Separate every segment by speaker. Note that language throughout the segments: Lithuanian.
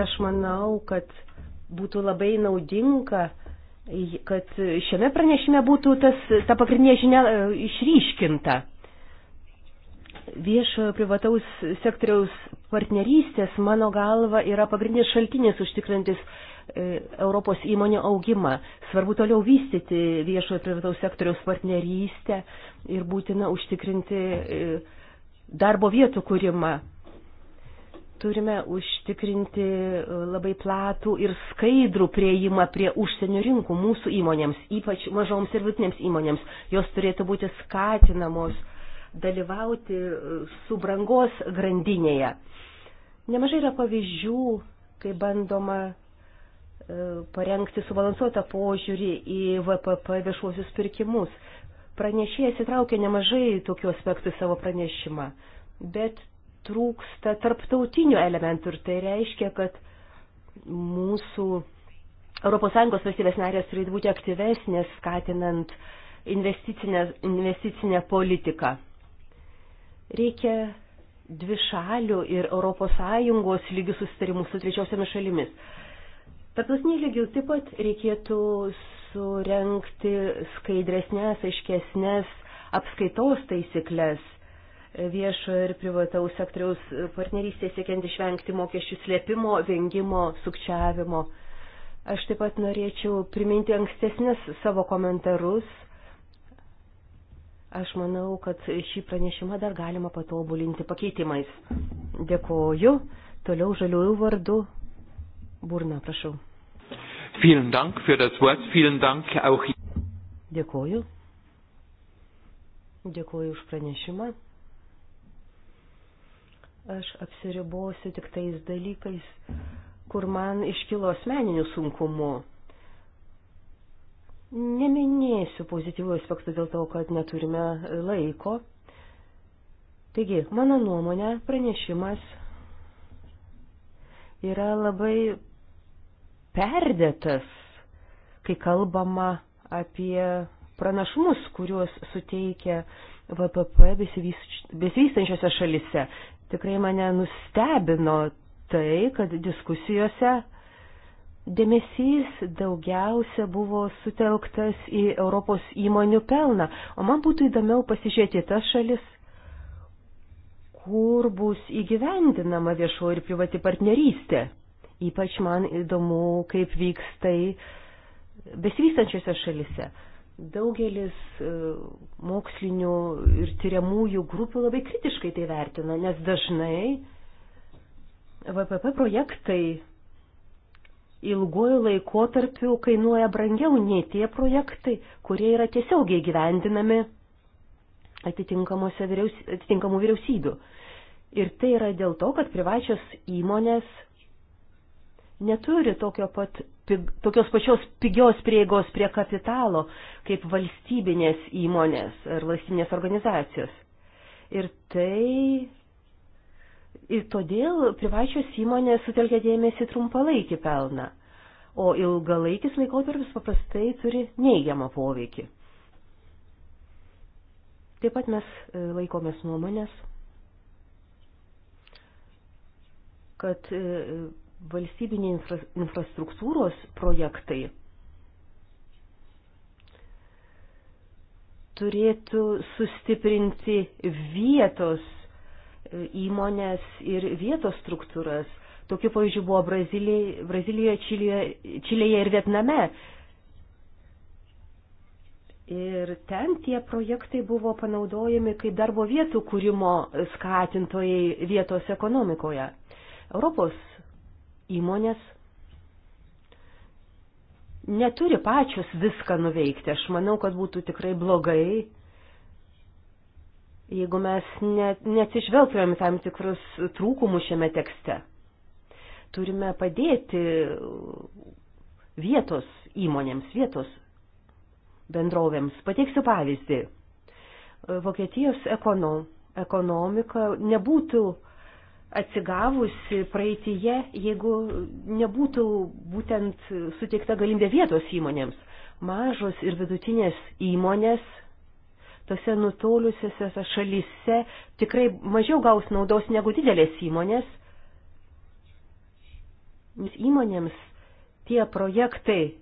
Speaker 1: Ir aš manau, kad būtų labai naudinga, kad šiame pranešime būtų tas, ta pagrindinė žinia e, išryškinta. Viešojo privataus sektoriaus partnerystės, mano galva, yra pagrindinis šaltinis užtikrantis e, Europos įmonių augimą. Svarbu toliau vystyti viešojo privataus sektoriaus partnerystę ir būtina užtikrinti e, darbo vietų kūrimą. Turime užtikrinti e, labai platų ir skaidrų prieimą prie užsienio rinkų mūsų įmonėms, ypač mažoms ir vidutinėms įmonėms. Jos turėtų būti skatinamos dalyvauti e, subrangos grandinėje. Nemažai yra pavyzdžių, kai bandoma e, parengti subalansuotą požiūrį į VPP viešuosius pirkimus. Pranešėjas įtraukė nemažai tokių aspektų į savo pranešimą, bet trūksta tarptautinių elementų ir tai reiškia, kad mūsų ES valstybės narės turėtų būti aktyvesnės, skatinant investicinę, investicinę politiką. Reikia dvi šalių ir ES lygių susitarimų su trečiosiomis šalimis. Tarptautiniai lygių taip pat reikėtų surenkti skaidresnės, aiškesnės apskaitos taisyklės viešo ir privataus sektoriaus partnerystės siekiant išvengti mokesčių slėpimo, vengimo, sukčiavimo. Aš taip pat norėčiau priminti ankstesnius savo komentarus. Aš manau, kad šį pranešimą dar galima patobulinti pakeitimais. Dėkoju. Toliau žaliųjų vardu. Burna, prašau.
Speaker 2: Vielen Dank für das Wort. Vielen Dank auch.
Speaker 1: Dėkoju. Dėkoju už pranešimą aš apsiribosiu tik tais dalykais, kur man iškilo asmeninių sunkumų. Neminėsiu pozityvių aspektų dėl to, kad neturime laiko. Taigi, mano nuomonė, pranešimas yra labai perdėtas, kai kalbama apie pranašumus, kuriuos suteikia VPP besivystančiose šalise. Tikrai mane nustebino tai, kad diskusijose dėmesys daugiausia buvo sutelktas į Europos įmonių pelną, o man būtų įdomiau pasižiūrėti tas šalis, kur bus įgyvendinama viešo ir privati partnerystė. Ypač man įdomu, kaip vyks tai besivystančiose šalise. Daugelis e, mokslinių ir tyriamųjų grupių labai kritiškai tai vertina, nes dažnai VPP projektai ilguoju laikotarpiu kainuoja brangiau nei tie projektai, kurie yra tiesiogiai gyvendinami atitinkamų vyriausybių. Ir tai yra dėl to, kad privačios įmonės neturi tokio pat, pig, tokios pačios pigios prieigos prie kapitalo kaip valstybinės įmonės ar valstybinės organizacijos. Ir tai. Ir todėl privačios įmonės sutelkia dėmesį trumpalaikį pelną, o ilgalaikis laikotarpis paprastai turi neigiamą poveikį. Taip pat mes e, laikomės nuomonės, kad e, valstybiniai infra, infrastruktūros projektai turėtų sustiprinti vietos e, įmonės ir vietos struktūras. Tokių pavyzdžių buvo Brazilijoje, Brazilijoje Čilijoje, Čilėje ir Vietname. Ir ten tie projektai buvo panaudojami kaip darbo vietų kūrimo skatintojai vietos ekonomikoje. Europos įmonės neturi pačios viską nuveikti. Aš manau, kad būtų tikrai blogai, jeigu mes net, neatsižvelgtumėm tam tikrus trūkumus šiame tekste. Turime padėti vietos įmonėms, vietos bendrovėms. Pateiksiu pavyzdį. Vokietijos ekonom, ekonomika nebūtų uh, atsigavusi praeitįje, jeigu nebūtų būtent suteikta galimybė vietos įmonėms. Mažos ir vidutinės įmonės tose nutolusiuose šalyse tikrai mažiau gaus naudos negu didelės įmonės. Nes įmonėms tie projektai,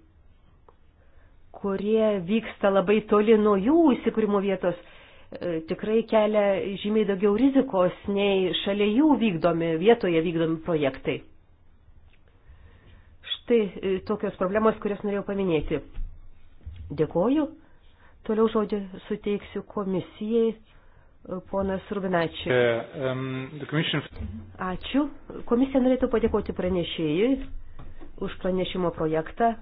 Speaker 1: kurie vyksta labai toli nuo jų įsikūrimo vietos, E, tikrai kelia žymiai daugiau rizikos nei šalia jų vykdomi, vietoje vykdomi projektai. Štai e, tokios problemos, kurias norėjau paminėti. Dėkoju. Toliau žodį suteiksiu komisijai. E, ponas
Speaker 3: Rubinačiai. Uh, um,
Speaker 1: Ačiū. Komisija norėtų padėkoti pranešėjui už pranešimo projektą,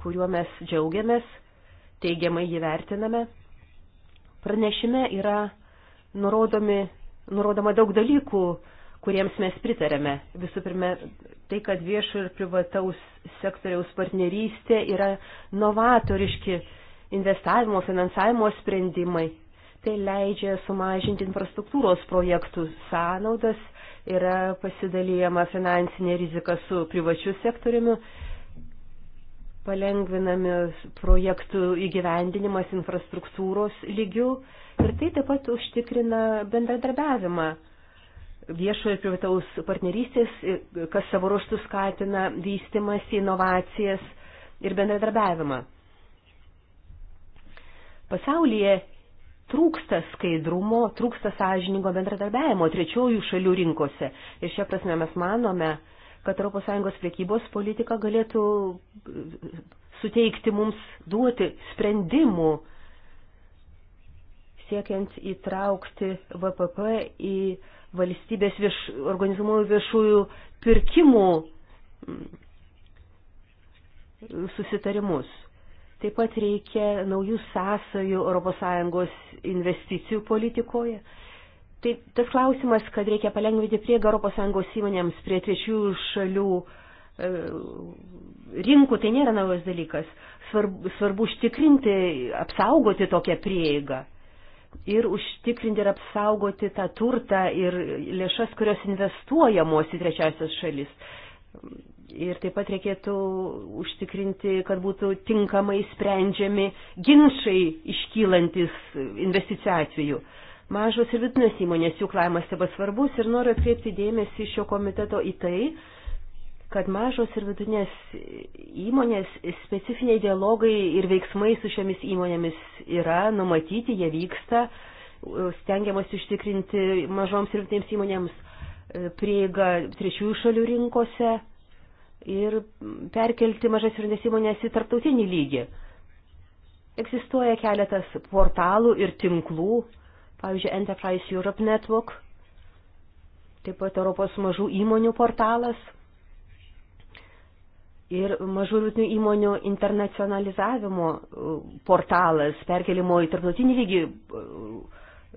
Speaker 1: kuriuo mes džiaugiamės, teigiamai jį vertiname. Pranešime yra nurodomi, nurodoma daug dalykų, kuriems mes pritarėme. Visų pirma, tai, kad viešo ir privataus sektoriaus partnerystė yra novatoriški investavimo, finansavimo sprendimai. Tai leidžia sumažinti infrastruktūros projektų sąnaudas, yra pasidalyjama finansinė rizika su privačiu sektoriumi palengvinami projektų įgyvendinimas infrastruktūros lygių ir tai taip pat užtikrina bendradarbiavimą viešojo ir privataus partnerystės, kas savo ruoštų skatina vystimas, inovacijas ir bendradarbiavimą. Pasaulyje trūksta skaidrumo, trūksta sąžiningo bendradarbiavimo trečiųjų šalių rinkose ir šia prasme mes manome, kad ES priekybos politika galėtų e, suteikti mums duoti sprendimų siekiant įtraukti VPP į valstybės vieš, organizuojamų viešųjų pirkimų susitarimus. Taip pat reikia naujų sąsajų ES investicijų politikoje Tai tas klausimas, kad reikia palengvinti prieigą ES įmonėms prie trečių šalių e, rinkų, tai nėra naujas dalykas. Svarbu, svarbu užtikrinti, apsaugoti tokią prieigą ir užtikrinti ir apsaugoti tą turtą ir lėšas, kurios investuojamos į trečiasias šalis. Ir taip pat reikėtų užtikrinti, kad būtų tinkamai sprendžiami ginčiai iškylantis investicijų atveju. Mažos ir vidutinės įmonės jų klaimas teba svarbus ir noriu atkreipti dėmesį šio komiteto į tai, kad mažos ir vidutinės įmonės specifiniai dialogai ir veiksmai su šiomis įmonėmis yra numatyti, jie vyksta, stengiamas užtikrinti mažoms ir vidutinėms įmonėms e, prieigą trečiųjų šalių rinkose ir perkelti mažas ir vidutinės įmonės į tarptautinį lygį. Egzistuoja keletas portalų ir tinklų pavyzdžiui, Enterprise Europe Network, taip pat Europos mažų įmonių portalas ir mažų rūtinių įmonių internacionalizavimo e, portalas, perkelimo į tarptautinį lygį e,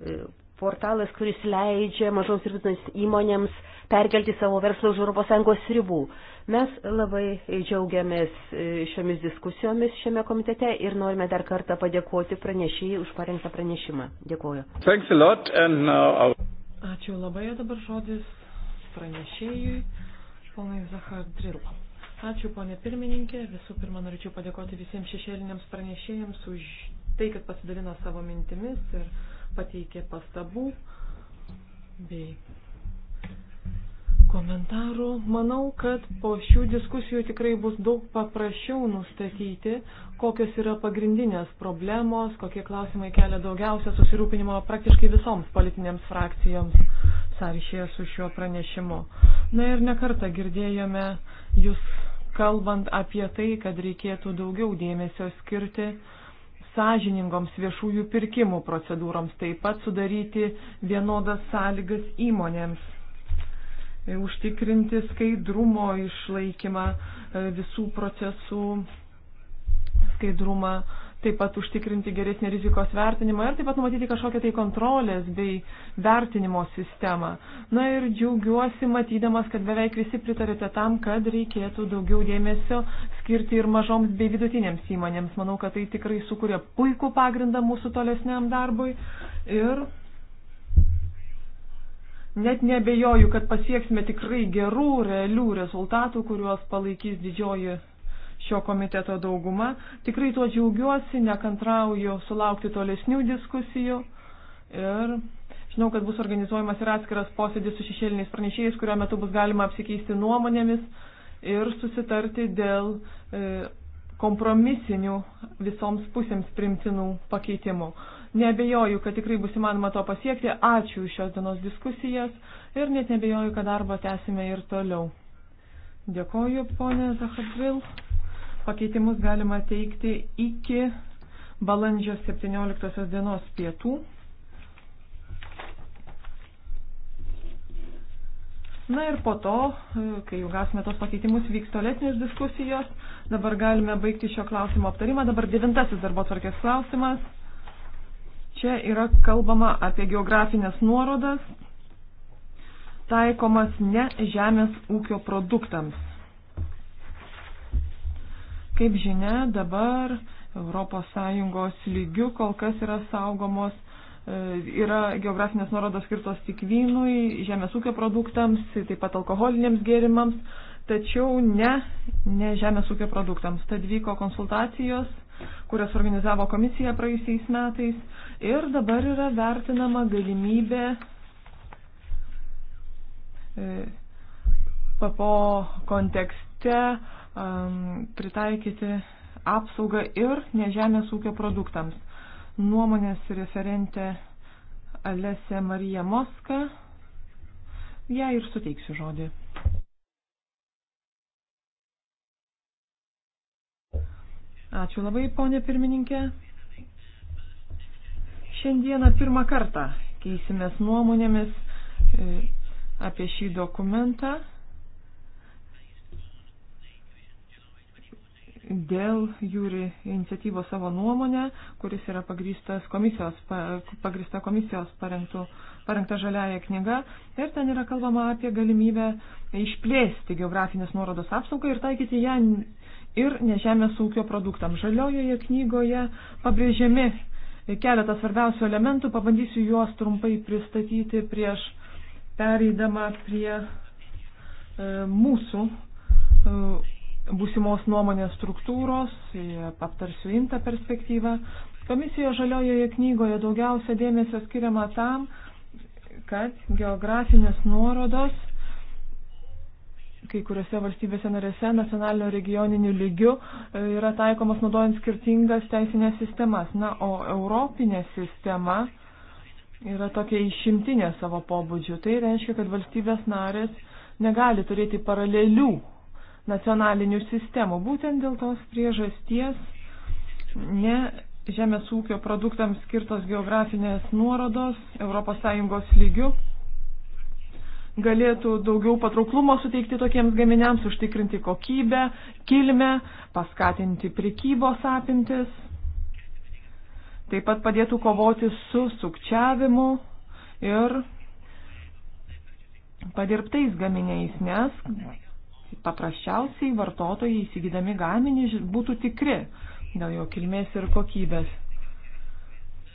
Speaker 1: e, portalas, kuris leidžia mažoms ir vidutinėms įmonėms perkelti savo verslą už ES ribų. Mes labai džiaugiamės e, šiomis diskusijomis šiame komitete ir norime dar kartą padėkoti pranešėjai už parengtą pranešimą. Dėkuoju.
Speaker 2: Now...
Speaker 4: Ačiū labai, dabar žodis pranešėjui, ponai Zahar Drilo. Ačiū, ponė pirmininkė. Visų pirma, norėčiau padėkoti visiems šešėliniams pranešėjams už tai, kad pasidalino savo mintimis ir pateikė pastabų bei komentarų. Manau, kad po šių diskusijų tikrai bus daug paprasčiau nustatyti, kokios yra pagrindinės problemos, kokie klausimai kelia daugiausia susirūpinimo praktiškai visoms politinėms frakcijoms sąryšėje su šiuo pranešimu. Na ir nekartą girdėjome jūs kalbant apie tai, kad reikėtų daugiau dėmesio skirti sąžiningoms viešųjų pirkimų procedūroms, taip pat sudaryti vienodas sąlygas įmonėms E, užtikrinti skaidrumo išlaikymą e, visų procesų skaidrumą, taip pat užtikrinti geresnį rizikos vertinimą ir taip pat numatyti kažkokią tai kontrolės bei vertinimo sistemą. Na ir džiaugiuosi matydamas, kad beveik visi pritarėte tam, kad reikėtų daugiau dėmesio skirti ir mažoms bei vidutinėms įmonėms. Manau, kad tai tikrai sukuria puikų pagrindą mūsų tolesniam darbui. Ir net nebejoju, kad pasieksime tikrai gerų, realių rezultatų, kuriuos palaikys didžioji šio komiteto dauguma. Tikrai tuo džiaugiuosi, nekantrauju sulaukti tolesnių diskusijų ir žinau, kad bus organizuojamas ir atskiras posėdis su šešėliniais pranešėjais, kurio metu bus galima apsikeisti nuomonėmis ir susitarti dėl e, kompromisinių visoms pusėms primtinų pakeitimų. Nebejoju, kad tikrai bus įmanoma to pasiekti. Ačiū už šios dienos diskusijas ir net nebejoju, kad darbą tęsime ir toliau. Dėkoju, ponė Zahadvil. Pakeitimus galima teikti iki balandžio 17 dienos pietų. Na ir po to, kai jau gausime tos pakeitimus, vyks tolesnės diskusijos. Dabar galime baigti šio klausimo aptarimą. Dabar devintasis darbo tvarkės klausimas. Čia yra kalbama apie geografinės nuorodas, taikomas ne žemės ūkio produktams. Kaip žinia, dabar ES lygių kol kas yra saugomos, e, yra geografinės nuorodos skirtos tik vynui, žemės ūkio produktams, taip pat alkoholiniams gėrimams, tačiau ne, ne žemės ūkio produktams. Tad vyko konsultacijos kurias organizavo komisija praėjusiais metais. Ir dabar yra vertinama galimybė e, PAPO kontekste um, pritaikyti apsaugą ir nežemės ūkio produktams. Nuomonės referentė Alesė Marija Moska. Ja ir suteiksiu žodį. Ačiū labai, ponė pirmininkė. Šiandieną pirmą kartą keisimės nuomonėmis e, apie šį dokumentą dėl jūri iniciatyvos savo nuomonę, kuris yra pagrįstas komisijos, pagrįsta komisijos parengtų, parengta žaliaja knyga. Ir ten yra kalbama apie galimybę išplėsti geografinės nuorodos apsaugą ir taikyti ją ir nežemės ūkio produktams. Žaliojoje knygoje pabrėžiami keletą svarbiausių elementų, pabandysiu juos trumpai pristatyti prieš pereidama prie e, mūsų e, būsimos nuomonės struktūros, e, aptarsiu intą perspektyvą. Komisijoje žaliojoje knygoje daugiausia dėmesio skiriama tam, kad geografinės nuorodos kai kuriuose valstybėse narėse nacionalinio regioninių lygių e, yra taikomas naudojant skirtingas teisinės sistemas. Na, o europinė sistema yra tokia išimtinė savo pobūdžių. Tai reiškia, kad valstybės narės negali turėti paralelių nacionalinių sistemų. Būtent dėl tos priežasties ne žemės ūkio produktams skirtos geografinės nuorodos ES lygių galėtų daugiau patrauklumo suteikti tokiems gaminiams, užtikrinti kokybę, kilmę, paskatinti prekybos apimtis. Taip pat padėtų kovoti su sukčiavimu ir padirbtais gaminiais, nes paprasčiausiai vartotojai įsigydami gaminį būtų tikri dėl jo kilmės ir kokybės.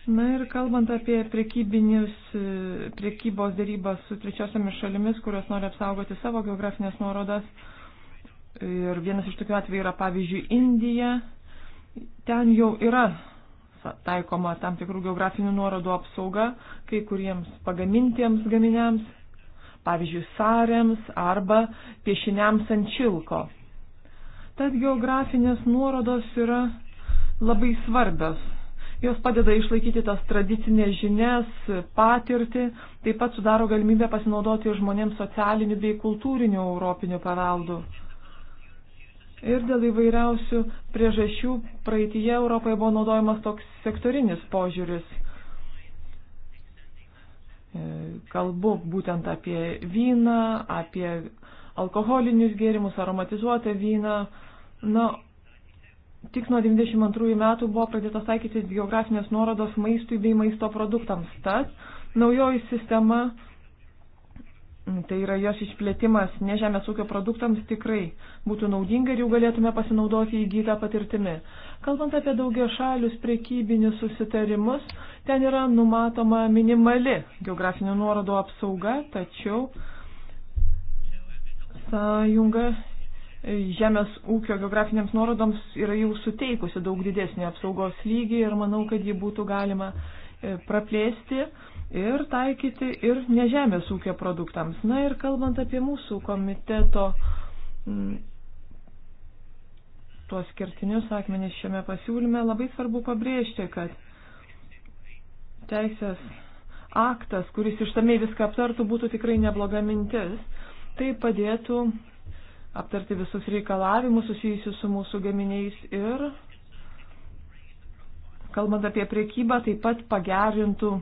Speaker 4: Na ir kalbant apie e, prekybos dėrybas su trečiosiamis šalimis, kurios nori apsaugoti savo geografinės nuorodas, ir vienas iš tokių atvejų yra pavyzdžiui Indija, ten jau yra taikoma tam tikrų geografinių nuorodų apsauga kai kuriems pagamintiems gaminiams, pavyzdžiui, sariams arba piešiniams ant šilko. Tad geografinės nuorodos yra labai svarbios Jos padeda išlaikyti tas tradicinės žinias, patirtį, taip pat sudaro galimybę pasinaudoti žmonėms socialiniu bei kultūriniu europiniu paveldu. Ir dėl įvairiausių priežasčių praeitie Europoje buvo naudojamas toks sektorinis požiūris. E, kalbu būtent apie vyną, apie alkoholinius gėrimus, aromatizuotą vyną. Na, tik nuo 92 metų buvo pradėtos taikyti geografinės nuorodos maistui bei maisto produktams. Tad naujoji sistema, tai yra jos išplėtimas ne žemės ūkio produktams, tikrai būtų naudinga ir jau galėtume pasinaudoti įgytą patirtimi. Kalbant apie daugia šalius priekybinius susitarimus, ten yra numatoma minimali geografinių nuorodų apsauga, tačiau sąjunga žemės ūkio geografinėms nuorodoms yra jau suteikusi daug didesnį apsaugos lygį ir manau, kad jį būtų galima e, praplėsti ir taikyti ir nežemės ūkio produktams. Na ir kalbant apie mūsų komiteto tuos skirtinius akmenis šiame pasiūlyme, labai svarbu pabrėžti, kad teisės aktas, kuris ištamiai viską aptartų, būtų tikrai nebloga mintis. Tai padėtų aptarti visus reikalavimus susijusius su mūsų gaminiais ir, kalbant apie priekybą, taip pat pagerintų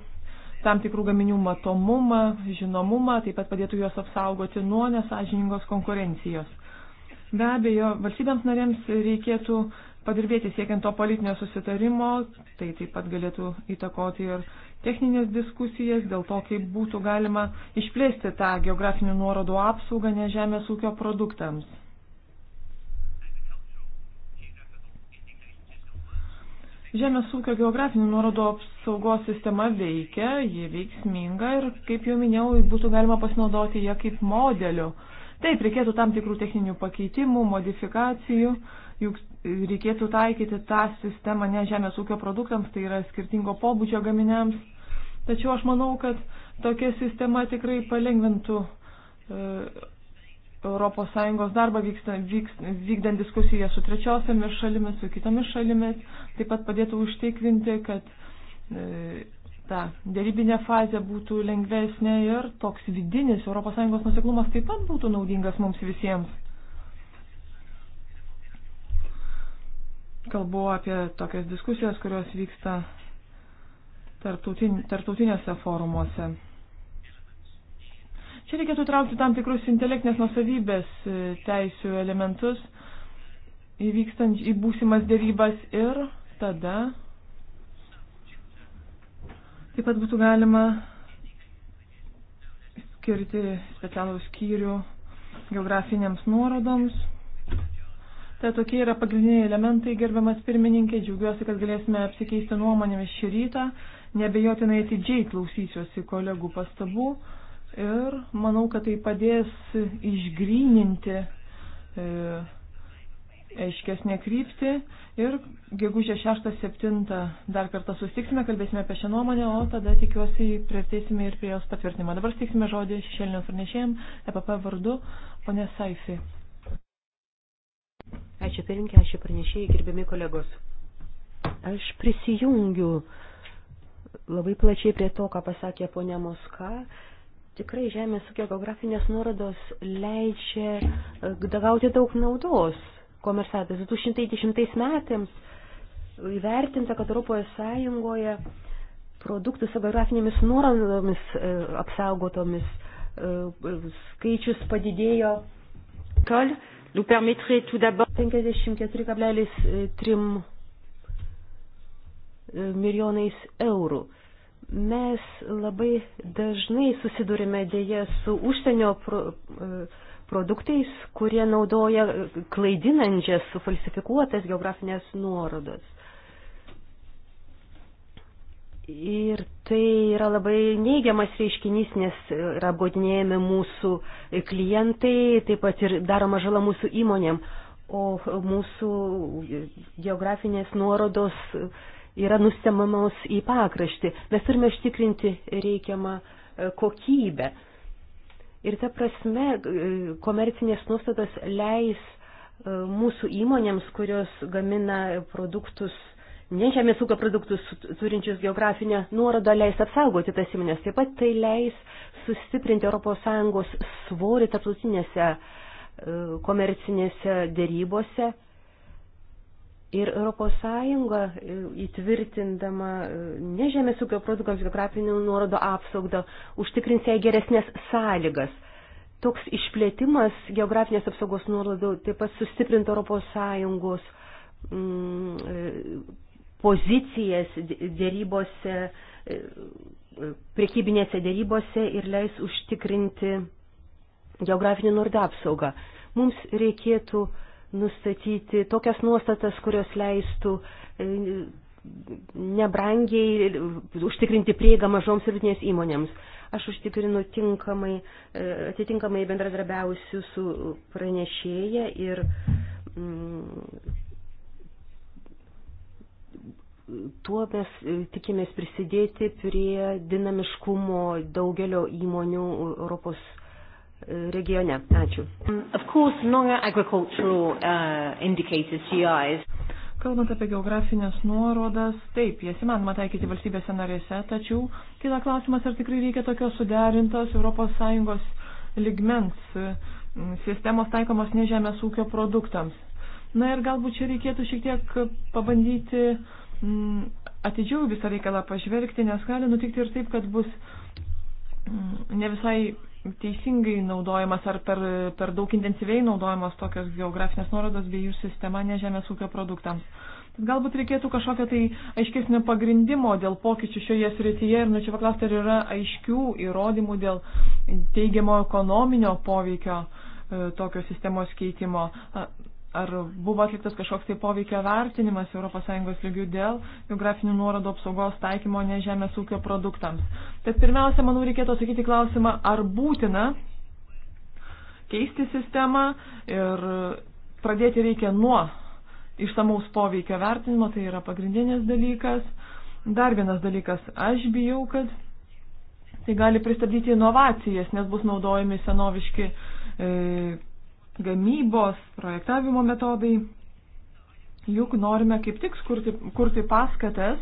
Speaker 4: tam tikrų gaminių matomumą, žinomumą, taip pat padėtų juos apsaugoti nuo nesažiningos konkurencijos. Be abejo, valstybėms narėms reikėtų padirbėti siekiant to politinio susitarimo, tai taip pat galėtų įtakoti ir techninės diskusijas dėl to, kaip būtų galima išplėsti tą geografinių nuorodų apsaugą nežemės ūkio produktams. Žemės ūkio geografinių nuorodų apsaugos sistema veikia, ji veiksminga ir, kaip jau minėjau, būtų galima pasinaudoti ją kaip modeliu. Taip, reikėtų tam tikrų techninių pakeitimų, modifikacijų, uh, juk reikėtų taikyti tą sistemą ne žemės ūkio produktams, tai yra skirtingo pobūdžio gaminiams. Tačiau aš manau, kad tokia sistema tikrai palengvintų ES darbą vykstant, vyks, vykdant diskusiją su trečiosiamis šalimis, su kitomis šalimis, taip pat padėtų užtikrinti, kad e, ta dėrybinė fazė būtų lengvesnė ir toks vidinis ES nuseklumas taip pat būtų naudingas mums visiems. kalbu apie tokias diskusijas, kurios vyksta tarptautin, tarptautinėse forumuose. Čia reikėtų traukti tam tikrus intelektinės nusavybės e, teisių elementus įvykstant į būsimas dėrybas ir tada taip pat būtų galima skirti specialų skyrių geografinėms nuorodoms. Tai tokie yra pagrindiniai elementai, gerbiamas pirmininkė, džiaugiuosi, kad galėsime apsikeisti nuomonėmis šį rytą, nebejotinai atidžiai klausysiuosi kolegų pastabų ir manau, kad tai padės išgryninti e, aiškesnė krypti ir gegužė 6-7 dar kartą susitiksime, kalbėsime apie šią nuomonę, o tada tikiuosi prieartėsime ir prie jos patvirtinimo. Dabar stiksime žodį šešėlinio pranešėjim, EPP vardu, ponė Saifi. Ačiū pirinkė, ačiū
Speaker 1: pranešėjai, gerbiami kolegos. Aš prisijungiu labai plačiai prie to, ką pasakė ponė Moska. Tikrai žemės ūkio geografinės nuorodos leidžia e, gauti daug naudos. Komersatas 2010 metams įvertinta, kad Europoje Sąjungoje produktų su geografinėmis nuorodomis e, apsaugotomis e, skaičius padidėjo. Tol nous permettrait tout d'abord 54,3 e, milijonais eurų. Mes labai dažnai susidurime dėje su užsienio pro, e, produktais, kurie naudoja e, klaidinančias, sufalsifikuotas geografinės nuorodas. Ir tai yra labai neigiamas reiškinys, nes yra apgaudinėjami mūsų klientai, taip pat ir daroma žala mūsų įmonėm, o mūsų geografinės nuorodos yra nustemamos į pakraštį. Mes turime ištikrinti reikiamą e, kokybę. Ir ta prasme, e, komercinės nuostatos leis e, mūsų įmonėms, kurios gamina produktus ne žemės ūkio produktus turinčius geografinę nuorodą leis apsaugoti tas įmonės. Taip pat tai leis sustiprinti ES svorį tarptautinėse e, komercinėse dėrybose. Ir ES e, įtvirtindama e, ne žemės ūkio produktams geografinių nuorodo apsaugą užtikrins jai geresnės sąlygas. Toks išplėtimas geografinės apsaugos nuorodų taip pat sustiprinti ES mm, pozicijas dėrybose, e, prekybinėse dėrybose ir leis užtikrinti geografinį nordą apsaugą. Mums reikėtų nustatyti tokias nuostatas, kurios leistų e, nebrangiai e, užtikrinti prieigą mažoms ir vidutinės įmonėms. Aš užtikrinu tinkamai, atitinkamai bendradarbiausiu su pranešėja ir mm, tuo mes e, tikimės prisidėti prie dinamiškumo daugelio įmonių Europos e, regione. Ačiū. Um, uh,
Speaker 4: Kalbant apie geografinės nuorodas, taip, jas įmanoma taikyti valstybėse narėse, tačiau kyla klausimas, ar tikrai reikia tokios suderintos ES ligmens e, sistemos taikomos ne žemės ūkio produktams. Na ir galbūt čia reikėtų šiek tiek pabandyti uh, Mm, atidžiau visą reikalą pažvelgti, nes gali nutikti ir taip, kad bus mm, ne visai teisingai naudojamas ar per, per daug intensyviai naudojamas tokios geografinės nuorodos bei jų sistema nežemės ūkio produktams. Tad galbūt reikėtų kažkokio tai aiškesnio pagrindimo dėl pokyčių šioje srityje ir norėčiau nu, paklausti, ar yra aiškių įrodymų dėl teigiamo ekonominio poveikio e, tokio sistemos keitimo. Ar buvo atliktas kažkoks tai poveikio vertinimas ES lygių dėl geografinių nuorodų apsaugos taikymo nežemės ūkio produktams? Tad pirmiausia, manau, reikėtų atsakyti klausimą, ar būtina keisti sistemą ir pradėti reikia nuo išsamaus poveikio vertinimo, tai yra pagrindinis dalykas. Dar vienas dalykas, aš bijau, kad tai gali pristabdyti inovacijas, nes bus naudojami senoviški e, gamybos, projektavimo metodai. Juk norime kaip tik skurti, kurti paskatas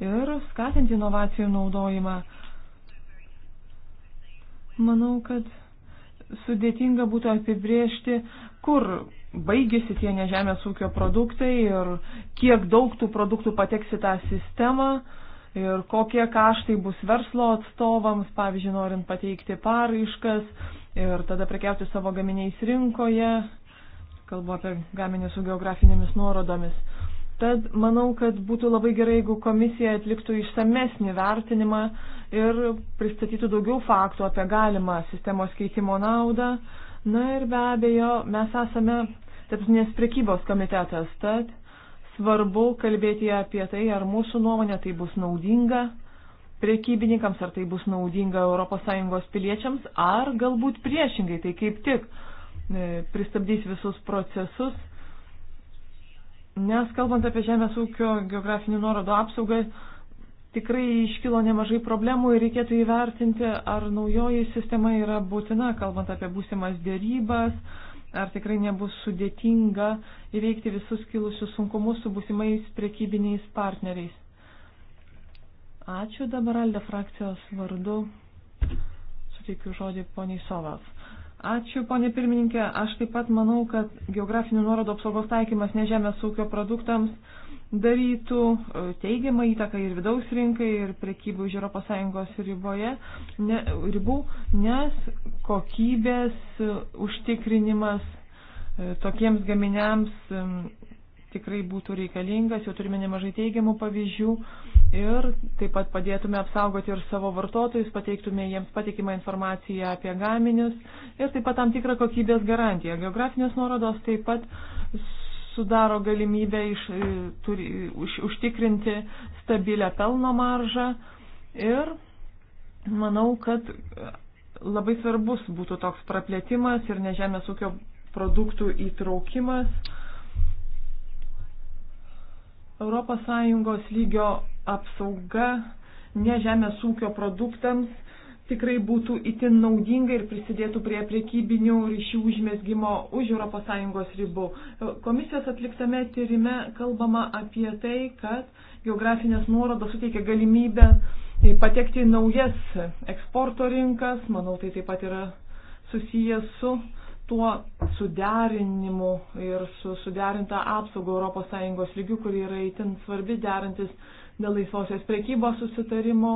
Speaker 4: ir skatinti inovacijų naudojimą. Manau, kad sudėtinga būtų apibriežti, kur baigėsi tie nežemės ūkio produktai ir kiek daug tų produktų pateks į tą sistemą ir kokie kaštai bus verslo atstovams, pavyzdžiui, norint pateikti paraiškas ir tada prekiauti savo gaminiais rinkoje, kalbu apie gaminius su geografinėmis nuorodomis. Tad manau, kad būtų labai gerai, jeigu komisija atliktų išsamesnį vertinimą ir pristatytų daugiau faktų apie galimą sistemos keitimo naudą. Na ir be abejo, mes esame tarptautinės prekybos komitetas, tad svarbu kalbėti apie tai, ar mūsų nuomonė tai bus naudinga prekybininkams, ar tai bus naudinga ES piliečiams, ar galbūt priešingai, tai kaip tik e, pristabdys visus procesus. Nes kalbant apie žemės ūkio geografinių nuorodų apsaugą, tikrai iškilo nemažai problemų ir reikėtų įvertinti, ar naujoji sistema yra būtina, kalbant apie būsimas dėrybas, ar tikrai nebus sudėtinga įveikti visus kilusius sunkumus su būsimais prekybiniais partneriais. Ačiū dabar Alde frakcijos vardu. Suteikiu žodį poniai Sovas. Ačiū, ponė pirmininkė. Aš taip pat manau, kad geografinių nuorodų apsaugos taikymas ne žemės ūkio produktams darytų e, teigiamą įtaką ir vidaus rinkai, ir prekybų už ES riboje, ne, ribų, nes kokybės e, užtikrinimas e, tokiems gaminiams tikrai būtų reikalingas, jau turime nemažai teigiamų pavyzdžių ir taip pat padėtume apsaugoti ir savo vartotojus, pateiktume jiems patikimą informaciją apie gaminius ir taip pat tam tikrą kokybės garantiją. Geografinės nuorodos taip pat sudaro galimybę iš, e, turi, už, užtikrinti stabilę pelno maržą ir manau, kad labai svarbus būtų toks praplėtimas ir nežemės ūkio produktų įtraukimas ES lygio apsauga ne žemės ūkio produktams tikrai būtų itin naudinga ir prisidėtų prie priekybinių ryšių užmėsgymo už ES ribų. Komisijos atliktame tyrime kalbama apie tai, kad geografinės nuorodos suteikia galimybę patekti į naujas eksporto rinkas. Manau, tai taip pat yra susijęs su tuo suderinimu ir su suderinta apsauga ES lygių, kuri yra itin svarbi derantis dėl laisvosios prekybos susitarimo.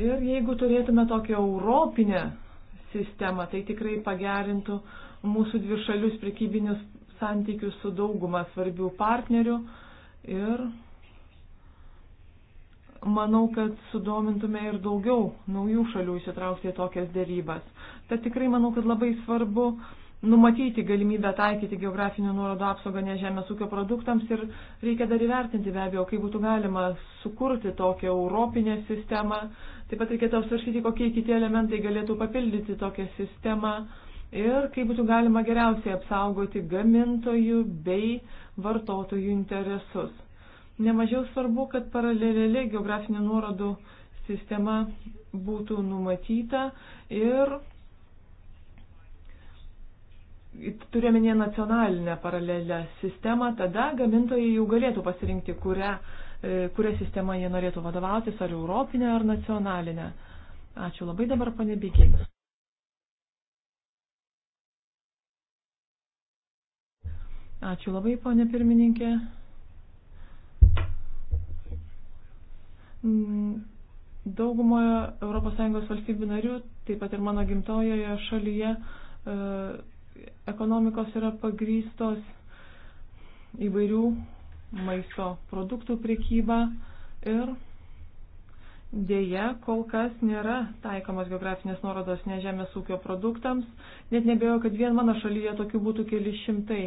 Speaker 4: Ir jeigu turėtume tokią europinę sistemą, tai tikrai pagerintų mūsų dvišalius prekybinius santykius su dauguma svarbių partnerių ir manau, kad sudomintume ir daugiau naujų šalių įsitraukti į tokias dėrybas. Tad tikrai manau, kad labai svarbu numatyti galimybę taikyti geografinių nuorodų apsaugą ne žemės ūkio produktams ir reikia dar įvertinti be abejo, kaip būtų galima sukurti tokią europinę sistemą. Taip pat reikėtų apsvarstyti, kokie kiti elementai galėtų papildyti tokią sistemą ir kaip būtų galima geriausiai apsaugoti gamintojų bei vartotojų interesus. Nemažiau svarbu, kad paralelė geografinių nuorodų sistema būtų numatyta ir turėminė nacionalinę paralelę sistemą, tada gamintojai jau galėtų pasirinkti, kurią, e, kurią sistemą jie norėtų vadovautis, ar europinę, ar nacionalinę. Ačiū labai dabar, pane Bikiai. Ačiū labai, ponė pirmininkė. Mm, daugumoje ES valstybių narių, taip pat ir mano gimtojoje šalyje, e, ekonomikos yra pagrystos įvairių maisto produktų priekyba ir Deja, kol kas nėra taikomas geografinės nuorodos ne žemės ūkio produktams, net nebejoju, kad vien mano šalyje tokių būtų keli šimtai.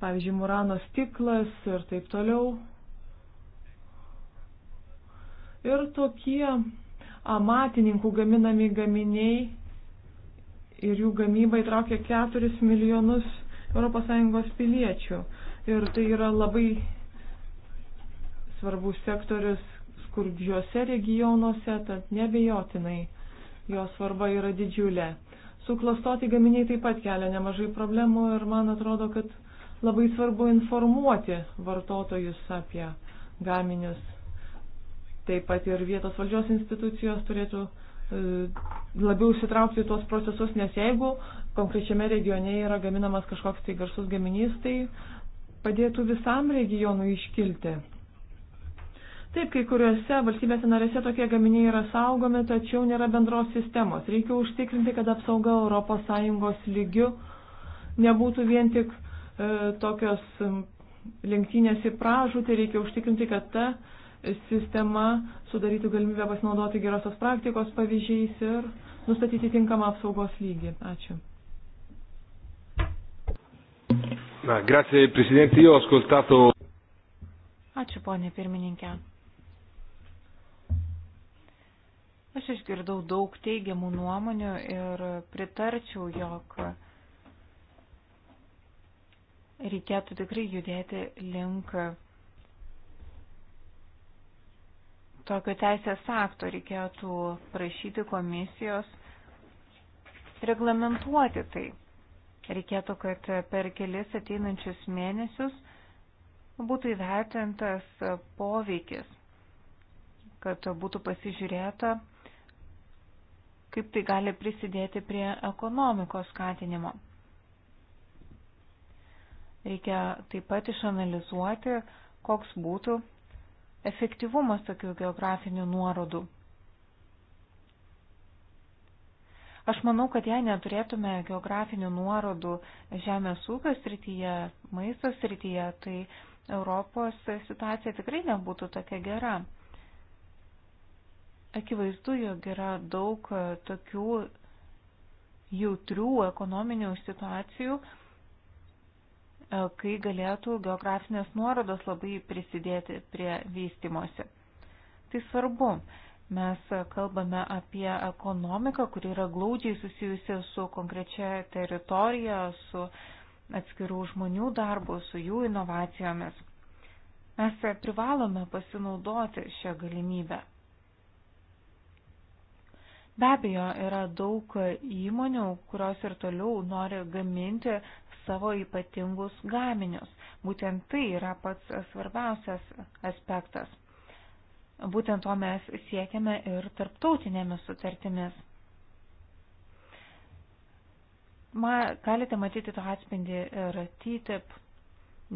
Speaker 4: Pavyzdžiui, Murano stiklas ir taip toliau. Ir tokie amatininkų gaminami gaminiai ir jų gamyba įtraukia 4 milijonus ES piliečių. Ir tai yra labai svarbus sektorius skurdžiuose regionuose, tad nebejotinai jo svarba yra didžiulė. Suklastoti gaminiai taip pat kelia nemažai problemų ir man atrodo, kad labai svarbu informuoti vartotojus apie gaminius. Taip pat ir vietos valdžios institucijos turėtų e, labiau įsitraukti į tuos procesus, nes jeigu konkrečiame regione yra gaminamas kažkoks tai garsus gaminys, tai padėtų visam regionui iškilti. Taip, kai kuriuose valstybėse narėse tokie gaminiai yra saugomi, tačiau nėra bendros sistemos. Reikia užtikrinti, kad apsauga ES lygių nebūtų vien tik e, tokios lenktynės į pražūtį, reikia užtikrinti, kad ta sistema sudarytų galimybę pasinaudoti gerosios praktikos pavyzdžiais ir nustatyti tinkamą apsaugos lygį. Ačiū.
Speaker 2: Na, grazie, Presidente. Io ho ascoltato.
Speaker 4: Ačiū, ponė pirmininkė.
Speaker 5: Aš išgirdau daug teigiamų nuomonių ir pritarčiau, jog reikėtų tikrai judėti link tokio teisės akto reikėtų prašyti komisijos reglamentuoti tai. Reikėtų, kad per kelis ateinančius mėnesius būtų įvertintas poveikis, kad būtų pasižiūrėta, kaip tai gali prisidėti prie ekonomikos skatinimo. Reikia taip pat išanalizuoti, koks būtų efektyvumas tokių geografinių nuorodų. Aš manau, kad jei neturėtume geografinių nuorodų žemės ūkio srityje, maisto srityje, tai Europos situacija tikrai nebūtų tokia gera. Akivaizdu, jog yra daug tokių jautrių ekonominių situacijų, E, kai galėtų geografinės nuorodos labai prisidėti prie vystimosi. Tai svarbu. Mes kalbame apie ekonomiką, kuri yra glaudžiai susijusi su konkrečia teritorija, su atskirų žmonių darbu, su jų inovacijomis. Mes privalome pasinaudoti šią galimybę. Be abejo, yra daug įmonių, kurios ir toliau nori gaminti savo ypatingus gaminius. Būtent tai yra pats svarbiausias aspektas. Būtent to mes siekiame ir tarptautinėmis sutartimis. Ma, galite matyti to atspindį ir TTIP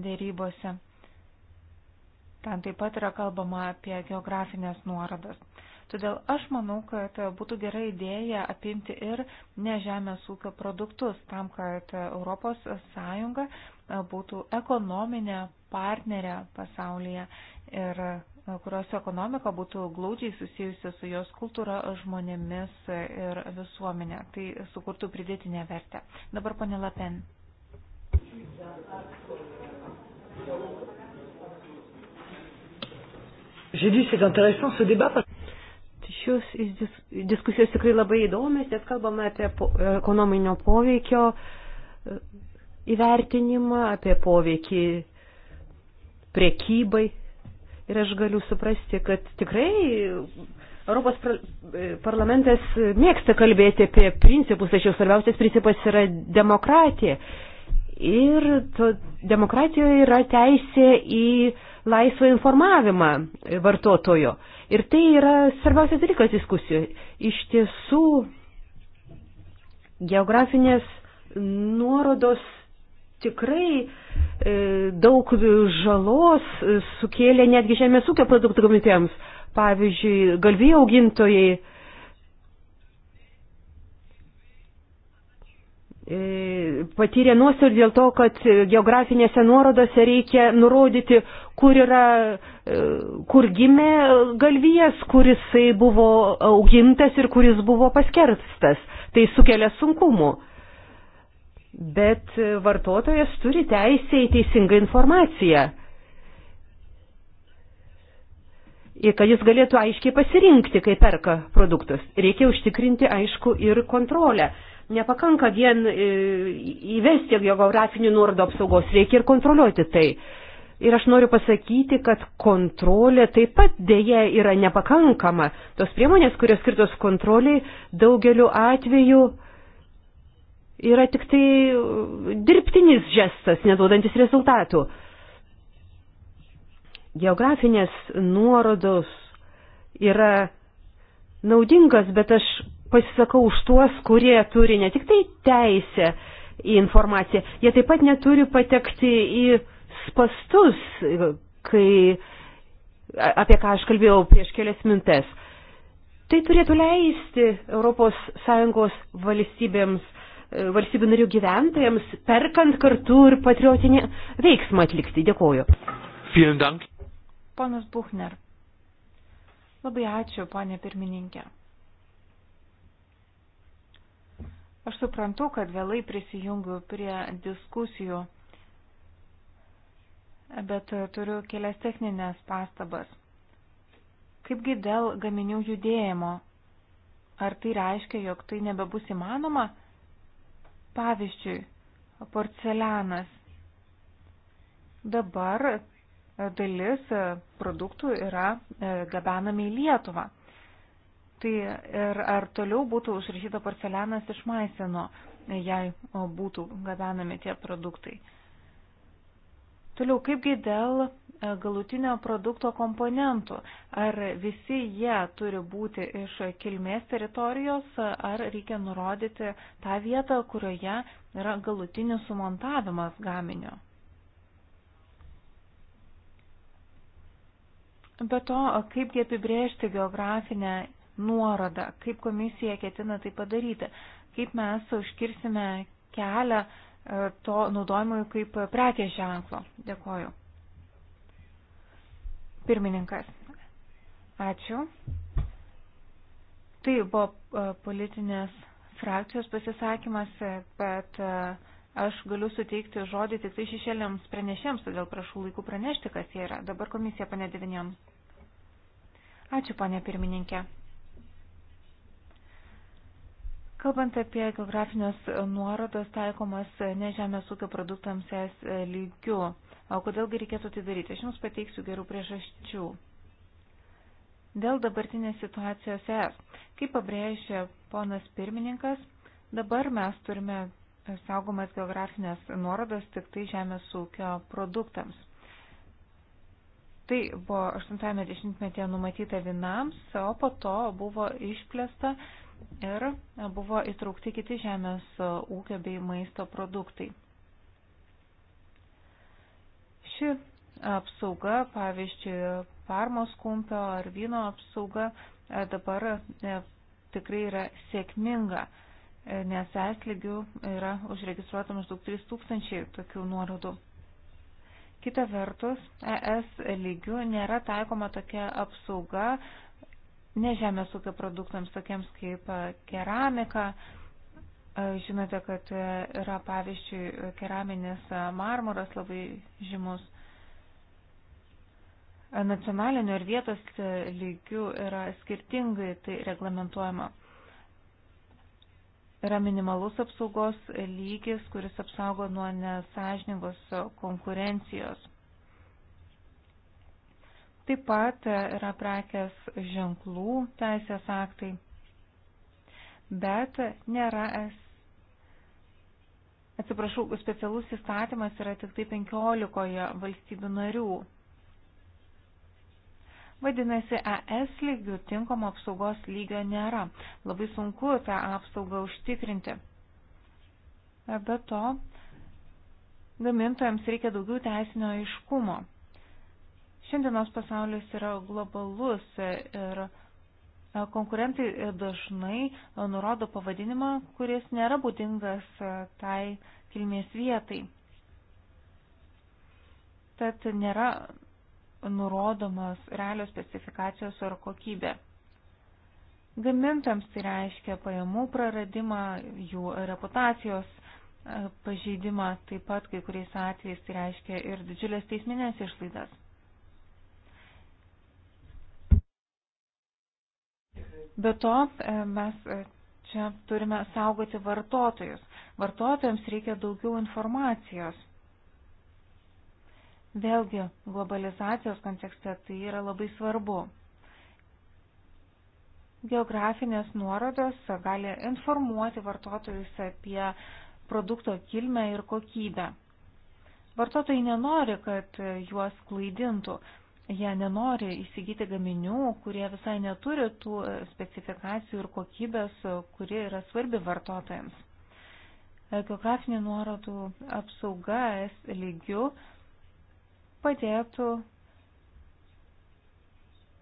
Speaker 5: dėrybose. Ten taip pat yra kalbama apie geografinės nuorodas. Todėl aš manau, kad būtų gera idėja apimti ir ne žemės ūkio produktus tam, kad ES būtų ekonominė partnerė pasaulyje ir kurios ekonomika būtų glaudžiai susijusi su jos kultūra, žmonėmis ir visuomenė. Tai sukurtų pridėtinę vertę. Dabar ponė Lapen.
Speaker 1: J'ai dit c'est intéressant ce débat parce Šios diskusijos tikrai labai įdomios, nes kalbame apie ekonominio poveikio e, įvertinimą, apie poveikį priekybai. Ir aš galiu suprasti, kad tikrai Europos e, parlamentas mėgsta kalbėti apie principus, tačiau svarbiausias principas yra demokratija. Ir to, demokratijoje yra teisė į uh, laisvą informavimą vartotojo. Ir tai yra svarbiausias dalykas diskusijų. Iš tiesų, geografinės nuorodos tikrai e, daug žalos sukėlė netgi žemės ūkio produktų gamintojams. Pavyzdžiui, galvijų augintojai e, patyrė nuostolį dėl to, kad geografinėse nuorodose reikia nurodyti, kur yra, e, kur gimė galvijas, kuris buvo augintas ir kuris buvo paskerstas. Tai sukelia sunkumų. Bet vartotojas turi teisę į teisingą informaciją. Ir kad jis galėtų aiškiai pasirinkti, kai perka produktus. Reikia užtikrinti, aišku, ir kontrolę nepakanka vien e, įvesti geografinių nuorodų apsaugos, reikia ir kontroliuoti tai. Ir aš noriu pasakyti, kad kontrolė taip pat dėja yra nepakankama. Tos priemonės, kurios skirtos kontroliai, daugeliu atveju yra tik tai uh, dirbtinis žestas, neduodantis rezultatų. Geografinės nuorodos yra naudingas, bet aš pasisakau už tuos, kurie turi ne tik tai teisę į informaciją, jie taip pat neturi patekti į spastus, kai, apie ką aš kalbėjau prieš kelias mintes. Tai turėtų leisti ES valstybėms, e, valstybių narių gyventojams, perkant kartu ir patriotinį veiksmą atlikti. Dėkoju. Ponas Buchner.
Speaker 5: Labai ačiū, ponė pirmininkė. Aš suprantu, kad vėlai prisijungiu prie diskusijų bet e, turiu kelias techninės pastabas. Kaipgi dėl gaminių judėjimo? Ar tai reiškia, jog tai nebebus įmanoma? Pavyzdžiui, porcelianas. Dabar e, dalis e, produktų yra gabenami į Lietuvą. Tai ir ar toliau būtų užrašyta porcelianas iš Maiseno, jei būtų gabenami tie produktai. Toliau, kaipgi dėl e, galutinio produkto komponentų. Ar visi jie turi būti iš kilmės teritorijos, ar reikia nurodyti tą vietą, kurioje yra galutinis sumontavimas gaminio. Be to, kaipgi apibrėžti geografinę nuorodą, kaip komisija ketina tai padaryti, kaip mes užkirsime kelią uh, E, to naudojimui kaip prekės ženklo. Dėkoju. Pirmininkas. Ačiū. Tai buvo e, politinės frakcijos pasisakymas, e, bet aš galiu suteikti žodį tik tai šešėliams pranešėms, todėl prašau laiku pranešti, kas jie yra. Dabar komisija pane devyniems. Ačiū, pane pirmininkė. Kalbant apie geografinės nuorodas taikomas ne žemės ūkio produktams es lygių, o kodėlgi reikėtų tai daryti, aš jums pateiksiu gerų priežasčių. Dėl dabartinės situacijos es, kaip pabrėžė ponas pirmininkas, dabar mes turime saugomas geografinės nuorodas tik tai žemės ūkio produktams. Tai buvo 80-metyje numatyta vinams, o po to buvo išplėsta ir buvo įtraukti kiti žemės ūkio bei maisto produktai. Ši apsauga, pavyzdžiui, parmos kumpio ar vyno apsauga dabar e, tikrai yra sėkminga, e, nes eslygių yra užregistruota maždaug 3000 tokių nuorodų. Kita vertus, ES lygių nėra taikoma tokia apsauga nežemės ūkio produktams, tokiems kaip e, keramika. E, žinote, kad e, yra pavyzdžiui keraminis marmuras labai žymus. Nacionaliniu ir vietos lygiu yra skirtingai tai reglamentuojama. Yra minimalus apsaugos lygis, kuris apsaugo nuo nesažningos konkurencijos. Taip pat yra prekės ženklų teisės aktai, bet nėra es. Atsiprašau, specialus įstatymas yra tik tai 15 valstybių narių. Vadinasi, ES lygių tinkamo apsaugos lygio nėra. Labai sunku tą apsaugą užtikrinti. Be to, gamintojams reikia daugiau teisinio aiškumo. Šiandienos pasaulis yra globalus ir e, konkurentai dažnai nurodo pavadinimą, kuris nėra būdingas e, tai kilmės vietai. Tad nėra nurodomos realios specifikacijos ar kokybė. Gamintams tai reiškia pajamų praradimą, jų reputacijos e, pažeidimą, taip pat kai kuriais atvejais tai reiškia ir didžiulės teisminės išlaidas. Be to, e, mes e, čia turime saugoti vartotojus. Vartotojams reikia daugiau informacijos. Vėlgi, globalizacijos kontekste tai yra labai svarbu. Geografinės nuorodos gali informuoti vartotojus apie produkto kilmę ir kokybę. Vartotojai nenori, kad juos klaidintų. Jie nenori įsigyti gaminių, kurie visai neturi tų e, specifikacijų ir kokybės, e, kurie yra svarbi vartotojams. E, Geografinė nuorodų apsauga S lygių padėtų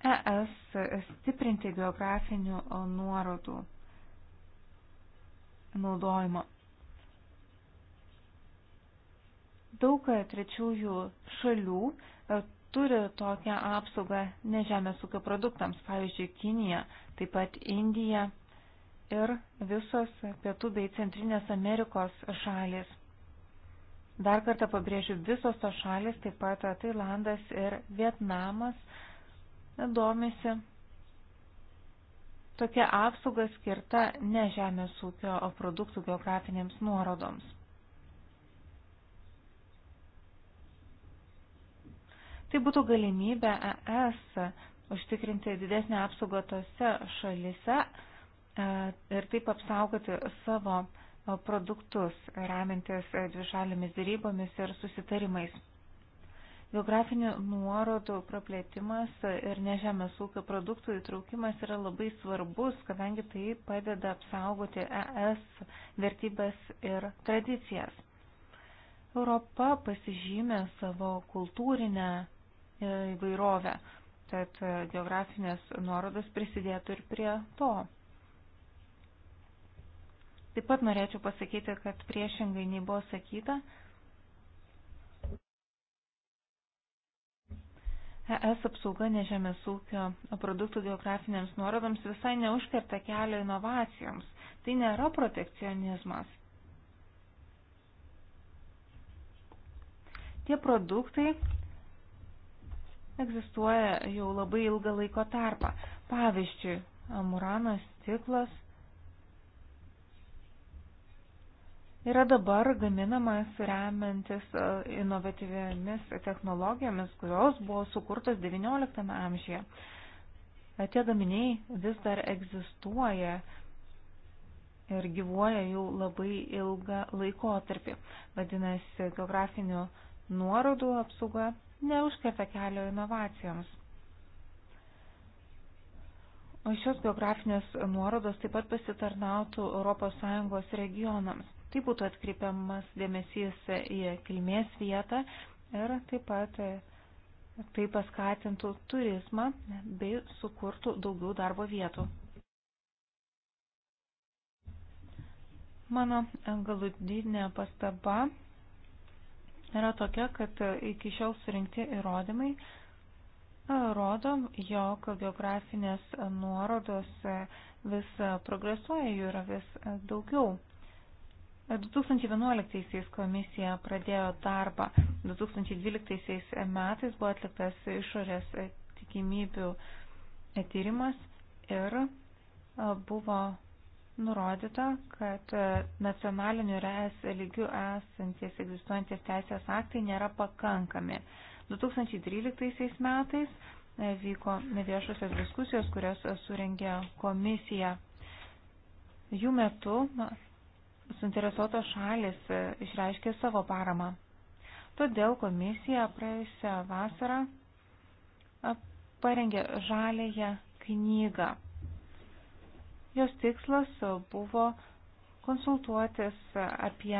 Speaker 5: ES stiprinti geografinių nuorodų naudojimą. Daug trečiųjų šalių turi tokią apsaugą nežemės ūkio produktams, pavyzdžiui, Kinija, taip pat Indija ir visos pietų bei centrinės Amerikos šalis. Dar kartą pabrėžiu, visos tos šalis, taip pat Tailandas ir Vietnamas, domisi tokia apsauga skirta nežemės ūkio produktų geografinėms nuorodoms. Tai būtų galimybė ES užtikrinti didesnę apsaugą tose šalise e, ir taip apsaugoti savo e, produktus, remintis e, dvišalėmis dėrybomis ir susitarimais. Geografinių nuorodų praplėtimas ir nežemės ūkio produktų įtraukimas yra labai svarbus, kadangi tai padeda apsaugoti ES vertybės ir tradicijas. Europa pasižymė savo kultūrinę E, įvairovę. Tad e, geografinės nuorodos prisidėtų ir prie to. Taip pat norėčiau pasakyti, kad priešingai nei buvo sakyta, ES apsauga nežemės ūkio produktų geografinėms nuorodoms visai neužkerta kelio inovacijoms. Tai nėra protekcionizmas. Tie produktai egzistuoja jau labai ilgą laiko tarpą. Pavyzdžiui, amuranas stiklas yra dabar gaminamas remiantis e, inovatyviamis technologijomis, kurios buvo sukurtos XIX amžiuje. E, tie gaminiai vis dar egzistuoja ir gyvuoja jau labai ilgą laikotarpį. Vadinasi, geografinių nuorodų apsauga neužkerta kelio inovacijoms. O šios geografinės nuorodos taip pat pasitarnautų ES regionams. Tai būtų atkreipiamas dėmesys į kilmės vietą ir taip pat tai paskatintų turizmą bei sukurtų daugiau darbo vietų. Mano galutinė pastaba yra tokia, kad iki šiol surinkti įrodymai e, rodo, jog geografinės nuorodos e, vis progresuoja, jų yra vis e, daugiau. 2011 komisija pradėjo darbą, 2012 metais buvo atliktas išorės tikimybių tyrimas ir buvo nurodyta, kad nacionaliniu ir ES lygiu esantis egzistuojantis teisės aktai nėra pakankami. 2013 metais vyko viešosios diskusijos, kurias surengė komisija. Jų metu suinteresuotos šalis išreiškė savo paramą. Todėl komisija praėjusią vasarą parengė žalėje knygą Jos tikslas buvo konsultuotis apie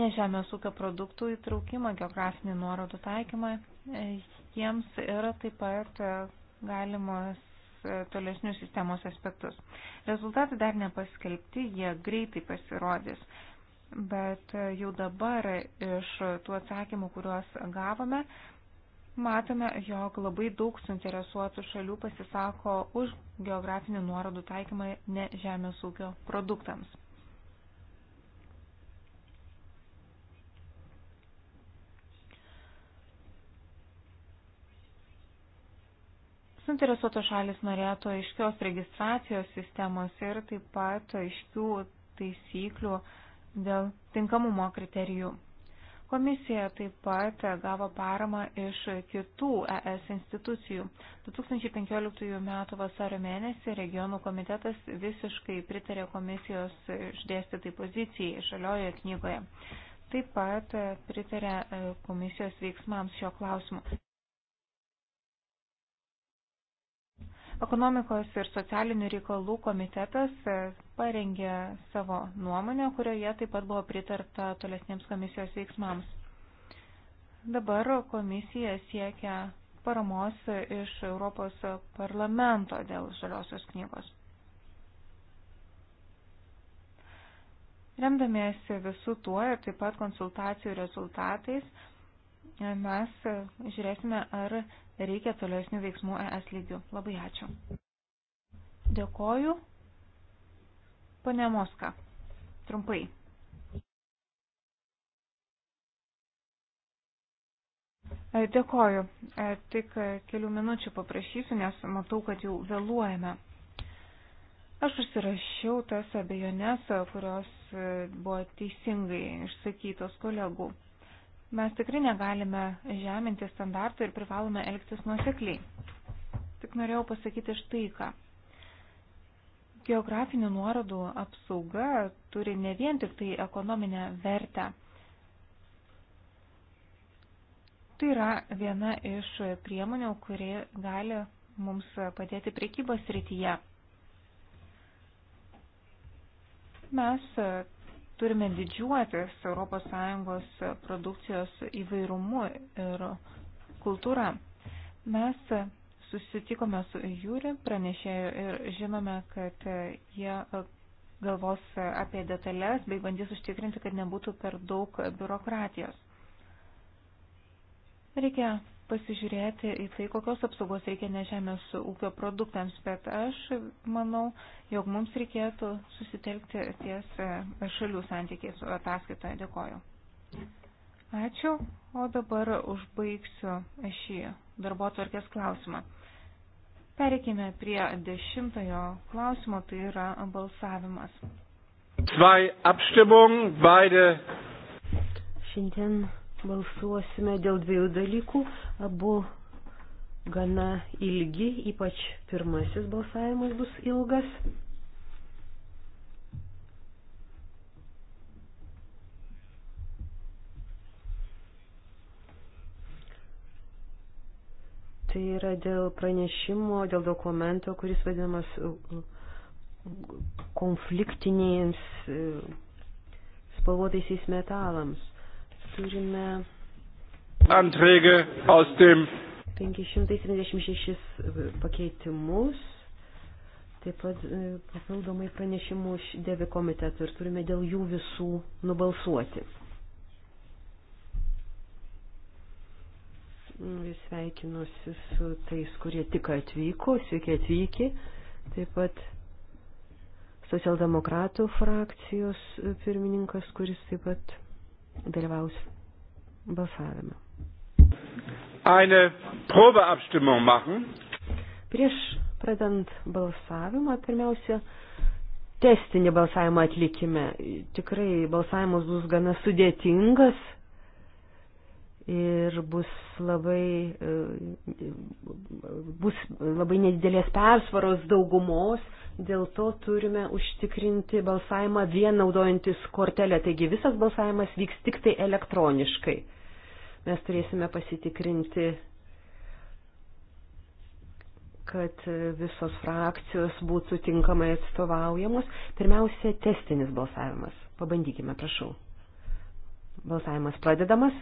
Speaker 5: nežemės ūkio produktų įtraukimą, geografinį nuorodų taikymą e, jiems ir taip pat e, galimas e, tolesnius sistemos aspektus. Rezultatai dar nepaskelbti, jie greitai pasirodys, bet jau dabar iš tų atsakymų, kuriuos gavome, matome, jog labai daug suinteresuotų šalių pasisako už geografinių nuorodų taikymą ne žemės ūkio produktams. Suinteresuotos šalis norėtų aiškios registracijos sistemos ir taip pat aiškių taisyklių dėl tinkamumo kriterijų Komisija taip pat gavo paramą iš kitų ES institucijų. 2015 m. vasario mėnesį regionų komitetas visiškai pritarė komisijos išdėstytai pozicijai žaliojoje knygoje. Taip pat pritarė e, komisijos veiksmams šio klausimu. Ekonomikos ir socialinių reikalų komitetas e, parengė savo nuomonę, kurioje taip pat buvo pritarta tolesniems komisijos veiksmams. Dabar komisija siekia paramos iš Europos parlamento dėl žaliosios knygos. Remdamiesi visų tuo ir taip pat konsultacijų rezultatais, mes žiūrėsime, ar reikia tolesnių veiksmų ES lygių. Labai ačiū. Dėkoju. Pane Moska, trumpai. E, dėkoju. E, tik kelių minučių paprašysiu, nes matau, kad jau vėluojame. Aš užsirašiau tas abejonės, kurios e, buvo teisingai išsakytos kolegų. Mes tikrai negalime žeminti standartų ir privalome elgtis nuosekliai. Tik norėjau pasakyti štai ką geografinių nuorodų apsauga turi ne vien tik tai ekonominę vertę. Tai yra viena iš priemonių, kuri gali mums padėti priekybos rytyje. Mes turime didžiuotis ES produkcijos įvairumu ir kultūra. Mes Susitikome su Jūri pranešėju ir žinome, kad jie e, galvos apie detalės bei bandys užtikrinti, kad nebūtų per daug biurokratijos. Reikia pasižiūrėti į tai, kokios apsaugos reikia ne žemės ūkio produktams, bet aš manau, jog mums reikėtų susitelkti ties e, šalių santykiais ataskaitoje. Dėkoju. Ačiū, o dabar užbaigsiu šį darbo tvarkės klausimą. Pereikime prie dešimtojo klausimo, tai yra balsavimas.
Speaker 2: Zwei Abstimmung, beide. Šiandien
Speaker 1: balsuosime dėl dviejų dalykų, abu gana ilgi, ypač pirmasis balsavimas bus ilgas. Tai yra dėl pranešimo, dėl dokumento, kuris vadinamas uh, uh, konfliktinėms uh, spalvotaisiais metalams. Turime.
Speaker 2: Anträge aus dem
Speaker 1: 576 pakeitimus, taip pat papildomai pranešimų iš devi komitetų ir turime dėl jų visų nubalsuoti. Nu, sveikinuosi su tais, kurie tik atvyko, sveiki atvykę. Taip pat socialdemokratų frakcijos pirmininkas, kuris taip pat dalyvaus balsavime.
Speaker 2: Eine Probeabstimmung machen.
Speaker 1: Prieš pradant balsavimą, pirmiausia, testinį balsavimą atlikime. Tikrai balsavimas bus gana sudėtingas ir bus labai, e, bus labai nedidelės persvaros daugumos, dėl to turime užtikrinti balsavimą vien naudojantis kortelę, taigi visas balsavimas vyks tik tai elektroniškai. Mes turėsime pasitikrinti, kad visos frakcijos būtų tinkamai atstovaujamos. Pirmiausia, testinis balsavimas. Pabandykime, prašau. Balsavimas pradedamas.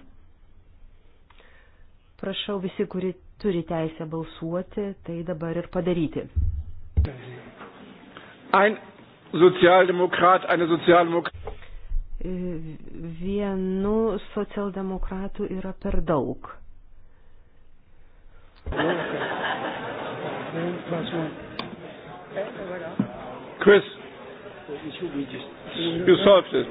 Speaker 1: Prašau visi, kuri turi teisę balsuoti, tai dabar ir padaryti.
Speaker 2: Ein Sozialdemokrat, eine Sozialdemokrat.
Speaker 1: E, vienu socialdemokratu yra per daug.
Speaker 3: Chris, you solved it.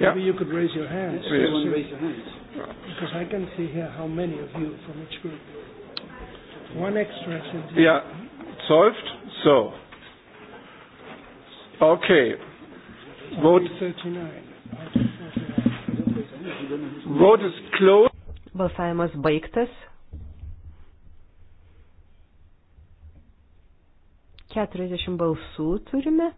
Speaker 3: Yeah. Maybe you could raise your hand. Yes. Everyone raise your hands. Because I can see here how many of you from each group. One extra. Yeah.
Speaker 2: Solved? So. Okay. Vote. 39.
Speaker 1: Vote is closed. Balsavimas baigtas. 40 balsų turime.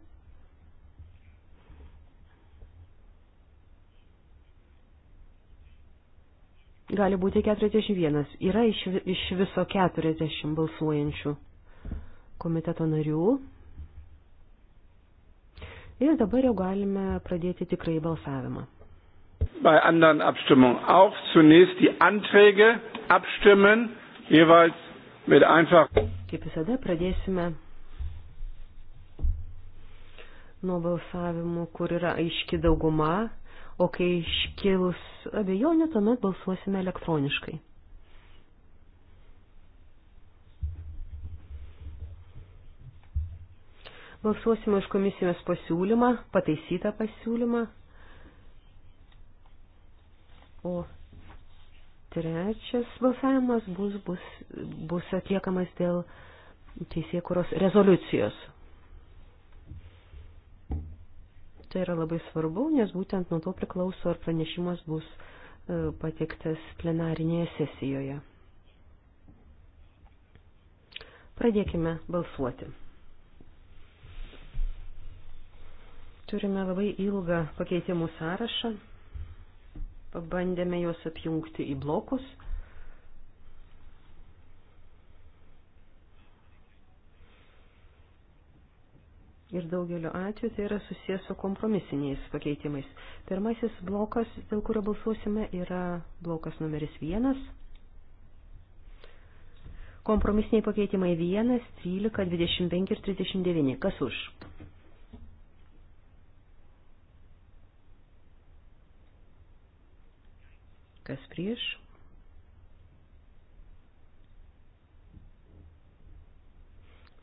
Speaker 1: Gali būti 41. Yra iš, iš viso 40 balsuojančių komiteto narių. Ir dabar jau galime pradėti tikrai
Speaker 2: balsavimą. Bei anderen Abstimmungen auch zunächst die Anträge abstimmen, jeweils mit einfach. Kaip visada pradėsime
Speaker 1: nuo balsavimų, kur yra aiški dauguma o kai iškilus abejonių, tuomet balsuosime elektroniškai. Balsuosime už komisijos pasiūlymą, pataisytą pasiūlymą. O trečias balsavimas bus, bus, bus atliekamas dėl teisėkuros rezoliucijos. Tai yra labai svarbu, nes būtent nuo to priklauso, ar pranešimas bus e, pateiktas plenarinėje sesijoje. Pradėkime balsuoti. Turime labai ilgą pakeitimų sąrašą. Pabandėme juos apjungti į blokus. ir daugeliu atveju tai yra susijęs su kompromisiniais pakeitimais. Pirmasis blokas, dėl kurio balsuosime, yra blokas numeris vienas. Kompromisiniai pakeitimai 1, 13, 25 ir 39. Kas už? Kas prieš?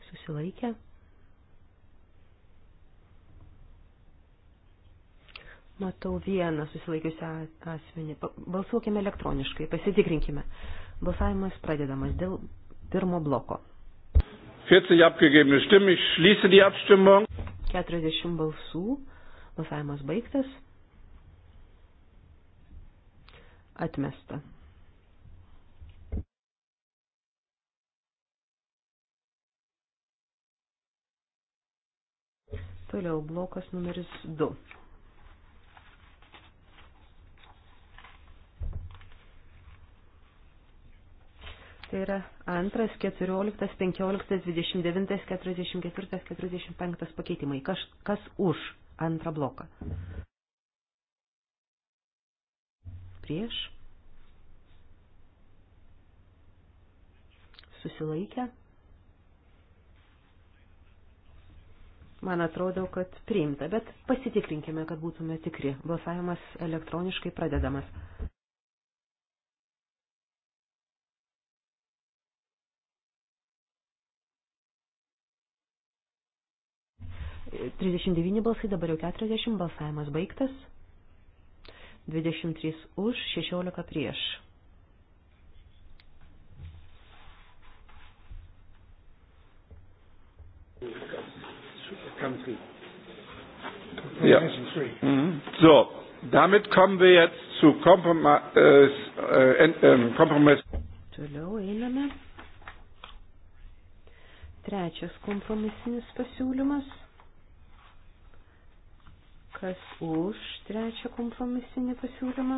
Speaker 1: Susilaikę. Matau vieną susilaikiusią asmenį. Balsuokime elektroniškai, pasitikrinkime. Balsavimas pradedamas dėl pirmo bloko.
Speaker 2: 40 abgegebene Stimmen, ich schließe die
Speaker 1: Abstimmung. 40 balsų, balsavimas baigtas. Atmesta. Toliau blokas numeris 2. Tai yra antras, 14, 15, 29, 44, 45 pakeitimai. Kas, kas už antrą bloką? Prieš. Susilaikę. Man atrodo, kad priimta, bet pasitikrinkime, kad būtume tikri. Balsavimas elektroniškai pradedamas. 39 balsai, dabar jau 40, balsavimas baigtas. 23 už, 16 prieš.
Speaker 3: Ja.
Speaker 2: Mhm. So, damit kommen wir jetzt zu Kompromiss. Äh, äh, ähm, Kompromiss. Toliau einame.
Speaker 1: Trečias kompromisinis pasiūlymas. Kas už trečią kompromisinį pasiūlymą?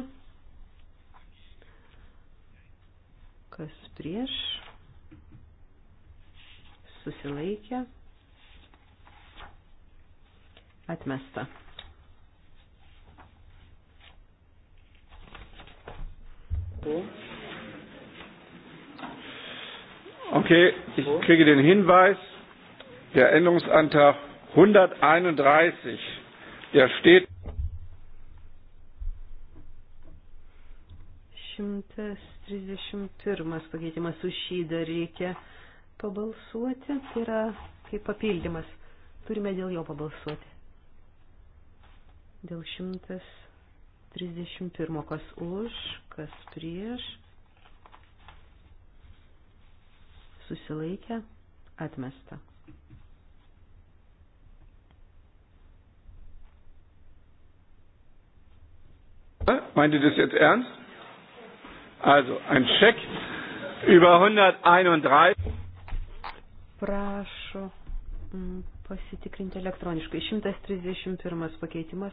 Speaker 1: Kas prieš? Susilaikė. Atmesta.
Speaker 2: Okay, ich kriege den Hinweis, der Änderungsantrag 131 Ja steht.
Speaker 1: 131 pakeitimas už šį dar reikia pabalsuoti, tai yra kaip papildymas. Turime dėl jo pabalsuoti. Dėl 131, kas už, kas prieš, susilaikę, atmesta.
Speaker 2: Meint ihr das jetzt ernst? Also, ein Scheck über 131.
Speaker 1: Prašau mm, pasitikrinti elektroniškai. 131 pakeitimas.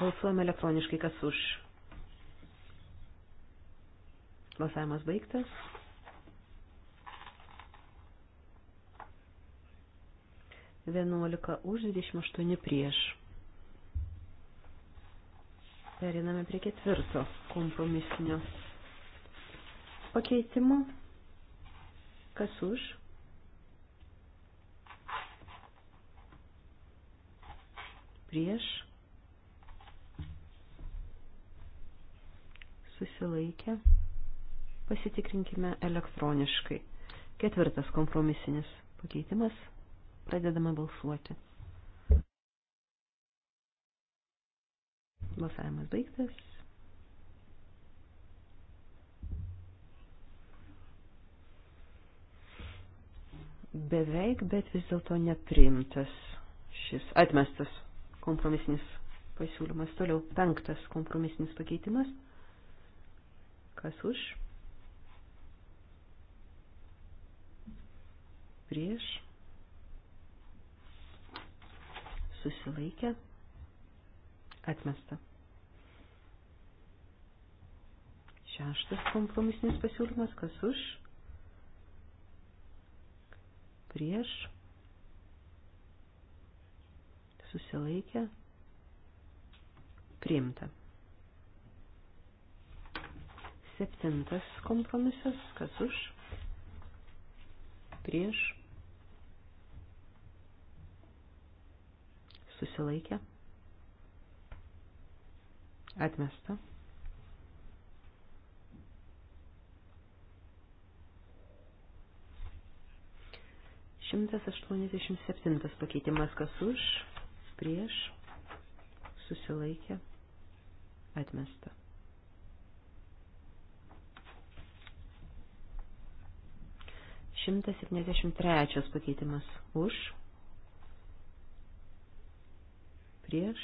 Speaker 1: Balsuojame elektroniškai, kas už. Balsavimas baigtas. Vienuolika už, 28 prieš. Periname prie ketvirto kompromisinio pakeitimo. Kas už? Prieš. Susilaikę. Pasitikrinkime elektroniškai. Ketvirtas kompromisinis pakeitimas. Pradedame balsuoti. Balsavimas baigtas. Beveik, bet vis dėlto neprimtas šis atmestas kompromisinis pasiūlymas. Toliau penktas kompromisinis pakeitimas. Kas už? Prieš. Susilaikę. Atmesta. Šeštas kompromisinis pasiūlymas, kas už, prieš, susilaikė, priimta. Septintas kompromisas, kas už, prieš, susilaikė, Atmesta. Šimtas aštuoniasdešimt septintas pakeitimas kas už, prieš, susilaikė, atmesta. Šimtas septyniasdešimt trečias pakeitimas už, prieš,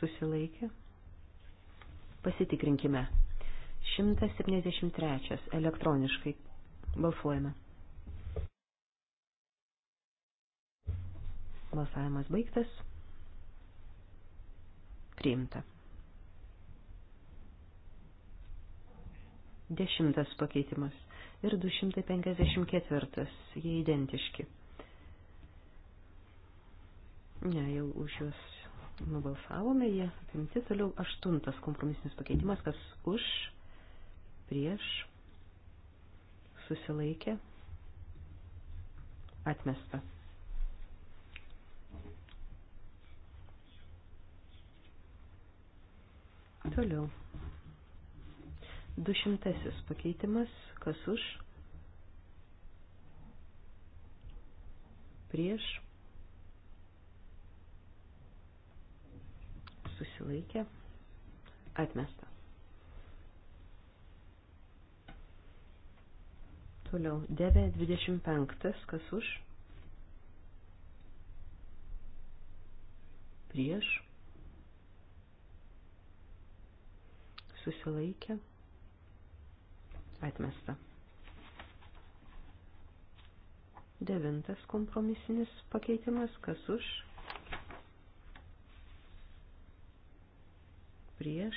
Speaker 1: susilaikė. Pasitikrinkime. 173 elektroniškai balsuojame. Balsavimas baigtas. Priimta. Dešimtas pakeitimas ir 254. Jie identiški. Ne, jau už juos Nubalsavome jie apimti. Toliau aštuntas kompromisinis pakeitimas, kas už, prieš, susilaikė, atmesta. Toliau. Dušimtasis pakeitimas, kas už, prieš, susilaikė, atmesta. Toliau, 9.25, kas už, prieš, susilaikė, atmesta. Devintas kompromisinis pakeitimas, kas už, prieš,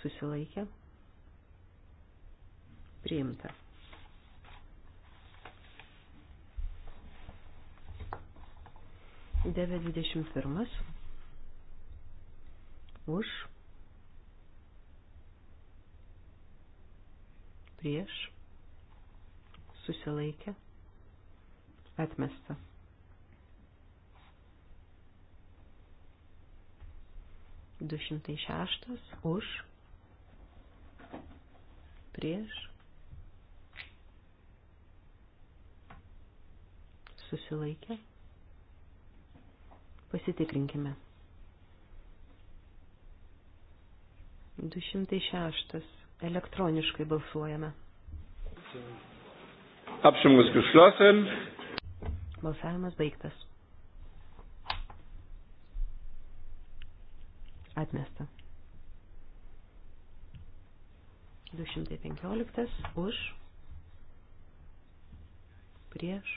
Speaker 1: susilaikė, priimta. Deve 21. Už. Prieš. Susilaikė. Atmesta. 206 už, prieš, susilaikę. Pasitikrinkime. 206. Elektroniškai balsuojame.
Speaker 2: Apšimus geschlossen.
Speaker 1: Balsavimas baigtas. Atmesta. 215 už prieš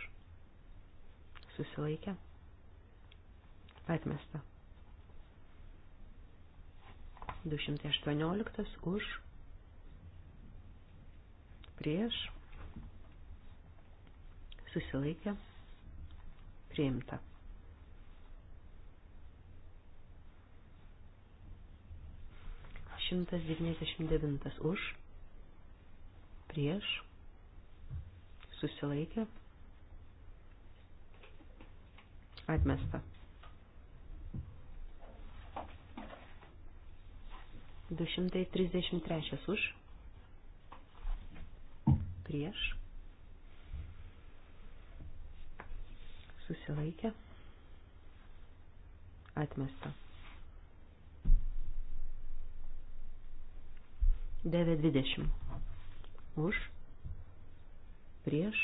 Speaker 1: susilaikę atmesta. 218 už prieš susilaikę priimta. 199 už, prieš, susilaikė, atmesta. Du šimtai trisdešimt trečias už, prieš, susilaikė, atmesta. 920. Už. Prieš.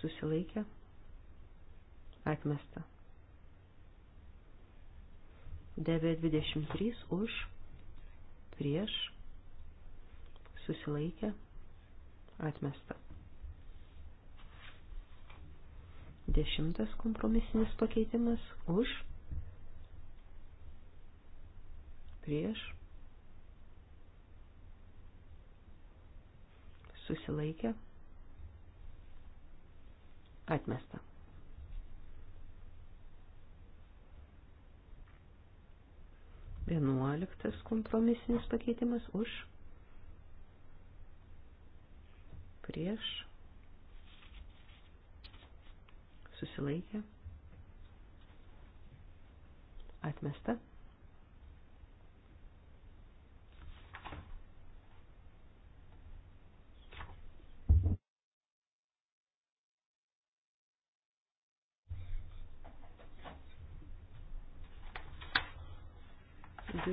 Speaker 1: Susilaikė. Atmesta. 923 už. Prieš. Susilaikė. Atmesta. Dešimtas kompromisinis pakeitimas už prieš susilaikė, atmesta. Vienuoliktas kompromisinis pakeitimas už, prieš, susilaikė, atmesta.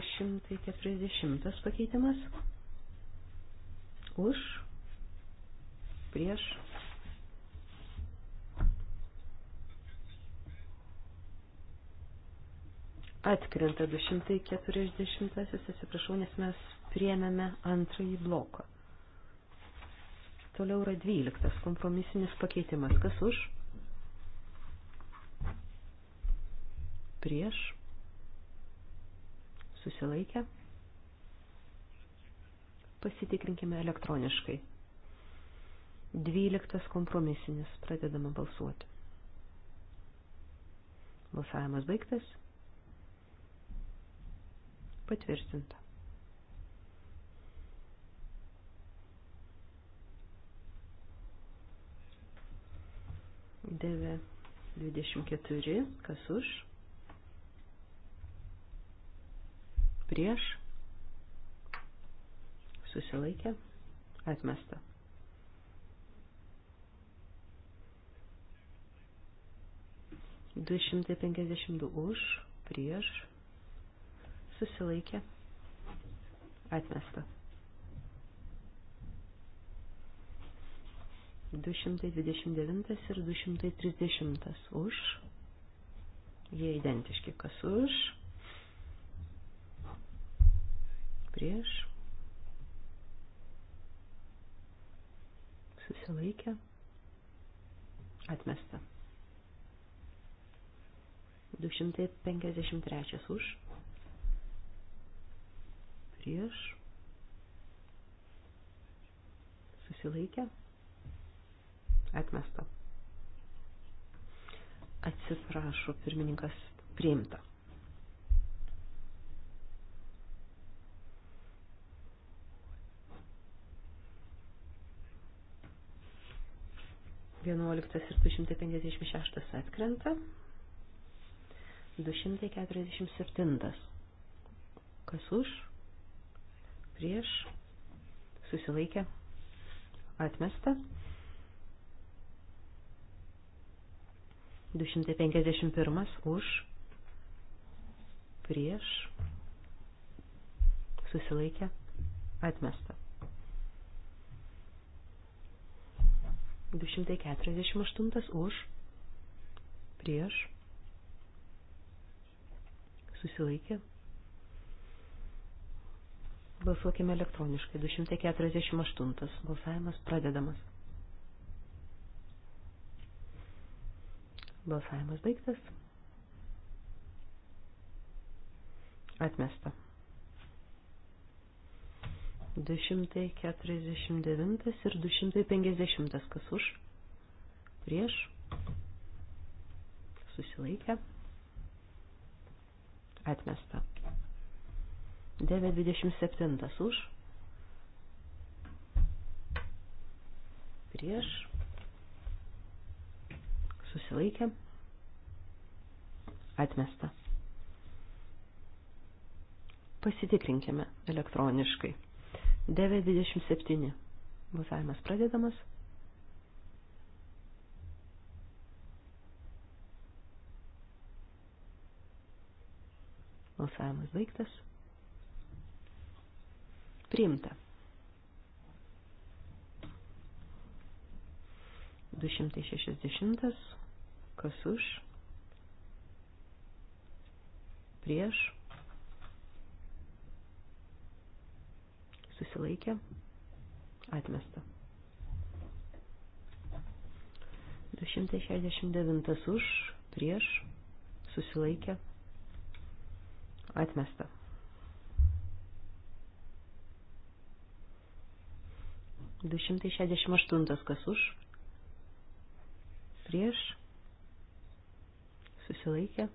Speaker 1: 240 pakeitimas. Už. Prieš. Atkrenta 240, atsiprašau, nes mes priemėme antrąjį bloką. Toliau yra 12 kompromisinis pakeitimas. Kas už? Prieš susilaikę. Pasitikrinkime elektroniškai. Dvyliktas kompromisinis. Pradedame balsuoti. Balsavimas baigtas. Patvirtinta. Deve 24. Kas už? prieš, susilaikė, atmesta. Du šimtai penkiasdešimt du už, prieš, susilaikė, atmesta. Du šimtai dvidešimt devintas ir du šimtai trisdešimtas už, jie identiški, kas už, prieš, susilaikė, atmesta. 253 už, prieš, susilaikė, atmesta. Atsiprašau, pirmininkas priimta. 11 ir 256 atkrenta. 247. Kas už? Prieš? Susilaikė? Atmesta? 251 už? Prieš? Susilaikė? Atmesta? 248 už, prieš, susilaikė. Balsuokime elektroniškai. 248. Balsavimas pradedamas. Balsavimas baigtas. Atmesta. 249 ir 250 kas už, prieš, susilaikę, atmesta. 927 už, prieš, susilaikę, atmesta. Pasitikrinkime elektroniškai. 927. Balsavimas pradedamas. Balsavimas baigtas. Priimta. 260. Kas už? Prieš. susilaikė, atmesta. 269 už, prieš, susilaikė, atmesta. Du šimtai šešiasdešimt aštuntas kas už, prieš, susilaikė,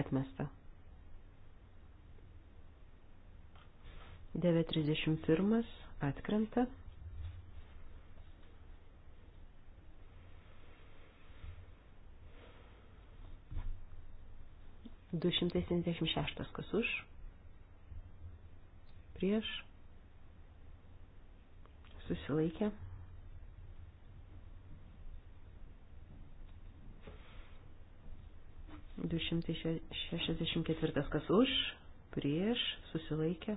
Speaker 1: atmesta. 931 atkrenta. Du šimtai septyniasdešimt šeštas kas už, prieš, susilaikė. Du šimtai šešiasdešimt ketvirtas kas už, prieš, susilaikė.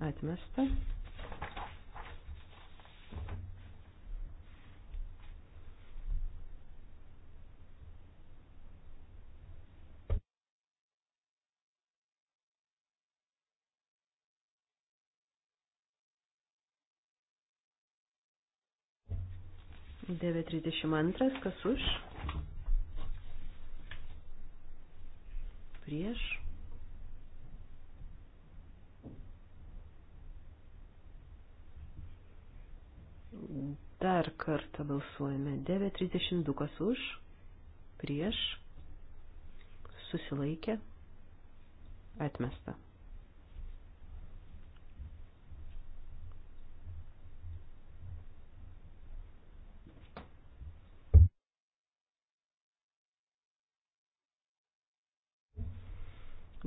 Speaker 1: Atmesta. Deve 32, kas už? Prieš Dar kartą balsuojame. 9.32 kas už, prieš, susilaikė, atmesta.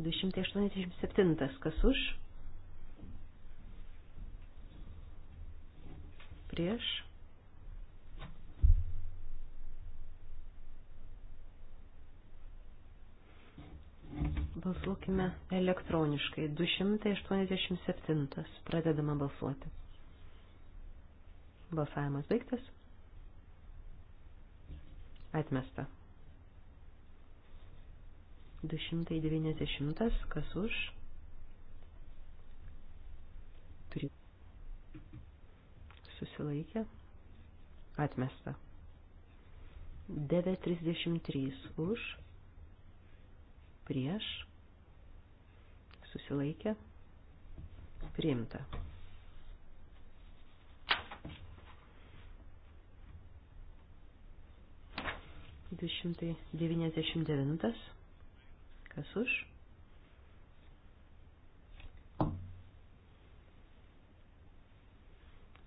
Speaker 1: Du šimtai aštuoniasdešimt septintas kas už. prieš. Balsuokime elektroniškai. 287. Pradedame balsuoti. Balsavimas baigtas. Atmesta. 290. Kas už? Turi susilaikė, atmesta. 9.33 už, prieš, susilaikė, priimta. Du šimtai devyniasdešimt devintas, kas už,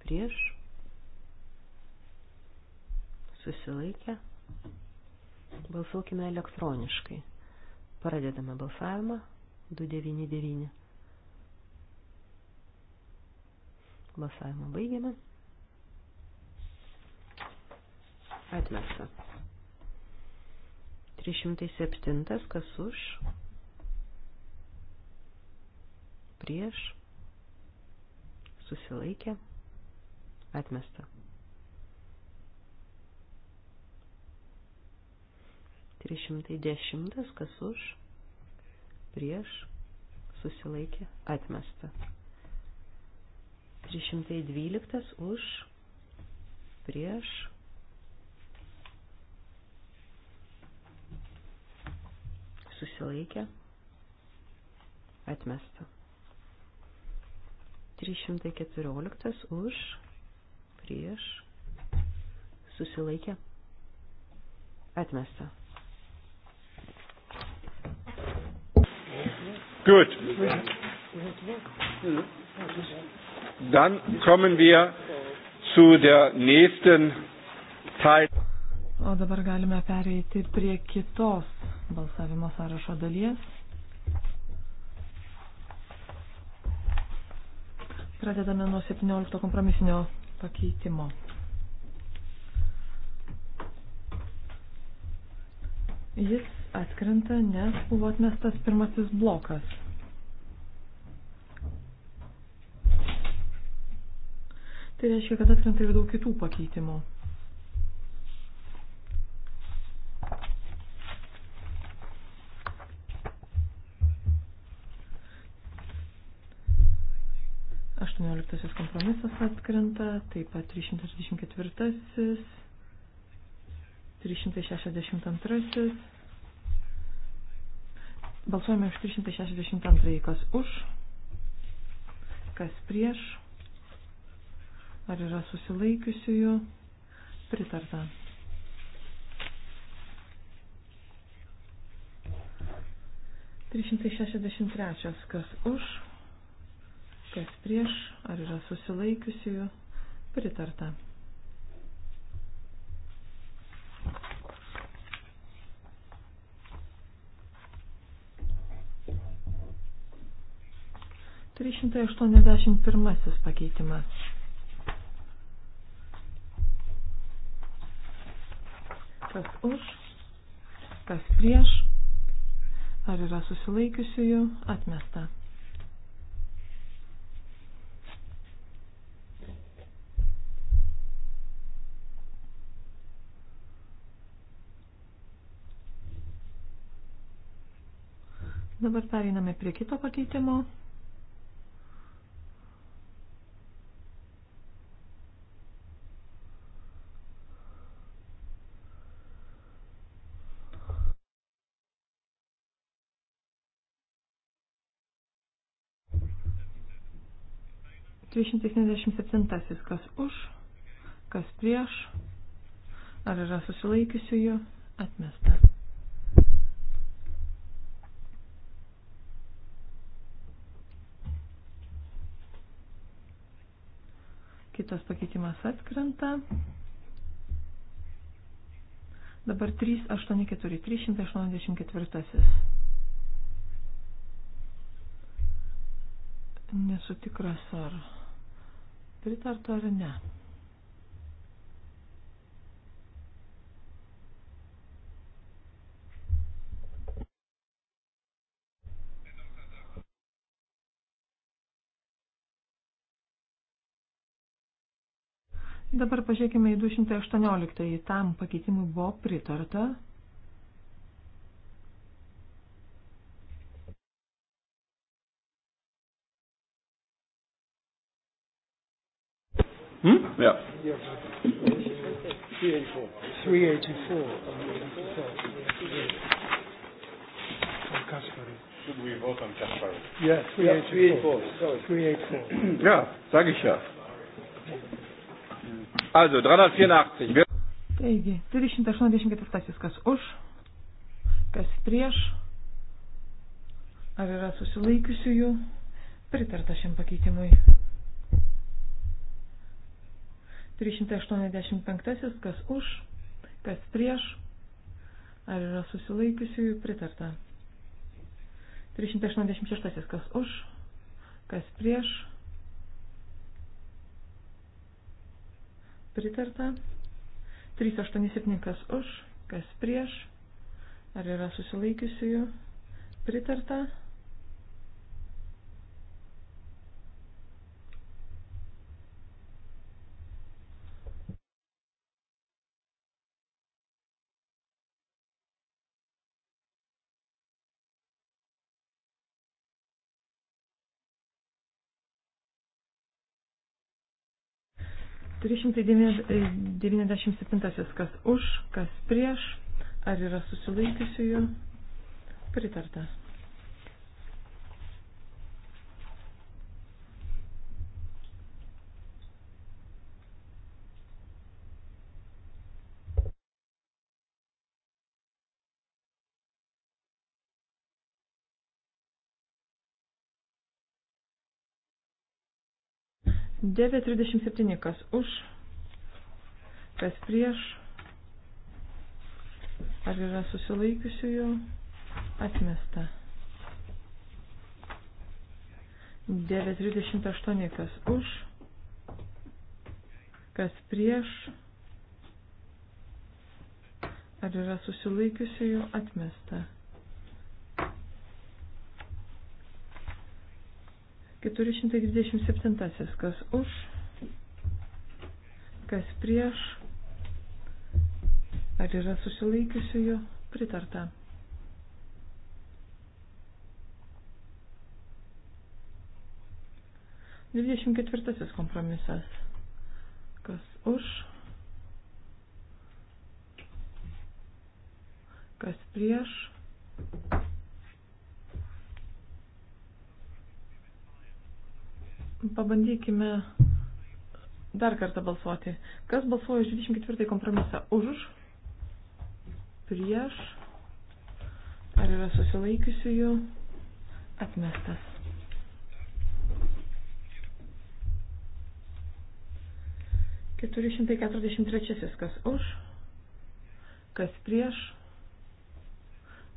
Speaker 1: prieš, susilaikę, balsuokime elektroniškai. Pradedame balsavimą 299. Balsavimą baigiame. Atmesta. 307. Kas už? Prieš. Susilaikė. Atmesta. 310, kas už, prieš, susilaikė, atmesta. 312 už, prieš, susilaikė, atmesta. 314 už, prieš, susilaikė, atmesta.
Speaker 2: Gut. Dann kommen wir zu der nächsten Teil.
Speaker 4: O dabar galime pereiti prie kitos balsavimo sąrašo dalies. Pradedame nuo 17 kompromisinio pakeitimo. Jis atkrenta, nes buvo atmestas pirmasis blokas. Tai reiškia, kad atkrenta ir daug kitų pakeitimų. 18 kompromisas atkrenta, taip pat 324, 362. Balsuojame už 362, kas už, kas prieš, ar yra susilaikiusiųjų, pritarta. Trys šimtai šešiasdešimt trečias, kas už, kas prieš, ar yra susilaikiusiųjų, pritarta. Trys šimtai aštuoniasdešimt pirmasis pakeitimas. Kas už, kas prieš, ar yra susilaikiusiųjų, atmesta. Dabar pereiname prie kito pakeitimo. Trišimtai kas už, kas prieš, ar yra susilaikiusiųjų, atmesta. Kitas pakeitimas atskrenta. Dabar 384, 384. Nesu tikras, ar pritarta ar ne. Dabar pažiūrėkime į 218. Tam pakeitimui buvo pritarta.
Speaker 2: Hmm? Yeah.
Speaker 3: 384. 384. Should we vote on Kaspari? Yeah, 384. Yeah, 384. 384. ja,
Speaker 2: sage ich ja. Also 384. Taigi,
Speaker 4: 384 kas už, kas prieš, ar yra susilaikiusiųjų, pritarta šiam pakeitimui. 385 kas už, kas prieš, ar yra susilaikiusiųjų, pritarta. 386 kas už, kas prieš, pritarta. 387 kas už, kas prieš, ar yra susilaikiusiųjų pritarta. 397 kas už, kas prieš, ar yra susilaikiusiųjų pritarta. 9.37. Kas už, kas prieš. Ar yra susilaikiusiųjų? Atmesta. 9.38. Kas už, kas prieš. Ar yra susilaikiusiųjų? Atmesta. 427. Kas už, kas prieš, ar yra susilaikiusiųjų pritarta. Dvidešimt ketvirtasis kompromisas. Kas už, kas prieš, Pabandykime dar kartą balsuoti. Kas balsuoja už 24 kompromisą? Už? Prieš? Ar yra susilaikiusiųjų? Atmestas. Keturi šimtai keturiasdešimt trečiasis, kas už, kas prieš,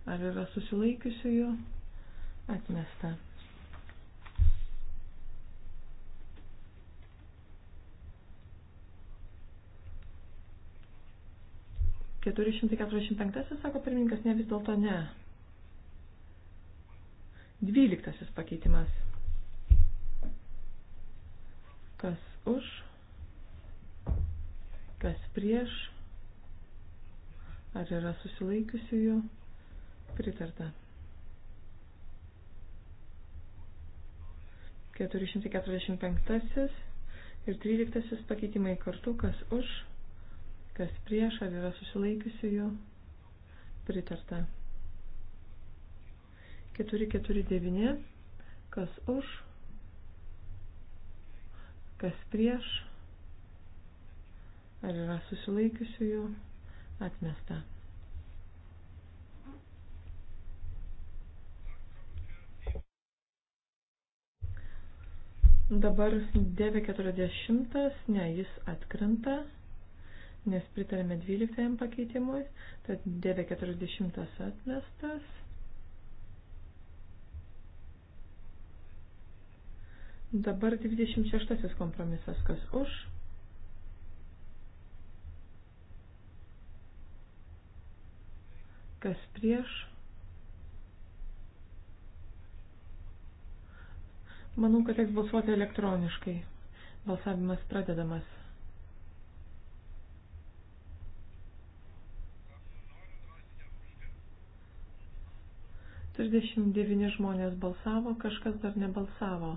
Speaker 4: ar yra susilaikiusiųjų, atmesta. 445, sako pirmininkas, ne vis dėlto ne. 12 pakeitimas. Kas už, kas prieš, ar yra susilaikiusiųjų, pritarta. 445 ir 13 pakeitimai kartu, kas už, kas prieš, ar yra susilaikiusiųjų, pritarta. 449, kas už, kas prieš, ar yra susilaikiusiųjų, atmesta. Dabar 9.40, ne, jis atkrenta nes pritarėme 12 pakeitimui, tad 940 atmestas. Dabar 26 kompromisas, kas už. Kas prieš. Manau, kad teks balsuoti elektroniškai. Balsavimas pradedamas. 39 žmonės balsavo, kažkas dar nebalsavo.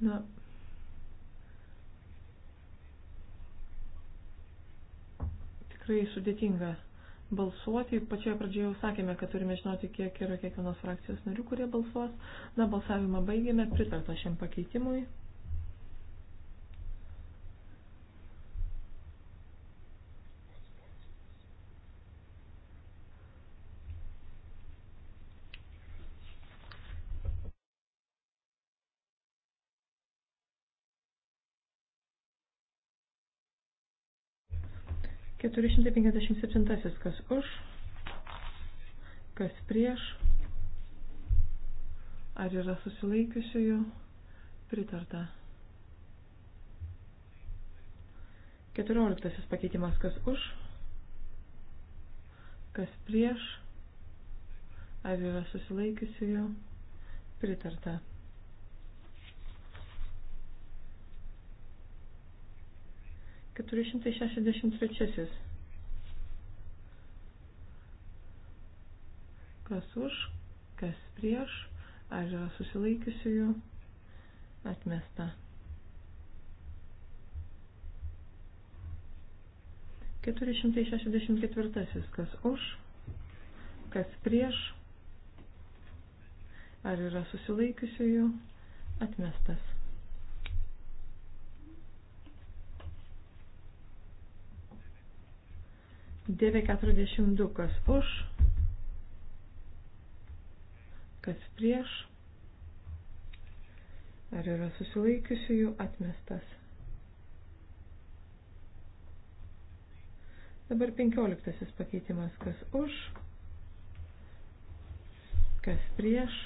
Speaker 4: Na. Tikrai sudėtinga balsuoti. Pačioje pradžioje jau sakėme, kad turime žinoti, kiek yra kiekvienos frakcijos narių, kurie balsuos. Na, balsavimą baigėme, pritarta šiam pakeitimui. 457. Kas už, kas prieš, ar yra susilaikiusiųjų, pritarta. 14. Pakeitimas. Kas už, kas prieš, ar yra susilaikiusiųjų, pritarta. 463. Kas už, kas prieš, ar yra susilaikiusiųjų atmesta. 464. Kas už, kas prieš, ar yra susilaikiusiųjų atmestas. 942 kas už, kas prieš, ar yra susilaikiusiųjų atmestas. Dabar 15 pakeitimas kas už, kas prieš,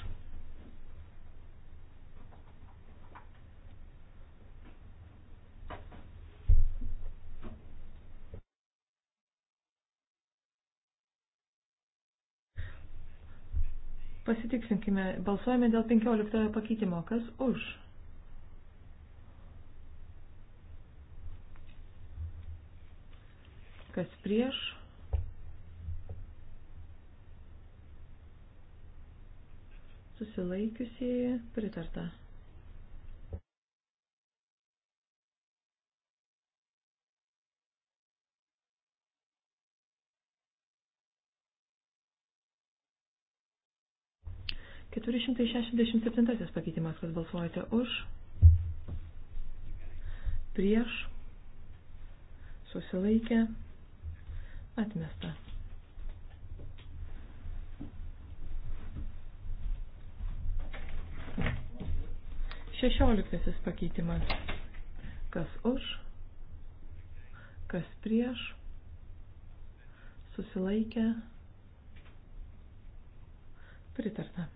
Speaker 4: Pasitiksinkime, balsuojame dėl 15 pakeitimo. Kas už? Kas prieš? Susilaikiusieji pritarta. 467 pakeitimas, kas balsuojate už, prieš, susilaikę, atmesta. Šešioliktasis pakeitimas. Kas už, kas prieš, susilaikę, pritarta.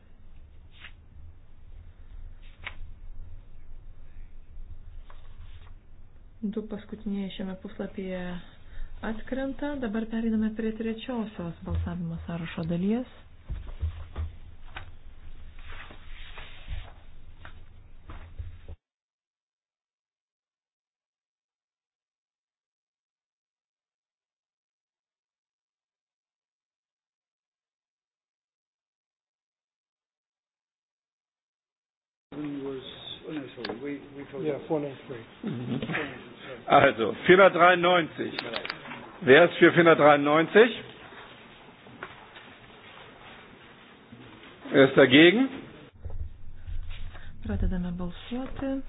Speaker 4: Du paskutiniai šiame puslapyje atkrenta. Dabar pereiname prie trečiosios balsavimo sąrašo dalies.
Speaker 3: was oh no sorry we we told yeah 493 mm -hmm. Also 493.
Speaker 2: Wer ist für 493? Wer ist dagegen?
Speaker 4: Pradedame balsuoti.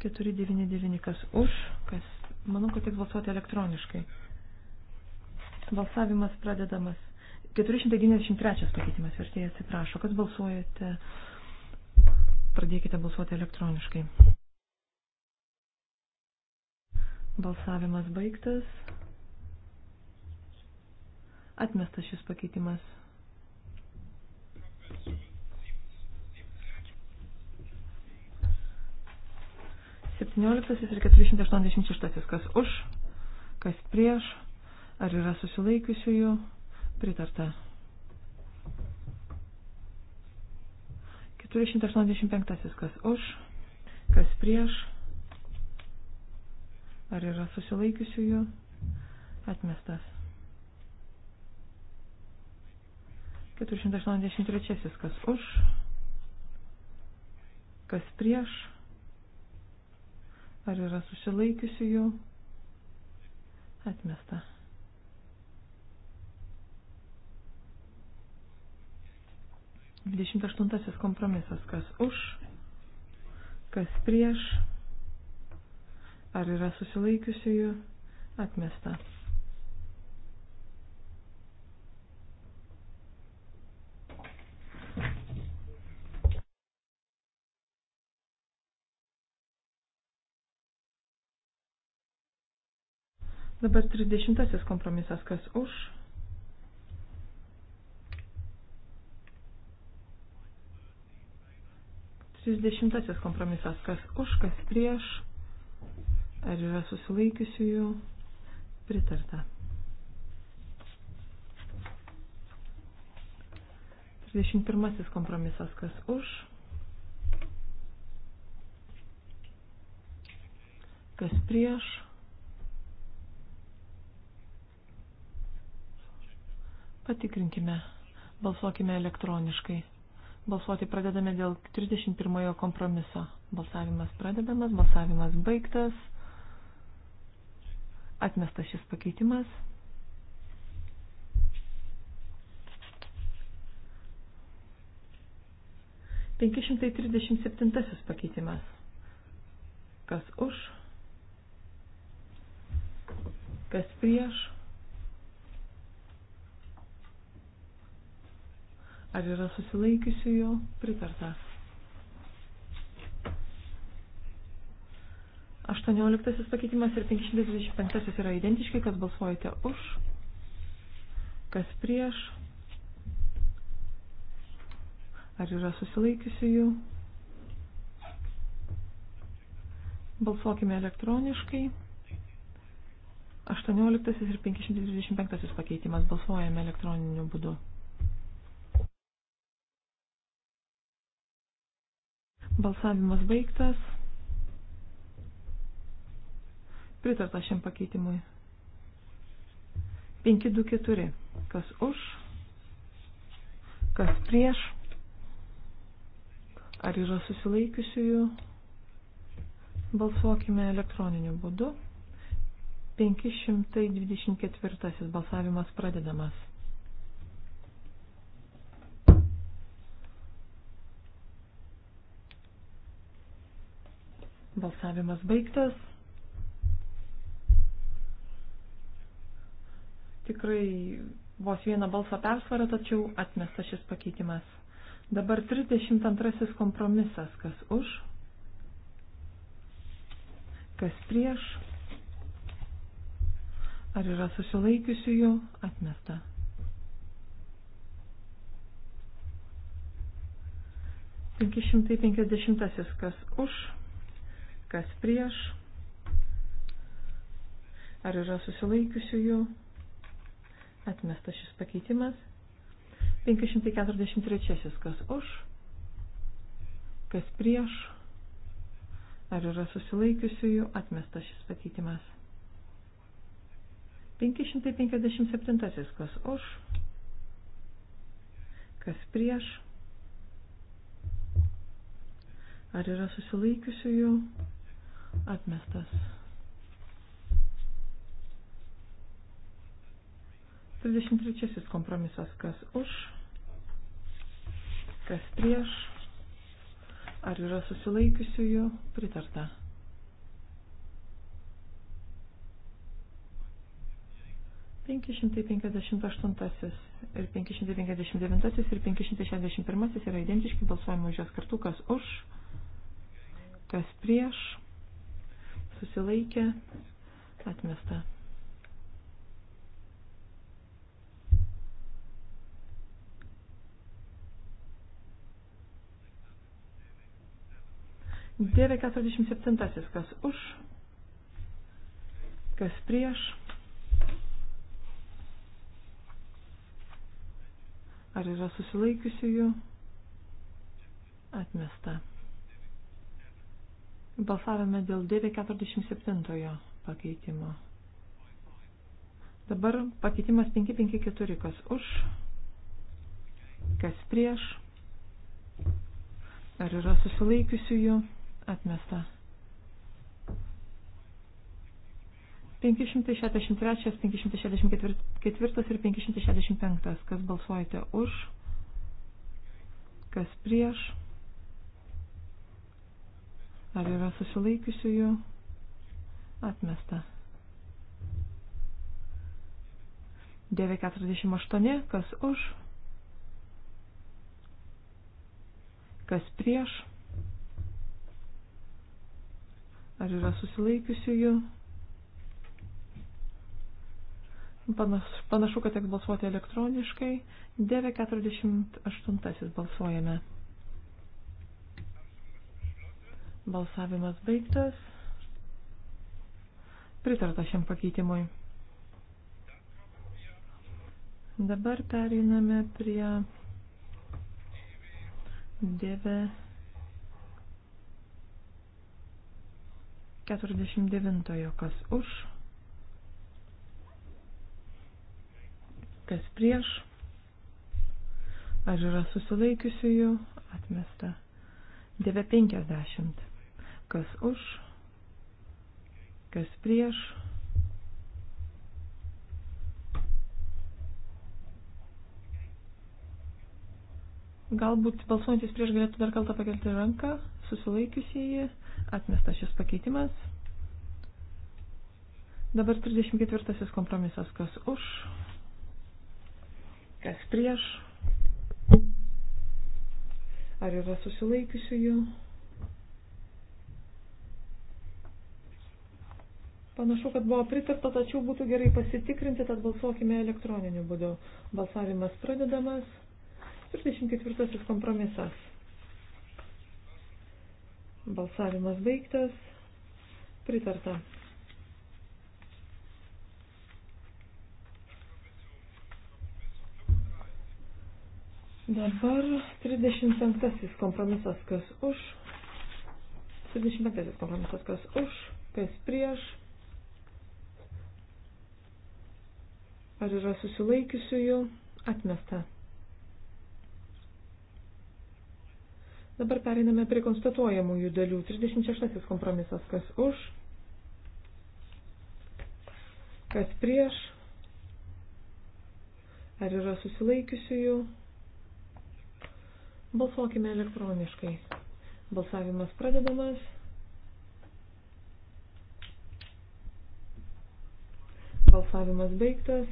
Speaker 4: 499 kas už, kas. Manau, kad tik balsuoti elektroniškai. Balsavimas pradedamas. 493 pakeitimas vertėjas atsiprašo. Kas balsuojate? Pradėkite balsuoti elektroniškai. Balsavimas baigtas. Atmestas šis pakeitimas. Septynioliktasis ir 486. Kas už, kas prieš, ar yra susilaikiusiųjų, pritarta. 485. Kas už, kas prieš Ar yra susilaikiusiųjų? Atmestas. 483. Kas už? Kas prieš? Ar yra susilaikiusiųjų? Atmesta. Dvidešimt aštuntasis kompromisas. Kas už? Kas prieš? Ar yra susilaikiusiųjų? Atmesta. Dabar 30 kompromisas, kas už. Trisdešimtasis kompromisas, kas už, kas prieš, Ar yra susilaikiusiųjų? Pritarta. 31 kompromisas, kas už, kas prieš. Patikrinkime, balsuokime elektroniškai. Balsuoti pradedame dėl 31 kompromiso. Balsavimas pradedamas, balsavimas baigtas. Atmestas šis pakeitimas. Penki šimtai trisdešimt septintasis pakeitimas. Kas už? Kas prieš? Ar yra susilaikiusių jo pritartas? 18 pakeitimas ir 525 yra identiški, kas balsuojate už, kas prieš, ar yra susilaikiusiųjų. Balsuokime elektroniškai. 18 ir 525 pakeitimas balsuojame elektroniniu būdu. Balsavimas baigtas. Pritarta šiam pakeitimui. 524. Kas už? Kas prieš? Ar yra susilaikiusiųjų? Balsuokime elektroniniu būdu. 524 balsavimas pradedamas. Balsavimas baigtas. tikrai vos vieną balsą persvarą, tačiau atmesta šis pakeitimas. Dabar 32 kompromisas, kas už, kas prieš, ar yra susilaikiusių jų, atmesta. Penkišimtai penkisdešimtasis, kas už, kas prieš, ar yra susilaikiusių jų, atmesta. Atmestas šis pakeitimas. 543. Kas už? Kas prieš? Ar yra susilaikiusiųjų? Atmestas šis pakeitimas. 557. Kas už? Kas prieš? Ar yra susilaikiusiųjų? Atmestas. 63 kompromisas, kas už, kas prieš, ar yra susilaikiusiųjų pritarta. Penki šimtai penkiasdešimt aštuntasis ir 559 ir 561 yra identiški, balsuojame už juos kartu, kas už, kas prieš, susilaikė, atmesta. 947. Kas už? Kas prieš? Ar yra susilaikiusiųjų? Atmesta. Balsavome dėl 947 pakeitimo. Dabar pakeitimas 554. Kas už? Kas prieš? Ar yra susilaikiusiųjų? Atmesta. 563, 564 ir 565. Kas balsuojate už? Kas prieš? Ar yra susilaikiusiųjų? Atmesta. 948. Kas už? Kas prieš? Ar yra susilaikiusiųjų? Panaš, panašu, kad teks balsuoti elektroniškai. 948 balsuojame. Balsavimas baigtas. Pritarta šiam pakeitimui. Dabar pereiname prie dėvę 49 kas už, kas prieš, ar yra susilaikiusiųjų, atmesta. 950 kas už, kas prieš. Galbūt balsuojantis prieš galėtų dar kartą pakelti ranką, susilaikiusieji. Atmestas šis pakeitimas. Dabar 34 kompromisas. Kas už? Kas prieš? Ar yra susilaikiusiųjų? Panašu, kad buvo pritarta, tačiau būtų gerai pasitikrinti, tad balsuokime elektroniniu būdu. Balsavimas pradedamas. 34 kompromisas. Balsavimas baigtas. Pritarta. Dabar 35 kompromisas, kas už. 35 kompromisas, kas už, kas prieš. Ar yra susilaikiusiųjų? Atmesta. Dabar pereiname prie konstatuojamųjų dalių. 36 kompromisas. Kas už? Kas prieš? Ar yra susilaikiusiųjų? Balsuokime elektroniškai. Balsavimas pradedamas. Balsavimas baigtas.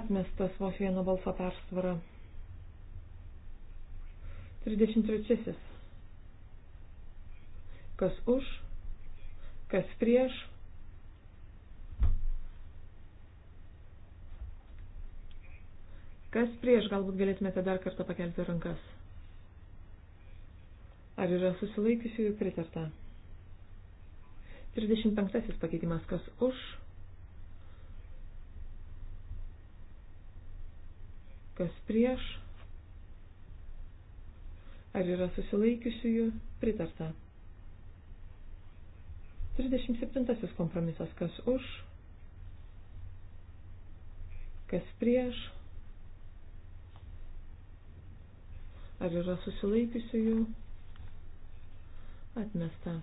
Speaker 4: Atmestas vos vieno balso persvara. 33. Kas už, kas prieš. Kas prieš, galbūt galėtumėte dar kartą pakelti rankas. Ar yra susilaikiusiųjų pritarta? 35 pakeitimas, kas už, kas prieš. Ar yra susilaikiusiųjų? Pritarta. 37 kompromisas. Kas už? Kas prieš? Ar yra susilaikiusiųjų? Atmesta.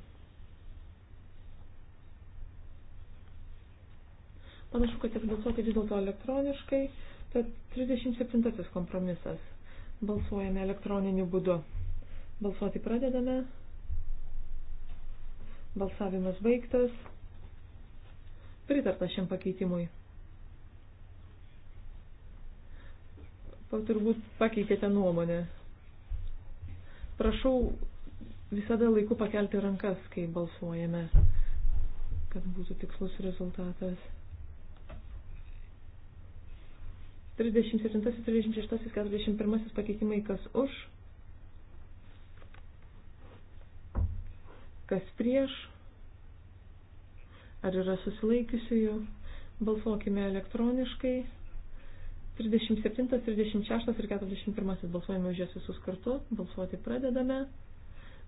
Speaker 4: Panašu, kad teks balsuoti vis dėlto elektroniškai, tad 37 kompromisas. Balsuojame elektroniniu būdu. Balsuoti pradedame. Balsavimas baigtas. Pritarta šiam pakeitimui. Turbūt pakeitėte nuomonę. Prašau visada laiku pakelti rankas, kai balsuojame, kad būtų tikslus rezultatas. 37, 36, 41 pakeitimai kas už, kas prieš, ar yra susilaikiusiųjų, balsuokime elektroniškai. 37, 36 ir 41 balsuojame už jas visus kartu, balsuoti pradedame,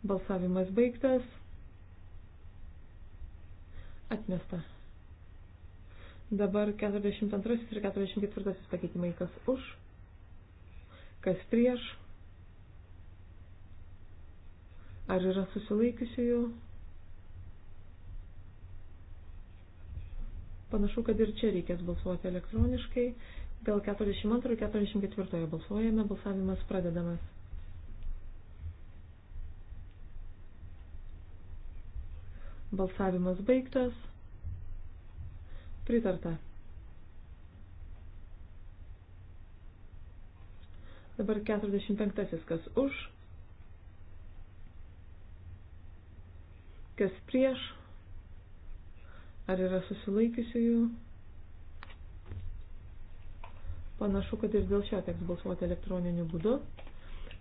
Speaker 4: balsavimas baigtas, atmesta. Dabar 42 ir 44 pakeitimai, kas už, kas prieš Ar yra susilaikiusiųjų? Panašu, kad ir čia reikės balsuoti elektroniškai. Dėl 42 ir 44 balsuojame, balsavimas pradedamas. Balsavimas baigtas. Pritarta. Dabar 45. Kas už? kas prieš, ar yra susilaikiusiųjų. Panašu, kad ir dėl šio teks balsuoti elektroniniu būdu.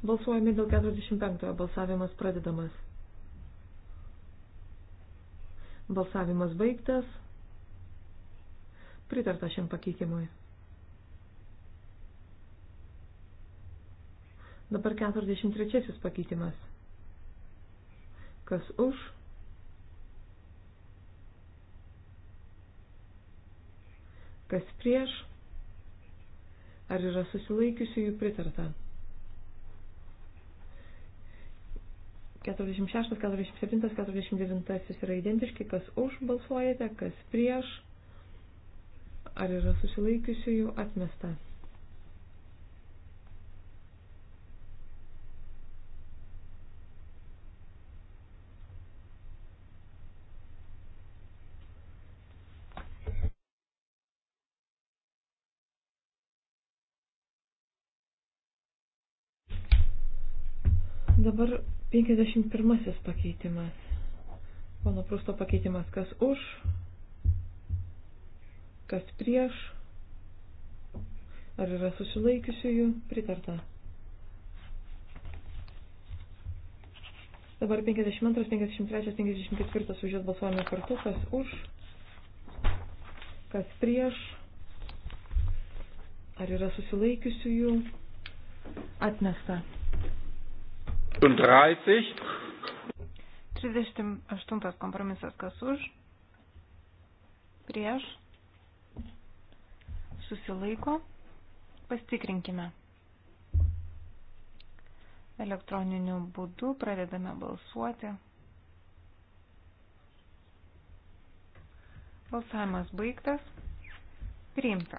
Speaker 4: Balsuojame dėl 45-ojo. Balsavimas pradedamas. Balsavimas baigtas. Pritarta šiam pakeitimui. Dabar 43 pakeitimas. Kas už? Kas prieš? Ar yra susilaikiusiųjų pritarta? 46, 47, 49 yra identiški, kas už balsuojate, kas prieš, ar yra susilaikiusiųjų atmesta. Dabar 51 pakeitimas. Pono Prusto pakeitimas, kas už, kas prieš, ar yra susilaikiusiųjų pritarta. Dabar 52, 53, 54 už jas balsuojame kartu, kas už, kas prieš, ar yra susilaikiusiųjų atmesta.
Speaker 2: 38
Speaker 4: kompromisas kas už,
Speaker 5: prieš, susilaiko, pastikrinkime. Elektroniniu būdu pradedame balsuoti. Balsavimas baigtas. Priimta.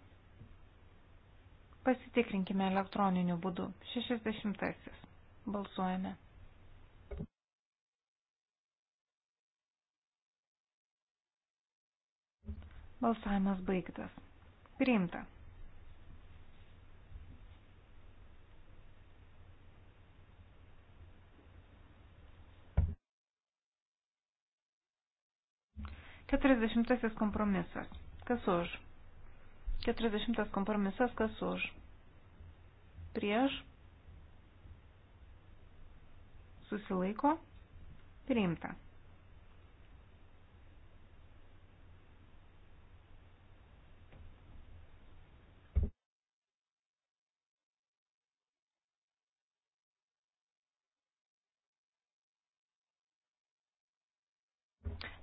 Speaker 5: Pasitikrinkime elektroniniu būdu. 60. Balsuojame. Balsavimas baigtas. Priimta. Keturiasdešimtasis kompromisas. Kas už? 40 kompromisas, kas už. Prieš. Susilaiko. Priimta.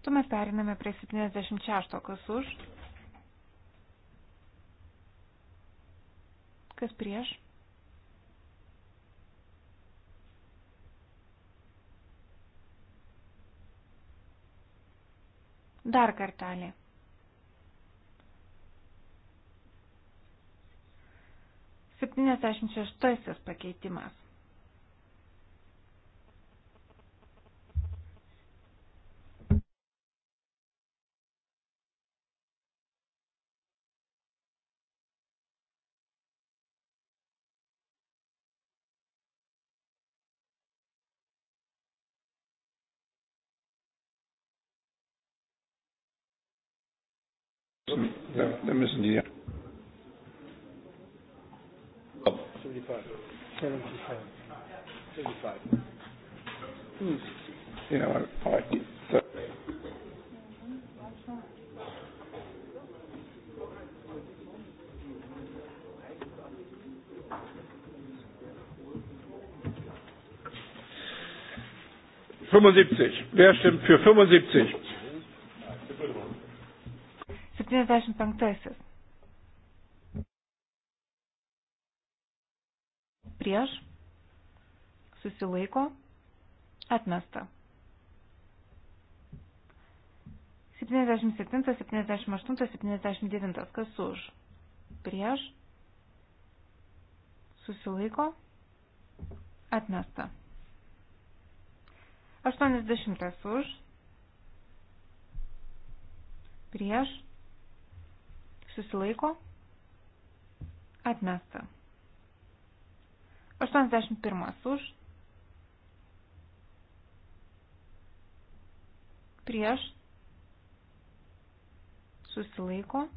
Speaker 5: Tuomet periname prie 76, kas už kas prieš. Dar kartelį. Septyniasdešimt šeštasis pakeitimas.
Speaker 2: Wir müssen die.
Speaker 3: Oh. 75. 75.
Speaker 2: Hm. Ja, aber fünfundsiebzig wer stimmt für fünfundsiebzig?
Speaker 5: 75. Prieš susilaiko atmesta. 77, 78, 79. Kas už? Prieš susilaiko atmesta. 80 už prieš susilaiko, atmesta. 81 už, prieš, susilaiko.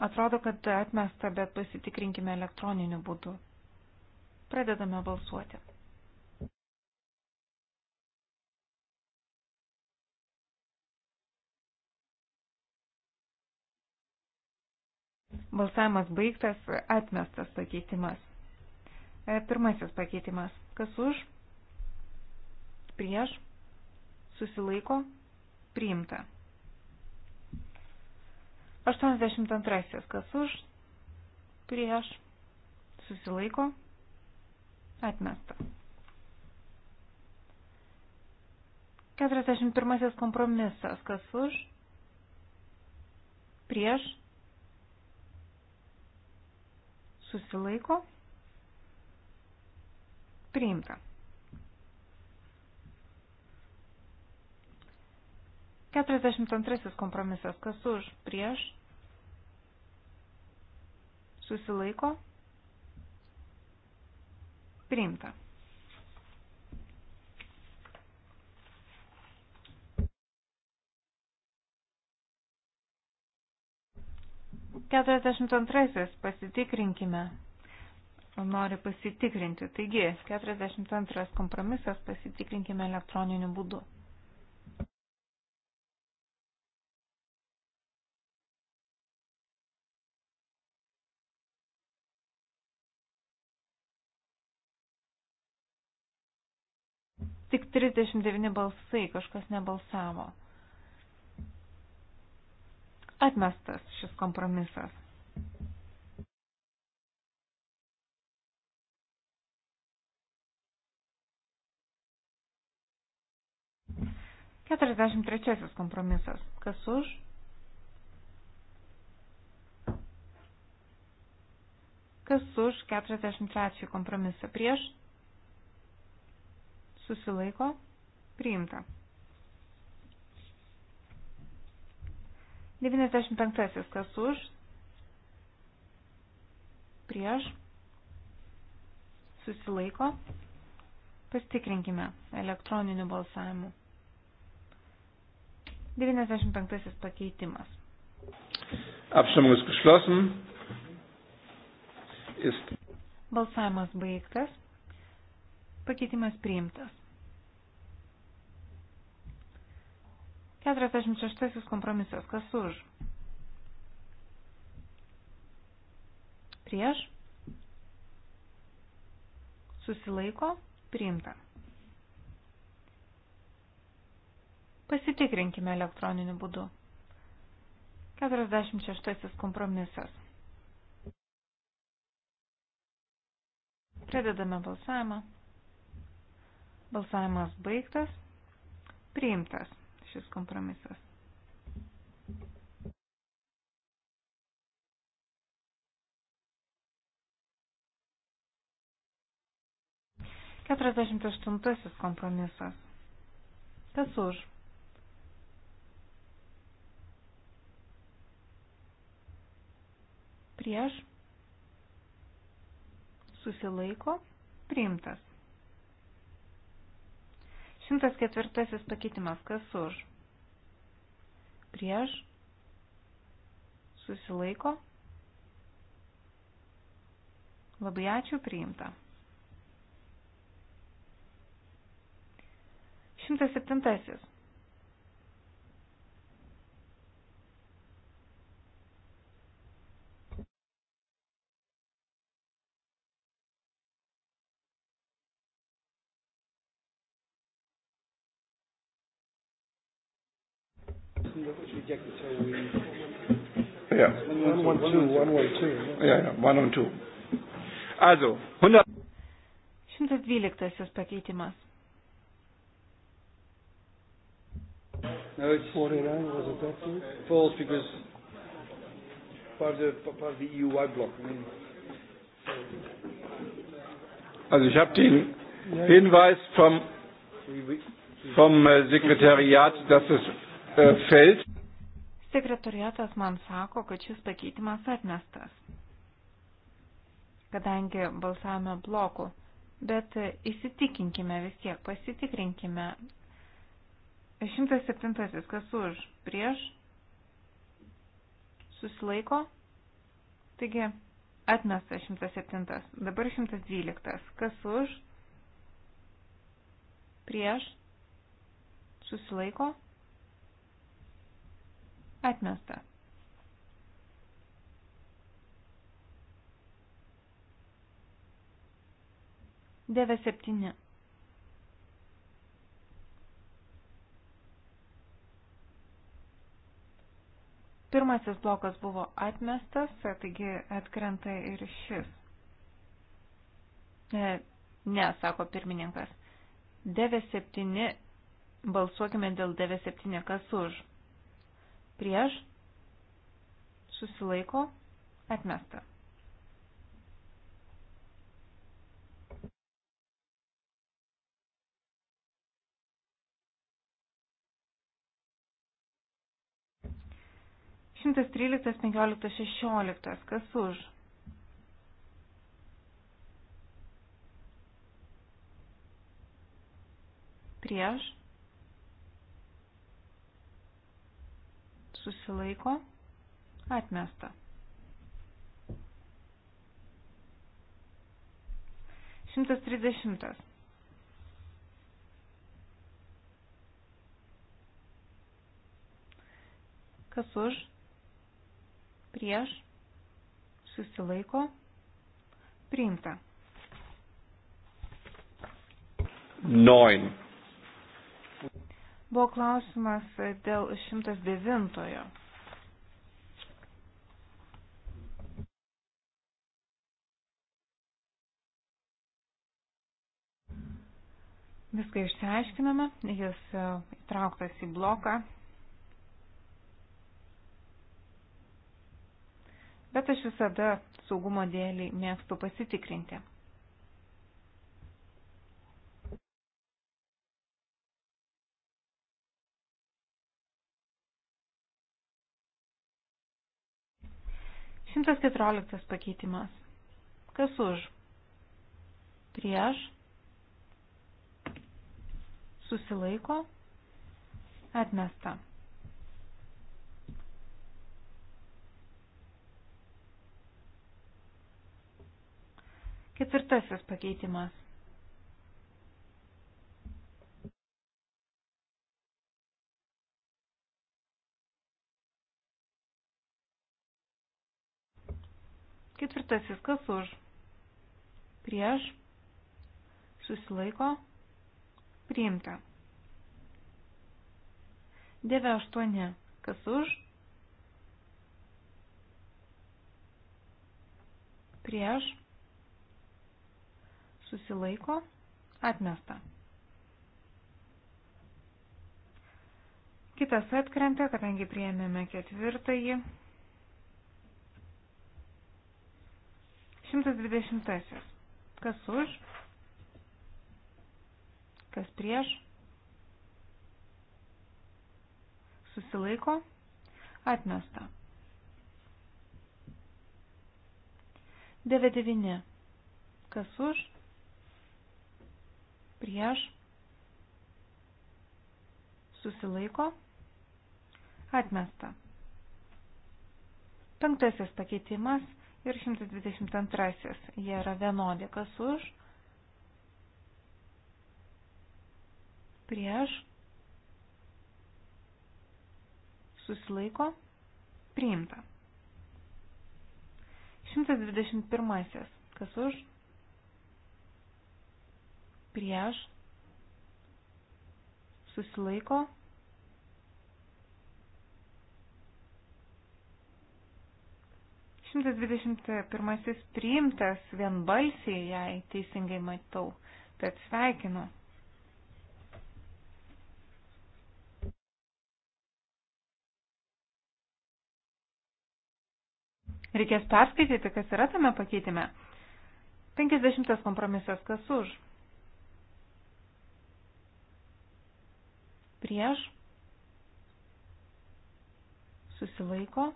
Speaker 5: Atrodo, kad atmesta, bet pasitikrinkime elektroniniu būdu. Pradedame balsuoti. Balsavimas baigtas, atmestas pakeitimas. E, pirmasis pakeitimas. Kas už? Prieš? Susilaiko? Priimta. 82. Kas už? Prieš? Susilaiko? Atmesta. 41. Kompromisas. Kas už? Prieš? susilaiko, priimta. 42 kompromisas, kas už, prieš, susilaiko, priimta. 42. Pasitikrinkime. Nori pasitikrinti. Taigi, 42. Kompromisas pasitikrinkime elektroniniu būdu. Tik 39 balsai kažkas nebalsavo. Atmestas šis kompromisas. Keturiasdešimt trečiasis kompromisas. Kas už? Kas už 43 kompromisą prieš? Susilaiko? Priimta. 95. Kas už? Prieš? Susilaiko? Pastikrinkime elektroniniu balsavimu. 95. pakeitimas.
Speaker 2: Abstimmung ist geschlossen. Ist
Speaker 5: Balsavimas baigtas. Pakeitimas priimtas. 46 kompromisas. Kas už? Prieš? Susilaiko? Priimta. Pasitikrinkime elektroniniu būdu. 46 kompromisas. Pradedame balsavimą. Balsavimas baigtas. Priimtas šis kompromisas. Keturiasdešimt aštuntasis kompromisas. Kas už? Prieš? Susilaiko? Priimtas. 104 pakeitimas. Kas už? Prieš? Susilaiko? Labai ačiū priimta. 107.
Speaker 2: Ja. 112. Ja, ja, 112. Also, 100.
Speaker 5: 112 pakeitimas.
Speaker 2: No, it's 49 was adopted. False because
Speaker 3: part of the, part of the EU wide block. I mean,
Speaker 2: also ich habe den Hinweis vom, vom äh, Sekretariat, dass es Äh, fällt.
Speaker 5: Sekretariatas man sako, kad šis pakeitimas atmestas, kadangi balsavome bloku. Bet įsitikinkime vis tiek, pasitikrinkime. 107. Kas už? Prieš? Susilaiko? Taigi, atmestas 107. Dabar 112. Kas už? Prieš? Susilaiko? Atmesta. Deve septyni. Pirmasis blokas buvo atmestas, taigi atkrenta ir šis. Ne, ne sako pirmininkas. 97 balsuokime dėl 97, kas už prieš, susilaiko, atmesta. Šimtas tryliktas, penkioliktas, šešioliktas, kas už? Prieš, susilaiko, atmesta. Šimtas trisdešimtas. Kas už, prieš, susilaiko, priimta.
Speaker 2: Neun.
Speaker 5: Buvo klausimas dėl 109-ojo. Viską išsiaiškiname, jis e, įtrauktas į bloką. Bet aš visada saugumo dėlį mėgstu pasitikrinti. 114 pakeitimas. Kas už? Prieš. Susilaiko. Atmesta. Ketvirtasis pakeitimas. Ketvirtasis, kas už? Prieš. Susilaiko. Priimta. 9.8. Kas už? Prieš. Susilaiko. Atmesta. Kitas atkrenta, kadangi priėmėme ketvirtąjį. 120. Kas už? Kas prieš? Susilaiko? Atmesta. 99. Kas už? Prieš? Susilaiko? Atmesta. Penktasis pakeitimas – ir 122. Jie yra vienodi, kas už, prieš, susilaiko, priimta. 121. Kas už, prieš, susilaiko, priimta 121 priimtas vienbalsiai, jei teisingai matau, tad sveikinu. Reikės perskaityti, kas yra tame pakeitime. 50 kompromisas, kas už? Prieš? Susilaiko?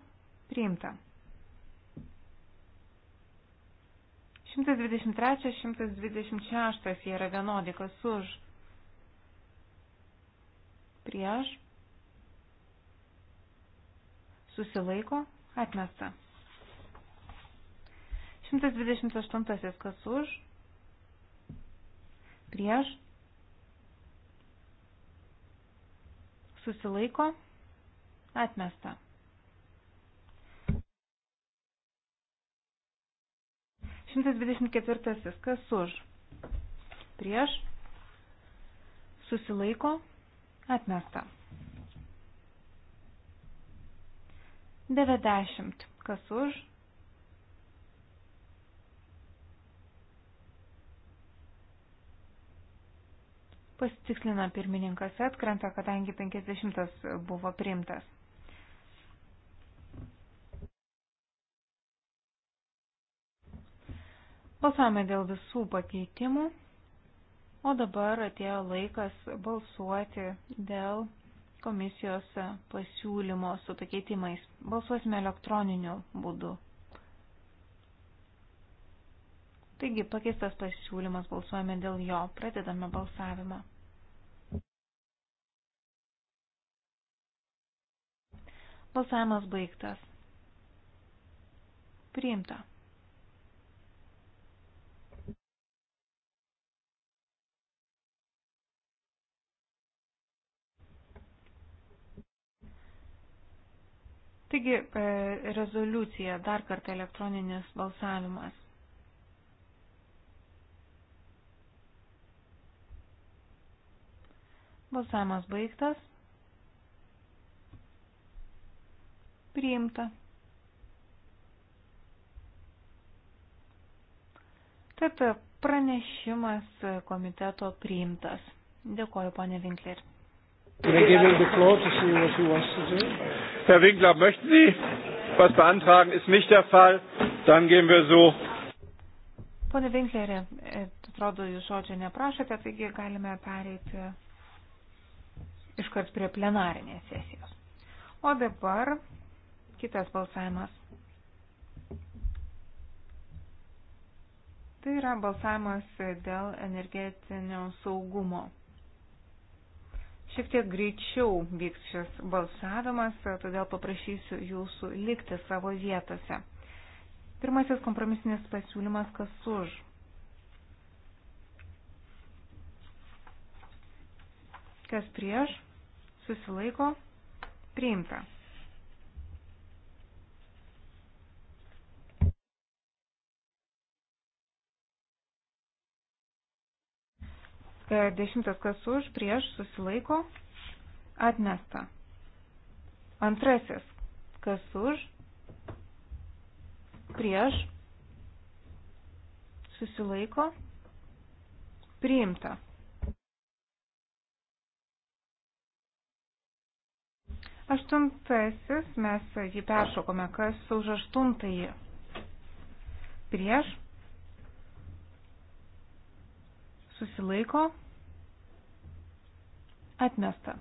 Speaker 5: Priimta. 123, 126 jie yra vienodi, kas už. Prieš. Susilaiko. Atmesta. 128 kas už. Prieš. Susilaiko. Atmesta. 124. Kas už? Prieš? Susilaiko? Atmesta. 90. Kas už? Pasitikslina pirmininkas atkrenta, kadangi 50 buvo priimtas. Balsavome dėl visų pakeitimų, o dabar atėjo laikas balsuoti dėl komisijos pasiūlymo su pakeitimais. Balsuosime elektroniniu būdu. Taigi pakeistas pasiūlymas balsuojame dėl jo, pradedame balsavimą. Balsavimas baigtas. Priimta. Taigi, e, rezoliucija, dar kartą elektroninis balsavimas. Balsavimas baigtas. Priimta. Tad pranešimas komiteto priimtas. Dėkoju, ponė Vinkler.
Speaker 3: Can I give him the floor to
Speaker 2: see what he wants to
Speaker 3: do? Herr
Speaker 2: Winkler, möchten Sie was beantragen? Ist nicht der Fall. Dann gehen wir so.
Speaker 5: Pone Winklerė, e, atrodo, jūs žodžio neprašote, taigi galime pereiti iškart prie plenarinės sesijos. O dabar kitas balsavimas. Tai yra balsavimas dėl energetinio saugumo. Šiek tiek greičiau vyks šis balsavimas, todėl paprašysiu jūsų likti savo vietose. Pirmasis kompromisinis pasiūlymas kas už. Kas prieš? Susilaiko? Priimta.
Speaker 4: E, dešimtas kas už,
Speaker 5: prieš, susilaiko, atmesta. Antrasis kas už, prieš, susilaiko, priimta. Aštuntasis, mes jį peršokome, kas už aštuntąjį prieš, susilaiko, atmesta.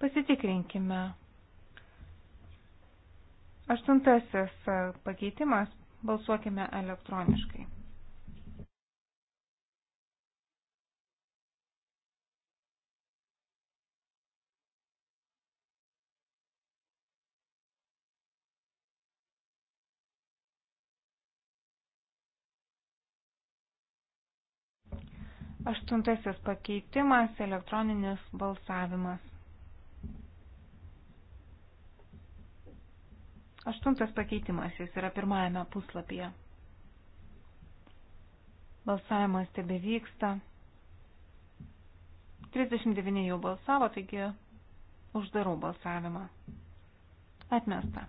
Speaker 5: Pasitikrinkime. Aštuntasis e, pakeitimas. Balsuokime elektroniškai. Aštuntasis pakeitimas - elektroninis balsavimas. Aštuntas pakeitimas, jis yra pirmajame puslapyje. Balsavimas tebe vyksta. 39 jau balsavo, taigi uždarau balsavimą. Atmesta.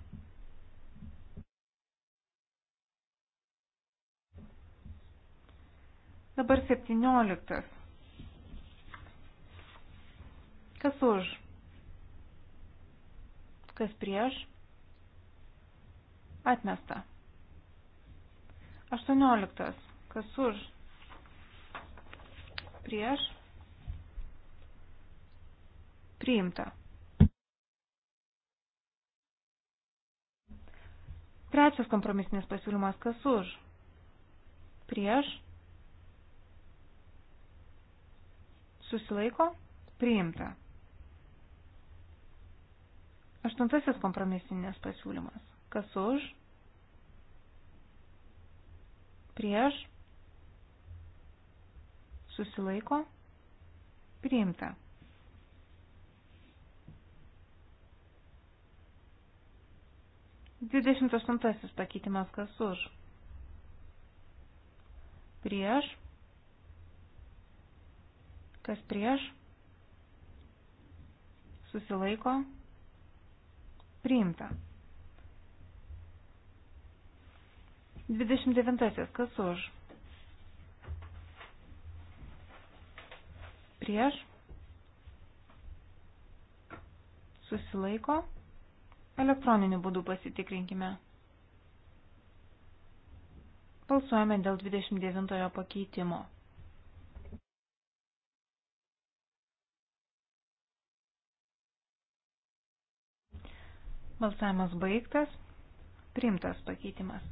Speaker 5: Dabar 17. Kas už? Kas prieš? Atmesta. 18. Kas už? Prieš? Priimta. Trečias kompromisinis pasiūlymas. Kas už? Prieš? susilaiko, priimta. Aštuntasis kompromisinės pasiūlymas. Kas už, prieš, susilaiko, priimta. Dvidešimt aštuntasis pakeitimas kas už. Prieš kas prieš, susilaiko, priimta. 29. Kas už? Prieš. Susilaiko. Elektroniniu būdu pasitikrinkime. Balsuojame dėl 29 pakeitimo. Balsavimas baigtas. Priimtas pakeitimas.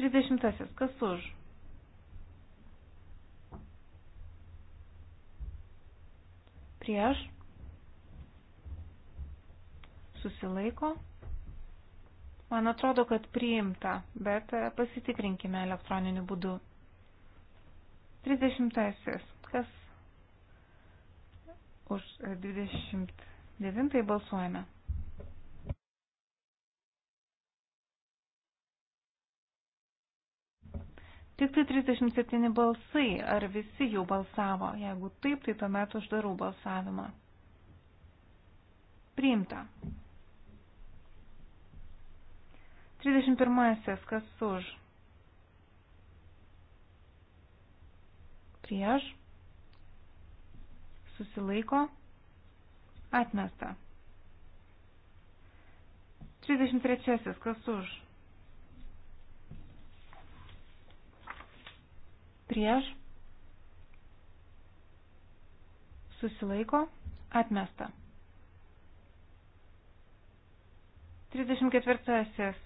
Speaker 5: 30. Kas už? Prieš. Susilaiko. Man atrodo, kad priimta, bet pasitikrinkime elektroniniu būdu. 30. Kas už 29 balsuojame? Tik tai 37 balsai, ar visi jau balsavo? Jeigu taip, tai tuomet uždarau balsavimą. Priimta. 31. Kas už? Prieš. Susilaiko. Atmesta. 33. Kas už? prieš, susilaiko, atmesta. 34-asis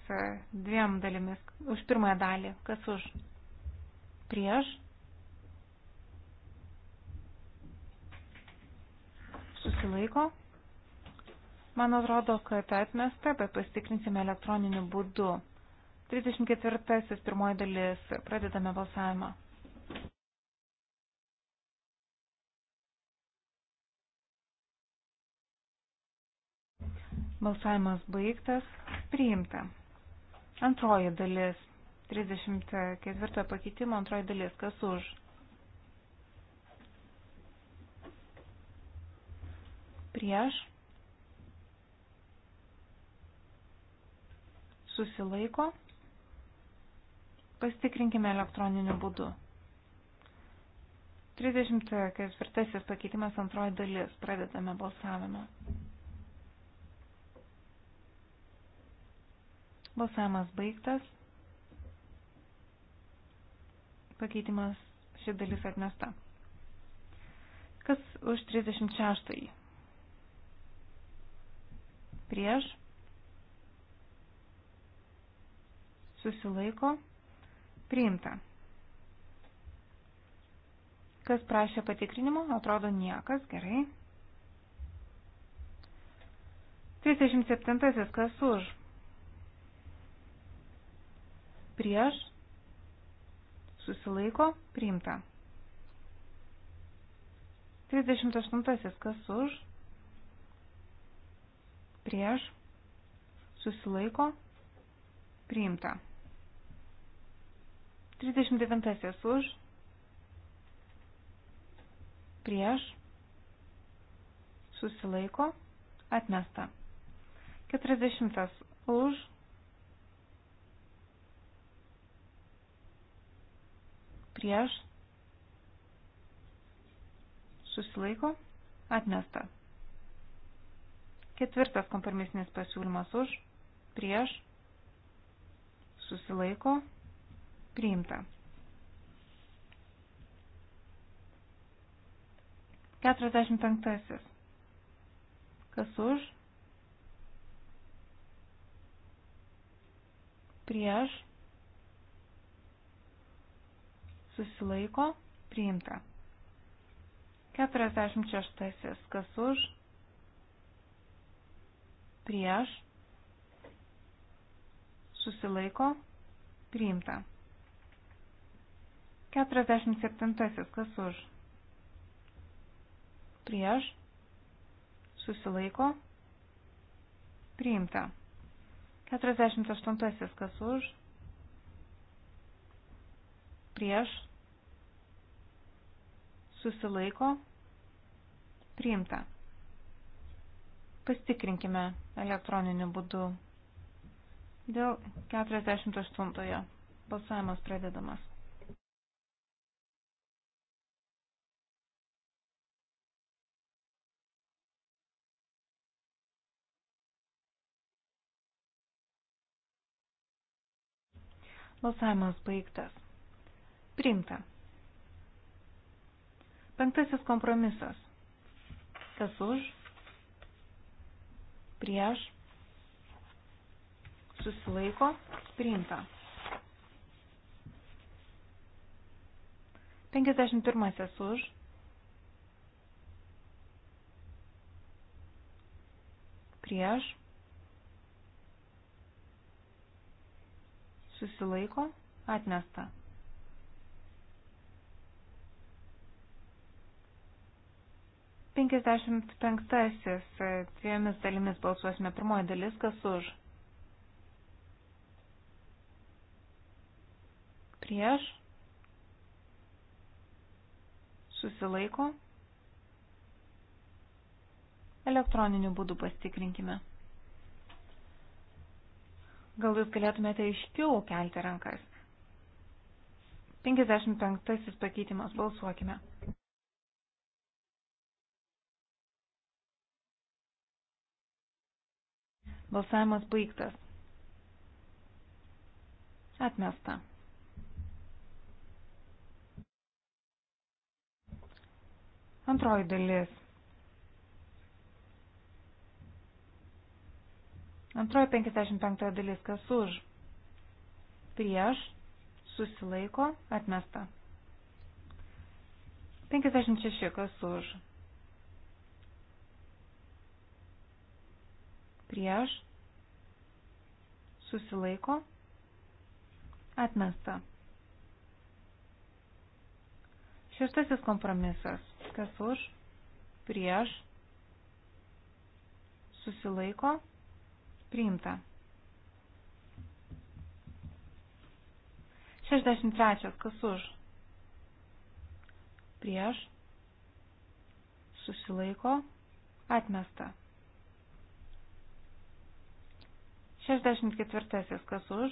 Speaker 5: dviem dalimis už pirmąją dalį. Kas už? Prieš. Susilaiko. Man atrodo, kad atmesta, bet pasitikrinsime elektroniniu būdu. 34-asis pirmoji dalis. Pradedame balsavimą. Balsavimas baigtas. Priimta. Antroji dalis. 34 pakeitimo antroji dalis. Kas už? Prieš. Susilaiko. Pasitikrinkime elektroniniu būdu. 34 pakeitimas antroji dalis. Pradedame balsavimą. Balsavimas baigtas. Pakeitimas ši dalis atmesta. Kas už 36? Prieš. Susilaiko. Priimta. Kas prašė patikrinimo? Atrodo niekas. Gerai. 37. Kas už? prieš, susilaiko, priimta. 38. Kas už, prieš, susilaiko, priimta. 39. Už, prieš, susilaiko, atmesta. 40. Už, prieš, susilaiko, atmesta. Ketvirtas kompromisinis pasiūlymas už, prieš, susilaiko, priimta. 45. Kas už, prieš, susilaiko, priimta. 46. Kas už, prieš, susilaiko, priimta. 47. Kas už, prieš, susilaiko, priimta. 48. Kas už, prieš, susilaiko, priimta. Pastikrinkime elektroniniu būdu. Dėl 48 balsavimas pradedamas. Balsavimas baigtas. Priimta. Penktasis kompromisas. Kas už? Prieš? Susilaiko? Priimta. 51 už. Prieš. Susilaiko. Atmesta. 55. E, dviemis dalimis balsuosime. Pirmoji dalis, kas už. Prieš. Susilaiko. Elektroniniu būdu pasitikrinkime. Gal jūs galėtumėte aiškiau kelti rankas? 55 pakeitimas. Balsuokime. Balsavimas baigtas. Atmesta. Antroji dalis. Antroji 55 dalis. Kas už? Prieš. Susilaiko. Atmesta. 56. Kas už? prieš, susilaiko, atmesta. Šeštasis kompromisas. Kas už, prieš, susilaiko, priimta. 63. Kas už, prieš, susilaiko, atmesta. 64 kas už.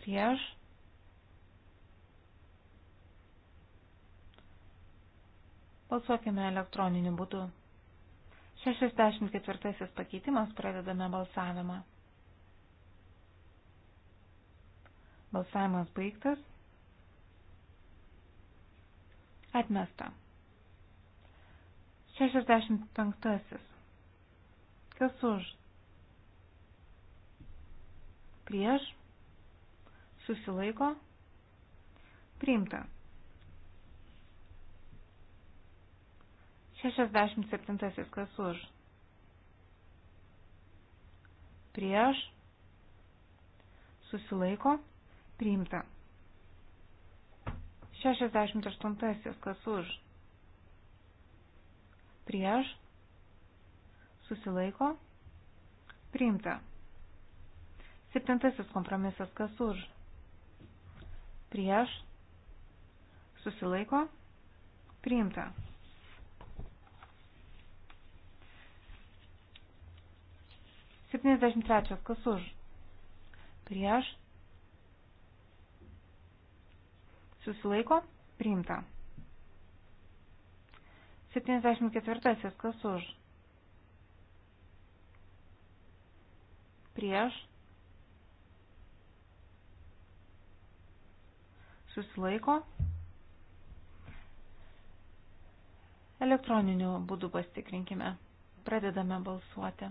Speaker 5: Prieš. Balsuokime elektroniniu būdu. 64 pakeitimas pradedame balsavimą. Balsavimas baigtas. Atmesta. 65. Kas už? Prieš? Susilaiko? Priimta. 67. Kas už? Prieš? Susilaiko? Priimta. 68. Kas už? prieš, susilaiko, priimta. Septintasis kompromisas, kas už, prieš, susilaiko, priimta. Septyniasdešimt trečias, kas už, prieš, susilaiko, priimta. 74. Kas už? Prieš. Susilaiko. Elektroniniu būdu pastikrinkime. Pradedame balsuoti.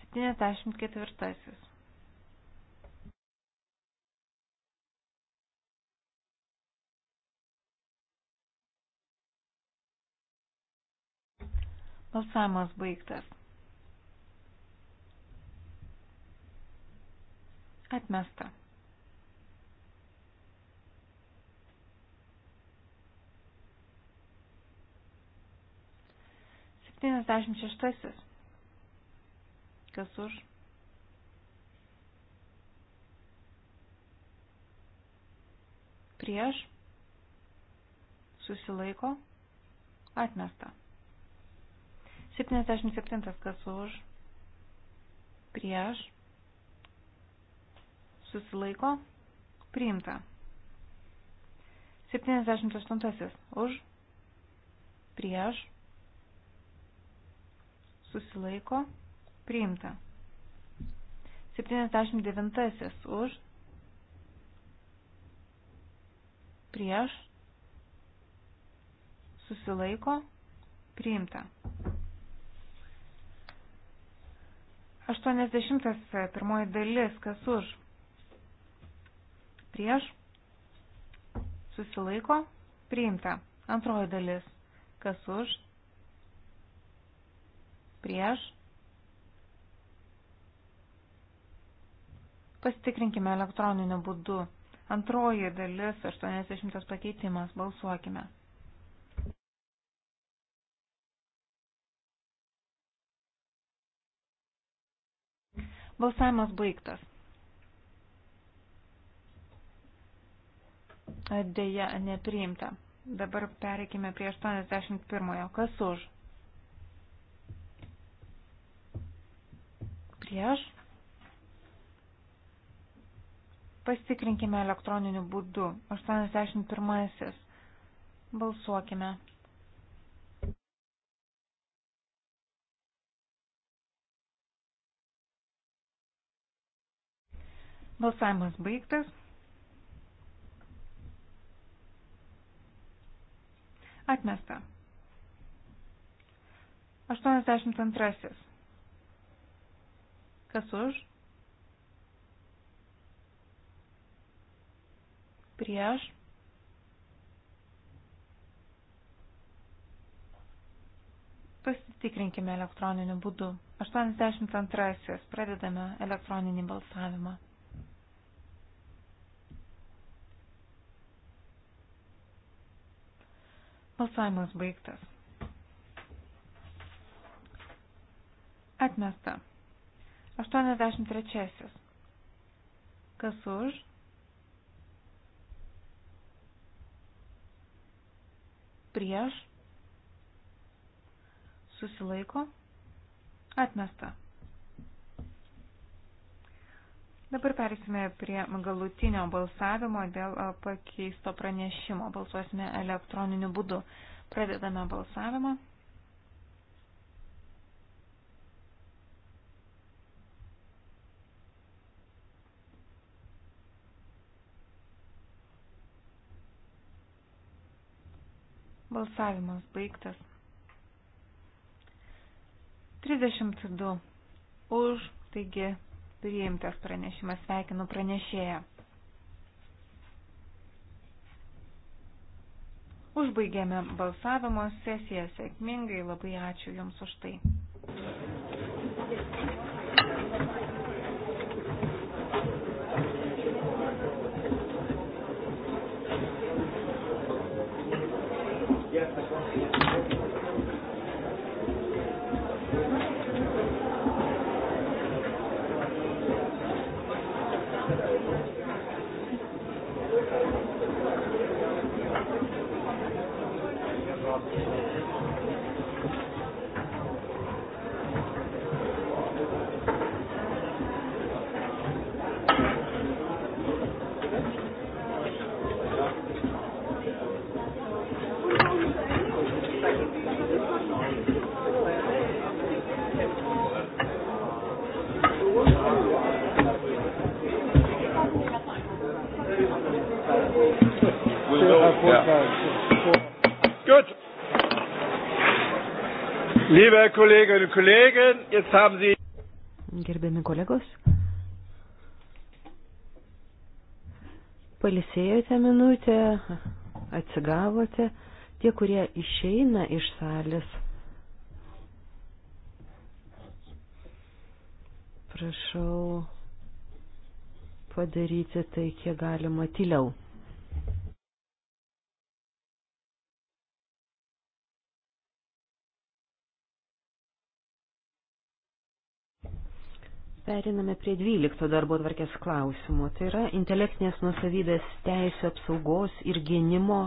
Speaker 5: Septyniasdešimt ketvirtasis. Balsavimas baigtas. Atmesta. Septyniasdešimt šeštasis. Kas už? Prieš. Susilaiko. Atmesta. 77 kas už, prieš, susilaiko, priimta. 78 už, prieš, susilaiko, priimta. 79 už, prieš, susilaiko, priimta. 80 e, pirmoji dalis, kas už, prieš, susilaiko, priimta. Antroji dalis, kas už, prieš, pasitikrinkime elektroniniu būdu. Antroji dalis, 80 pakeitimas, balsuokime. Balsavimas baigtas. Deja, nepriimta. Dabar pereikime prie 81. Kas už? Prieš. Pasitikrinkime elektroniniu būdu. 81. Balsuokime. Balsavimas baigtas. Atmesta. 82. Kas už? Prieš. Pasitikrinkime elektroniniu būdu. 82. Pradedame elektroninį balsavimą. Balsavimas baigtas. Atmesta. 83. Kas už? Prieš? Susilaiko? Atmesta. Dabar perėsime prie galutinio balsavimo dėl pakeisto pranešimo. Balsuosime elektroniniu būdu. Pradedame balsavimą. Balsavimas baigtas. 32 už, taigi priimtas pranešimas, sveikinu pranešėją. Užbaigėme balsavimo sesiją sėkmingai, labai ačiū Jums už tai. Yes, I
Speaker 2: Kolleginnen und Kollegen, jetzt haben Sie.
Speaker 1: Gerbiami kolegos, palisėjote minutę, atsigavote, tie, kurie išeina iš salės. Prašau padaryti tai, kiek galima tyliau. Periname prie 12 darbo tvarkės klausimų. Tai yra intelektinės nusavybės teisų apsaugos ir gynimo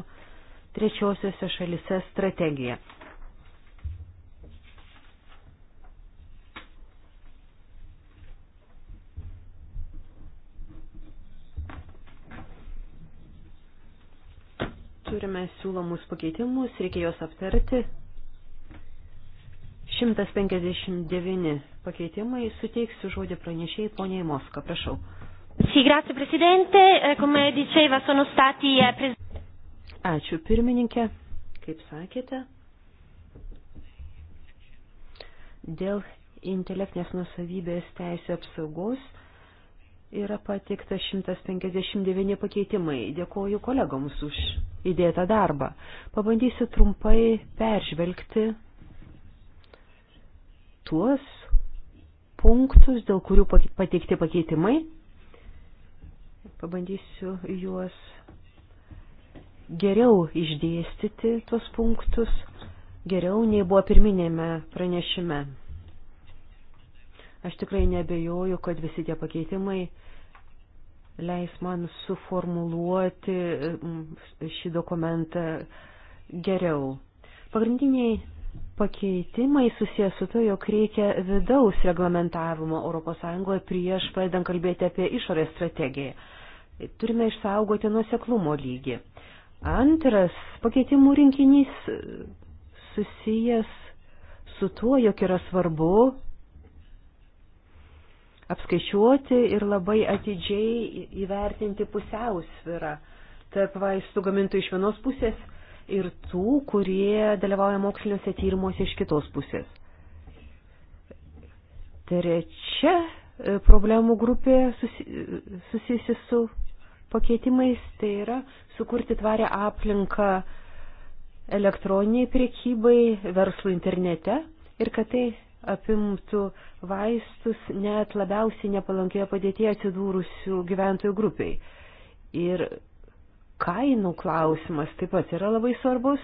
Speaker 1: trečiosiose šalise strategija. Turime siūlomus pakeitimus, reikia juos aptarti. 159 pakeitimai. Suteiksiu žodį pranešėjai poniai Moska, prašau. Sì, grazie Presidente. Eh, come diceva, sono stati... Eh, Ačiū pirmininkė, kaip sakėte. Dėl intelektinės nusavybės teisė apsaugos yra pateikta 159 pakeitimai. Dėkoju kolegoms už įdėtą darbą. Pabandysiu trumpai peržvelgti tuos punktus, dėl kurių pateikti pakeitimai. Pabandysiu juos geriau išdėstyti tuos punktus, geriau nei buvo pirminėme pranešime. Aš tikrai nebejoju, kad visi tie pakeitimai leis man suformuluoti mm, šį dokumentą geriau. Pagrindiniai pakeitimai susijęs su to, jog reikia vidaus reglamentavimo ES prieš pradedant kalbėti apie išorės strategiją. Turime išsaugoti nuoseklumo lygį. Antras pakeitimų rinkinys susijęs su tuo, jog yra svarbu apskaičiuoti ir labai atidžiai įvertinti pusiausvirą tarp vaistų gamintų iš vienos pusės ir tų, kurie dalyvauja moksliniuose tyrimuose iš kitos pusės. Trečia e, problemų grupė susijusi su pakeitimais, tai yra sukurti tvarę aplinką elektroniniai priekybai, verslų internete ir kad tai apimtų vaistus net labiausiai nepalankioje padėtyje atsidūrusių gyventojų grupiai. Ir Kainų klausimas taip pat yra labai svarbus.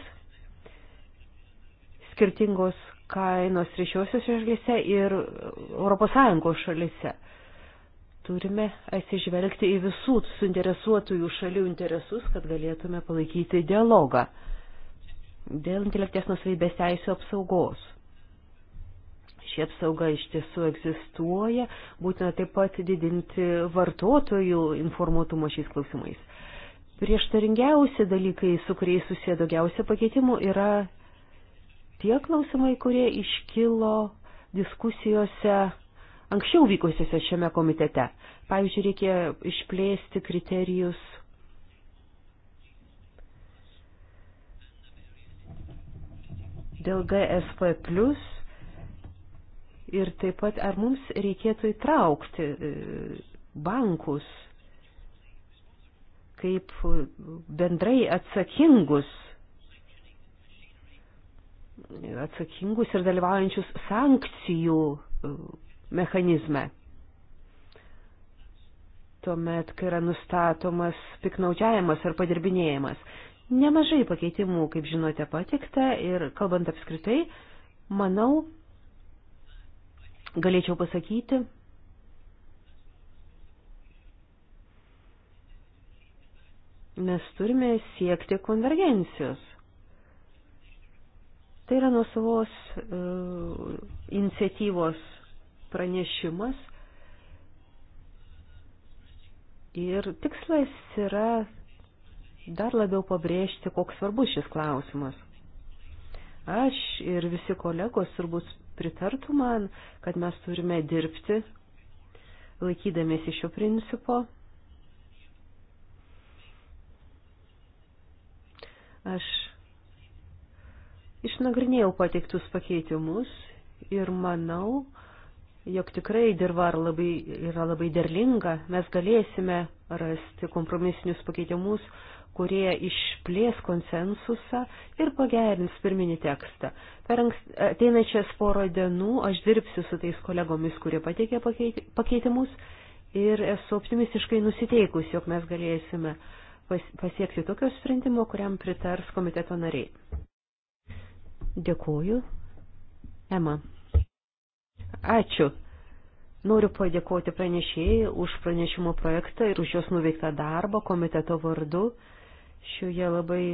Speaker 1: Skirtingos kainos ryšiuosios šalyse ir ES šalyse. Turime atsižvelgti į visų suinteresuotųjų šalių interesus, kad galėtume palaikyti dialogą dėl intelektinės nusavybės teisų apsaugos. Ši apsauga iš tiesų egzistuoja, būtina taip pat didinti vartotojų informuotumą šiais klausimais prieštaringiausi dalykai, su kuriais susiję daugiausia pakeitimų, yra tie klausimai, kurie iškilo diskusijose anksčiau vykusiuose šiame komitete. Pavyzdžiui, reikia išplėsti kriterijus. Dėl GSP plus ir taip pat ar mums reikėtų įtraukti e, bankus kaip bendrai atsakingus atsakingus ir dalyvaujančius sankcijų e, mechanizme. Tuomet, kai yra nustatomas piknaudžiavimas ar padirbinėjimas. Nemažai pakeitimų, kaip žinote, patikta ir kalbant apskritai, manau, galėčiau pasakyti, Mes turime siekti konvergencijos. Tai yra nuosavos uh, iniciatyvos pranešimas. Ir tikslas yra dar labiau pabrėžti, koks svarbus šis klausimas. Aš ir visi kolegos turbūt pritartų man, kad mes turime dirbti laikydamėsi šio principo Aš išnagrinėjau pateiktus pakeitimus ir manau, jog tikrai dirba labai, yra labai derlinga. Mes galėsime rasti kompromisinius pakeitimus, kurie išplės konsensusą ir pagerins pirminį tekstą. Per ateinačias porą dienų aš dirbsiu su tais kolegomis, kurie pateikė pakeitimus ir esu optimistiškai nusiteikus, jog mes galėsime uh, pasiekti tokio sprendimo, kuriam pritars komiteto nariai. Dėkuoju. Ema. Ačiū. Noriu padėkoti pranešėjai už pranešimo projektą ir už jos nuveiktą darbą komiteto vardu šioje labai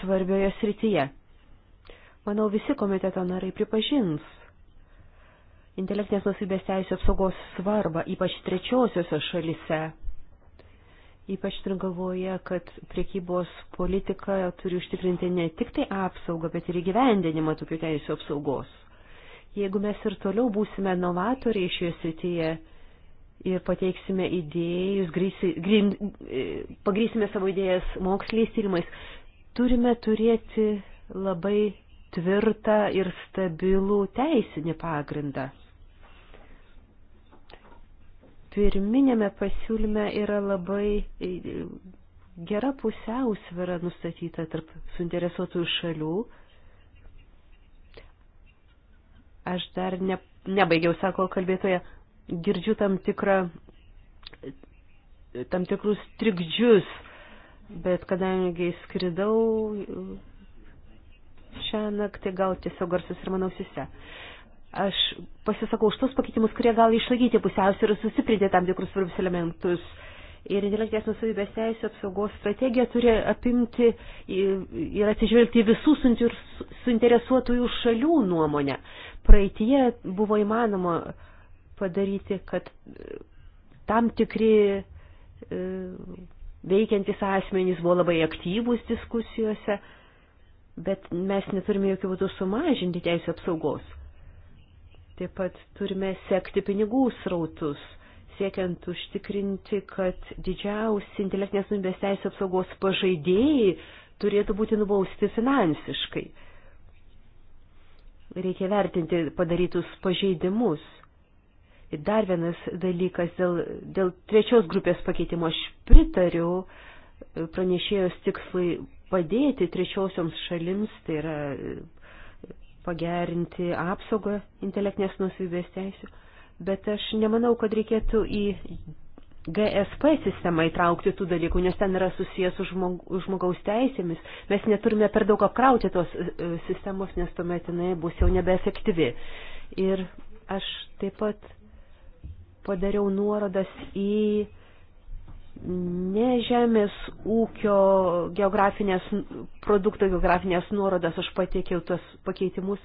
Speaker 1: svarbioje srityje. Manau, visi komiteto narai pripažins intelektinės nusibės teisų apsaugos svarbą, ypač trečiosiuose šalise Ypač turiu galvoje, kad priekybos politika turi užtikrinti ne tik tai apsaugą, bet ir įgyvendinimą tokių teisų apsaugos. Jeigu mes ir toliau būsime novatoriai šioje srityje ir pateiksime idėjus, e, pagrysime savo idėjas moksliais tyrimais, turime turėti labai tvirtą ir stabilų teisinį pagrindą pirminėme pasiūlyme yra labai e, gera pusiausvėra nustatyta tarp suinteresuotų šalių. Aš dar ne, nebaigiau, sako kalbėtoje, girdžiu tam tikrą, tam tikrus trikdžius, bet kadangi skridau šią naktį, gal tiesiog garsus ir mano ausise. Uh, Aš pasisakau už tos pakeitimus, kurie gali išlaikyti pusiausvyrą ir susiprinti tam tikrus svarbius elementus. Ir intelektinės nusavybės teisų apsaugos strategija turi apimti ir atsižvelgti visų suinteresuotųjų šalių nuomonę. Praeitie buvo įmanoma padaryti, kad e, tam tikri e, veikiantis asmenys buvo labai aktyvūs diskusijose, bet mes neturime jokių būdų sumažinti teisų apsaugos. Taip pat turime sekti pinigų srautus, siekiant užtikrinti, kad didžiausi intelektinės numbės teisės apsaugos pažaidėjai turėtų būti nubausti finansiškai. Reikia vertinti padarytus pažeidimus. Ir dar vienas dalykas dėl, dėl trečios grupės pakeitimo. Aš pritariu e, pranešėjos tikslai padėti trečiosioms šalims, tai yra e, pagerinti apsaugą intelektinės nusivybės teisių, bet aš nemanau, kad reikėtų į GSP sistemą įtraukti tų dalykų, nes ten yra susijęs su žmogaus teisėmis. Mes neturime per daug apkrauti tos e, e, sistemos, nes tuomet jinai bus jau nebeefektyvi. Ir aš taip pat padariau nuorodas į uh, ne žemės ūkio geografinės, produkto geografinės nuorodas aš pateikiau tos pakeitimus,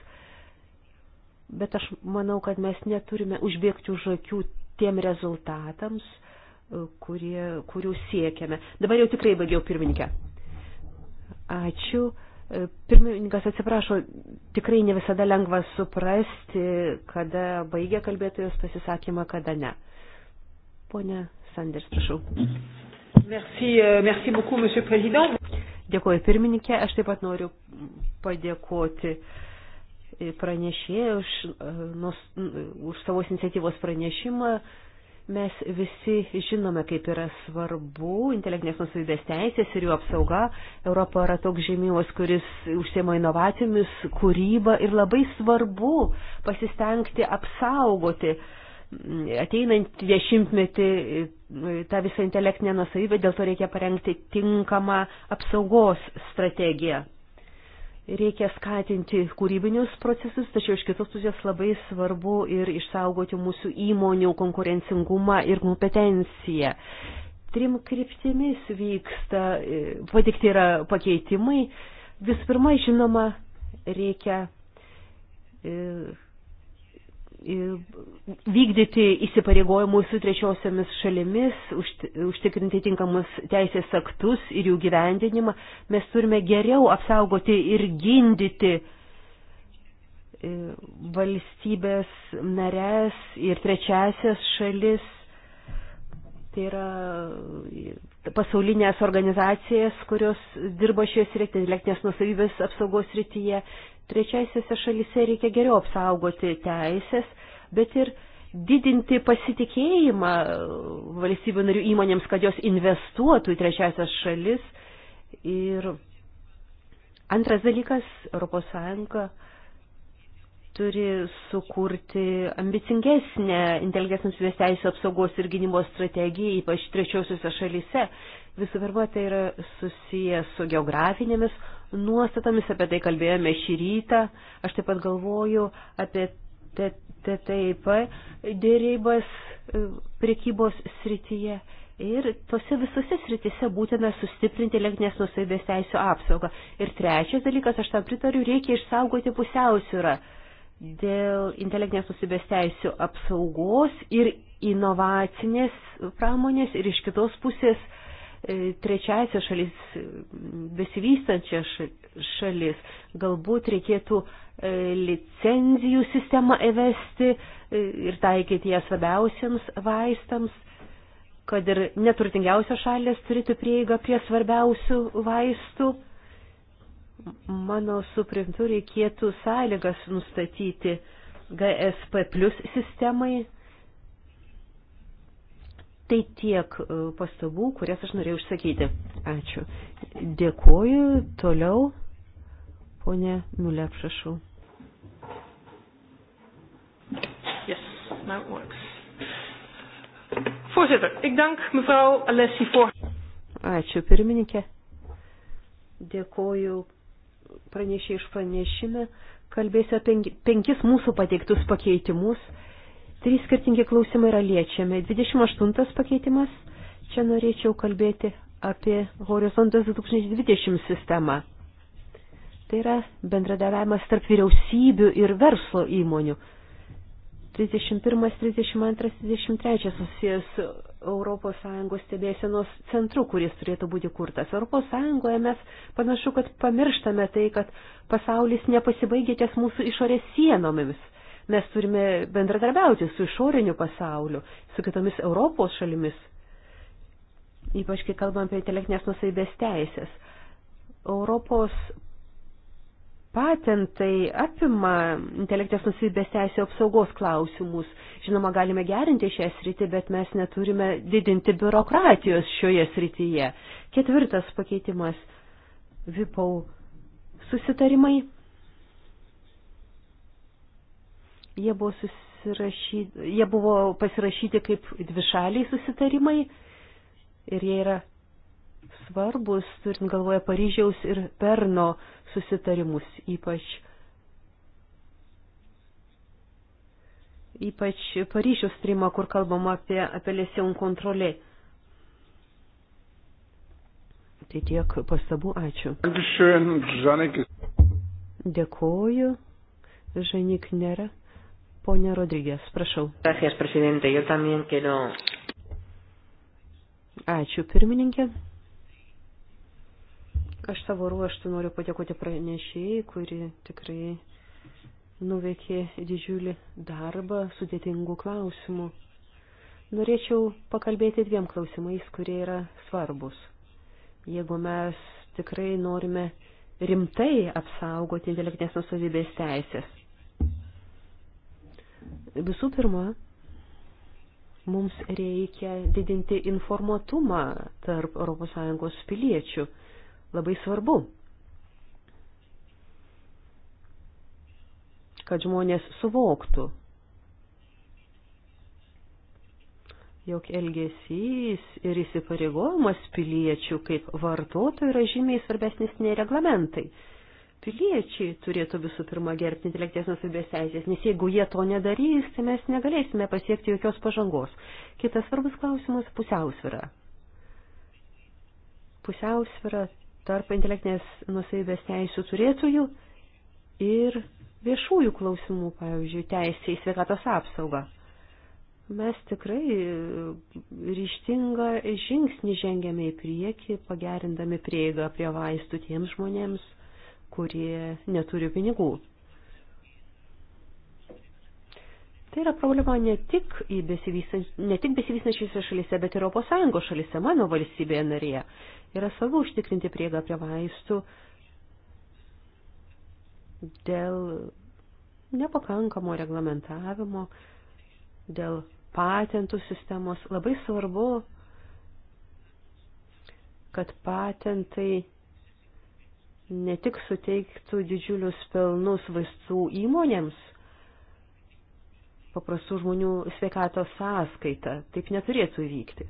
Speaker 1: bet aš manau, kad mes neturime užbėgti už akių tiem rezultatams, e, kurie, kurių siekiame. Dabar jau tikrai baigiau pirmininkę. Ačiū. E, pirmininkas atsiprašo, tikrai ne visada lengva suprasti, kada baigia kalbėtojos pasisakymą, kada ne. Pone Sanders, prašau. Merci, euh, merci beaucoup, monsieur président. Dėkuoju pirmininkė, aš taip pat noriu padėkoti pranešėjai už, uh, nus, uh, už savos iniciatyvos pranešimą. Mes visi žinome, kaip yra svarbu intelektinės nusavybės teisės ir jų apsauga. Europa yra toks žemynas, kuris užsiema inovacijomis, kūryba ir labai svarbu pasistengti apsaugoti uh, ateinant dešimtmetį tą visą intelektinę nusavybę, dėl to reikia parengti tinkamą apsaugos strategiją. Reikia skatinti kūrybinius procesus, tačiau iš kitos pusės labai svarbu ir išsaugoti mūsų įmonių konkurencingumą ir kompetenciją. Trim kryptimis vyksta, patikti yra pakeitimai. Vis pirma, žinoma, reikia e, vykdyti įsipareigojimus su trečiosiomis šalimis, užtikrinti tinkamus teisės aktus ir jų gyvendinimą, mes turime geriau apsaugoti ir gindyti e, valstybės narės ir trečiasias šalis, tai yra e, pasaulinės organizacijas, kurios dirba šioje srityje, intelektinės nusavybės apsaugos srityje, trečiaisiuose šalyse reikia geriau apsaugoti teisės, bet ir didinti pasitikėjimą valstybių narių įmonėms, kad jos investuotų į trečiasias šalis. Ir antras dalykas, ES turi sukurti ambicingesnę intelektinės nusivės teisų apsaugos ir gynybos strategiją, ypač trečiosiuose šalyse. Visų pirma, tai yra susijęs su geografinėmis, nuostatomis, apie tai kalbėjome šį rytą. Aš taip pat galvoju apie TTIP dėrybas e, priekybos srityje. Ir tose visose sritise būtina sustiprinti lenkinės nusavybės teisų apsaugą. Ir trečias dalykas, aš tam pritariu, reikia išsaugoti pusiausvyrą dėl intelektinės nusibės teisių apsaugos ir inovacinės pramonės ir iš kitos pusės E, trečiasias šalis, e, besivystančias šalis. Galbūt reikėtų e, licenzijų sistemą įvesti ir taikyti ją svarbiausiams vaistams, kad ir neturtingiausios šalės turėtų prieigą prie svarbiausių vaistų. Mano suprintu, reikėtų sąlygas nustatyti GSP plus sistemai, Tai tiek e, pastabų, kurias aš norėjau išsakyti. Ačiū. Dėkuoju. Toliau, ponė Mulė, prašau.
Speaker 4: Yes, now it works. Voorzitter, ik dank
Speaker 1: mevrouw Alessi voor. Ačiū pirmininkė. Dėkoju pranešė iš pranešime. Kalbėsiu apie penkis mūsų pateiktus pakeitimus Trys skirtingi klausimai yra liečiami. 28 pakeitimas. Čia norėčiau kalbėti apie Horizontas 2020 sistemą. Tai yra bendradarbiavimas tarp vyriausybių ir verslo įmonių. 31, 32, 33 susijęs su ES stebėsenos centru, kuris turėtų būti kurtas. ES mes panašu, kad pamirštame tai, kad pasaulis nepasibaigė ties mūsų išorės sienomis. Mes turime bendradarbiauti su išoriniu pasauliu, su kitomis Europos šalimis, ypač kai kalbam apie intelektinės nusaibės teisės. Europos patentai apima intelektės nusibės teisė apsaugos klausimus. Žinoma, galime gerinti šią sritį, bet mes neturime didinti biurokratijos šioje srityje. Ketvirtas pakeitimas - VIPAU susitarimai Jie buvo, jie buvo pasirašyti kaip dvišaliai susitarimai ir jie yra svarbus, turint galvoje Paryžiaus ir Perno susitarimus, ypač, ypač Paryžiaus streamą, kur kalbama apie apeliacijų kontrolę. Tai tiek pastabų, ačiū. Dėkuoju, Žanik nėra. Pone Rodrygės, prašau. Gracias, prezidente. Yo también quiero. Ačiū, pirmininkė. Aš savo ruoštų noriu padėkoti pranešėjai, kuri tikrai nuveikė didžiulį darbą sudėtingų klausimų. Norėčiau pakalbėti dviem klausimais, kurie yra svarbus. Jeigu mes tikrai norime rimtai apsaugoti intelektinės nusavybės teisės, Visų pirma, mums reikia didinti informuotumą tarp ES piliečių. Labai svarbu, kad žmonės suvoktų, jog elgesys ir įsipareigojimas piliečių kaip vartotojų yra žymiai svarbesnis nei reglamentai piliečiai turėtų visų pirma gerbti intelektinės nusavybės teisės, nes jeigu jie to nedarys, tai mes negalėsime pasiekti jokios pažangos. Kitas svarbus klausimas - pusiausvira. Pusiausvira tarp intelektinės nusavybės teisų turėtųjų ir viešųjų klausimų, pavyzdžiui, teisė į sveikatos apsaugą. Mes tikrai ryštingą žingsnį žengėme į priekį, pagerindami prieigą prie vaistų tiems žmonėms, kurie neturi pinigų. Tai yra problema ne tik, ne tik besivystančiose šalyse, bet ir Europos Sąjungos šalyse, mano valstybėje narėje. Yra svarbu užtikrinti priegą prie vaistų dėl nepakankamo reglamentavimo, dėl patentų sistemos. Labai svarbu, kad patentai ne tik suteiktų didžiulius pelnus vaistų įmonėms, paprastų žmonių sveikatos sąskaita. Taip neturėtų įvykti.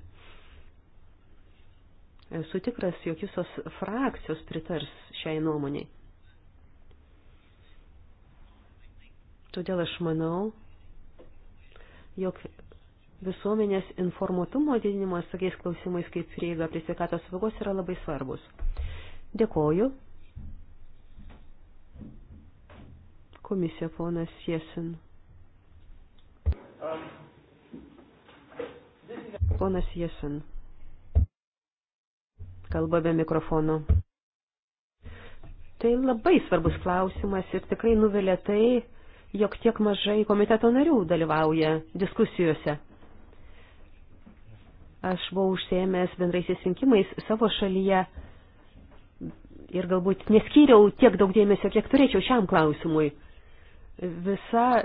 Speaker 1: Esu tikras, jog visos frakcijos pritars šiai nuomoniai. Todėl aš manau, jog visuomenės informuotumo didinimas tokiais klausimais kaip prieiga prie sveikatos saugos yra labai svarbus. Dėkoju. komisija ponas Jesin. Ponas Jesin. Kalba be mikrofono. Tai labai svarbus klausimas ir tikrai nuvelia tai, jog tiek mažai komiteto narių dalyvauja diskusijose. Aš buvau užsėmęs bendraisiais rinkimais savo šalyje ir galbūt neskyriau tiek daug dėmesio, kiek turėčiau šiam klausimui visa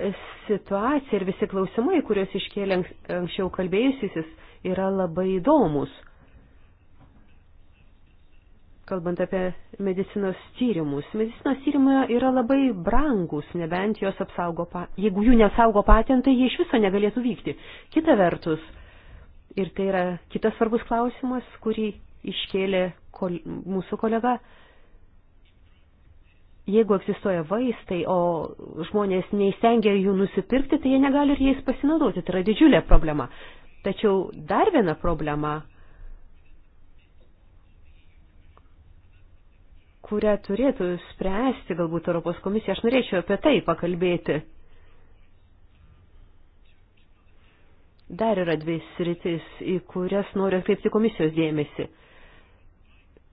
Speaker 1: situacija ir visi klausimai, kuriuos iškėlė anksčiau kalbėjusysis, yra labai įdomus. Kalbant apie medicinos tyrimus. Medicinos tyrimai yra labai brangus, nebent jos apsaugo, pa... jeigu jų nesaugo patentai, jie iš viso negalėtų vykti. Kita vertus, ir tai yra kitas svarbus klausimas, kurį iškėlė kol... mūsų kolega, jeigu egzistuoja vaistai, o žmonės neįstengia jų nusipirkti, tai jie negali ir jais pasinaudoti. Tai yra didžiulė problema. Tačiau dar viena problema, kurią turėtų spręsti galbūt Europos komisija, aš norėčiau apie tai pakalbėti. Dar yra dvi sritis, į kurias noriu atkreipti komisijos dėmesį.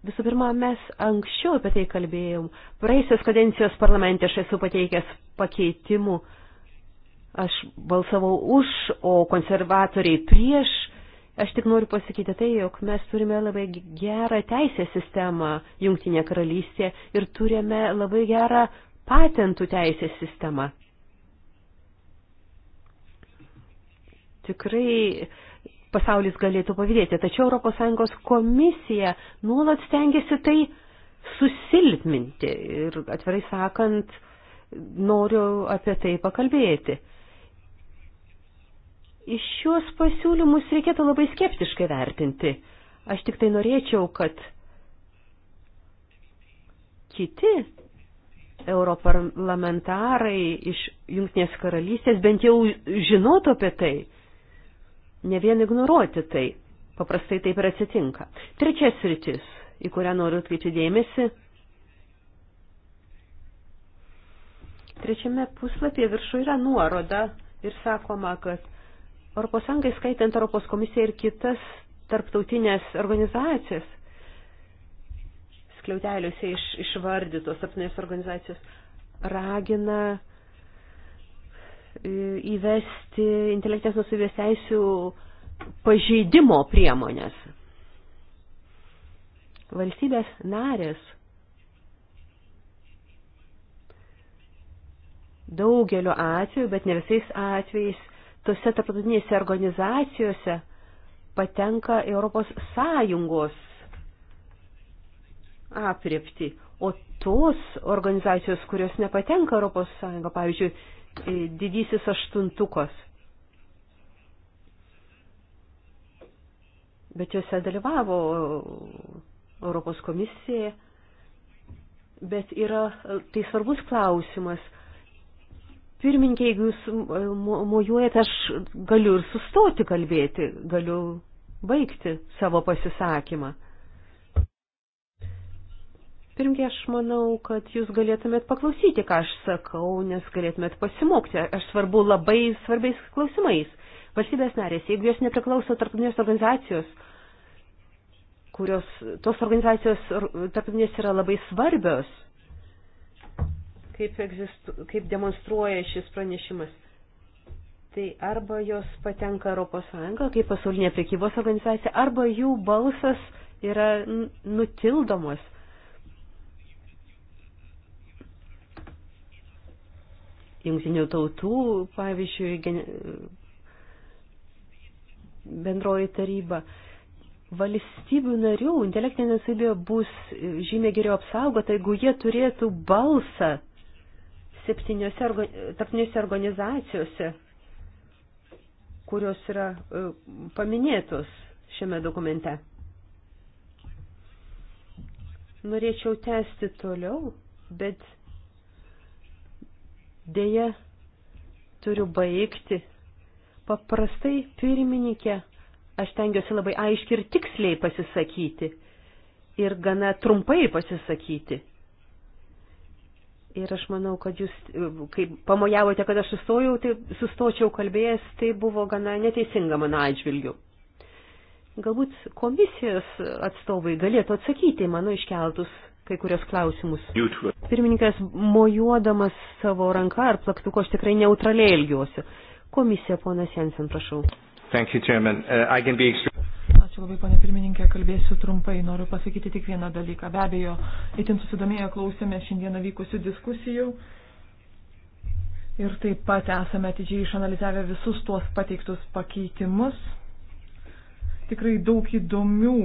Speaker 1: Visų pirma, mes anksčiau apie tai kalbėjom. Praėjusios kadencijos parlamente aš esu pateikęs pakeitimų. Aš balsavau už, o konservatoriai prieš. Aš tik noriu pasakyti tai, jog mes turime labai gerą teisę sistemą Jungtinė karalystė ir turime labai gerą patentų teisės sistemą. Tikrai pasaulis galėtų pavydėti. Tačiau ES komisija nuolat stengiasi tai susilpninti ir atvirai sakant, noriu apie tai pakalbėti. Iš šios pasiūlymus reikėtų labai skeptiškai vertinti. Aš tik tai norėčiau, kad kiti europarlamentarai iš Junktinės karalystės bent jau žinotų apie tai ne vien ignoruoti tai. Paprastai taip ir atsitinka. Trečia sritis, į kurią noriu atkreipti dėmesį. Trečiame puslapyje viršų yra nuoroda ir sakoma, kad Europos Sąjungai skaitant Europos komisiją ir kitas tarptautinės organizacijas, skliauteliuose iš, išvardytos tarptautinės organizacijos, ragina įvesti intelektės nusavės teisių pažeidimo priemonės. Valstybės narės daugeliu atveju, bet ne visais atvejais, tose tarptautinėse organizacijose patenka Europos Sąjungos apriepti, o tos organizacijos, kurios nepatenka Europos Sąjungo, pavyzdžiui, didysis aštuntukas. Bet juose dalyvavo Europos komisija. Bet yra tai svarbus klausimas. Pirminkė, jeigu jūs mojuojate, aš galiu ir sustoti kalbėti, galiu baigti savo pasisakymą. Pirmie, aš manau, kad jūs galėtumėt paklausyti, ką aš sakau, nes galėtumėt pasimokti. Aš svarbu labai svarbiais klausimais. Valstybės narės, jeigu jos nepriklauso tarptautinės organizacijos, kurios tos organizacijos tarptautinės yra labai svarbios, kaip, egzistu, kaip demonstruoja šis pranešimas, tai arba jos patenka Europos Sąjunga kaip pasaulinė priekybos organizacija, arba jų balsas yra nutildomas jungtinių tautų, pavyzdžiui, gen... bendroji taryba. Valstybių narių intelektinė nusavybė bus žymiai geriau apsaugota, jeigu jie turėtų balsą septyniose orga... tarptinėse organizacijose, kurios yra e, paminėtos šiame dokumente. Norėčiau tęsti toliau, bet Deja, turiu baigti. Paprastai, pirmininkė, aš tengiuosi labai aiškiai ir tiksliai pasisakyti ir gana trumpai pasisakyti. Ir aš manau, kad jūs, kai pamojavote, kad aš sustojau, tai sustočiau kalbėjęs, tai buvo gana neteisinga mano atžvilgiu. Galbūt komisijos atstovai galėtų atsakyti mano iškeltus kai kurios klausimus. Pirmininkas, mojuodamas savo ranką ar plaktuko, aš tikrai neutraliai elgiuosi.
Speaker 4: Komisija, ponas Jensen, prašau.
Speaker 2: Thank you, Chairman. Uh, I can be
Speaker 4: Ačiū labai, ponė pirmininkė, kalbėsiu trumpai. Noriu pasakyti tik vieną dalyką. Be abejo, itin susidomėję klausėme šiandieną vykusių diskusijų. Ir taip pat esame atidžiai išanalizavę visus tuos pateiktus pakeitimus. Tikrai daug įdomių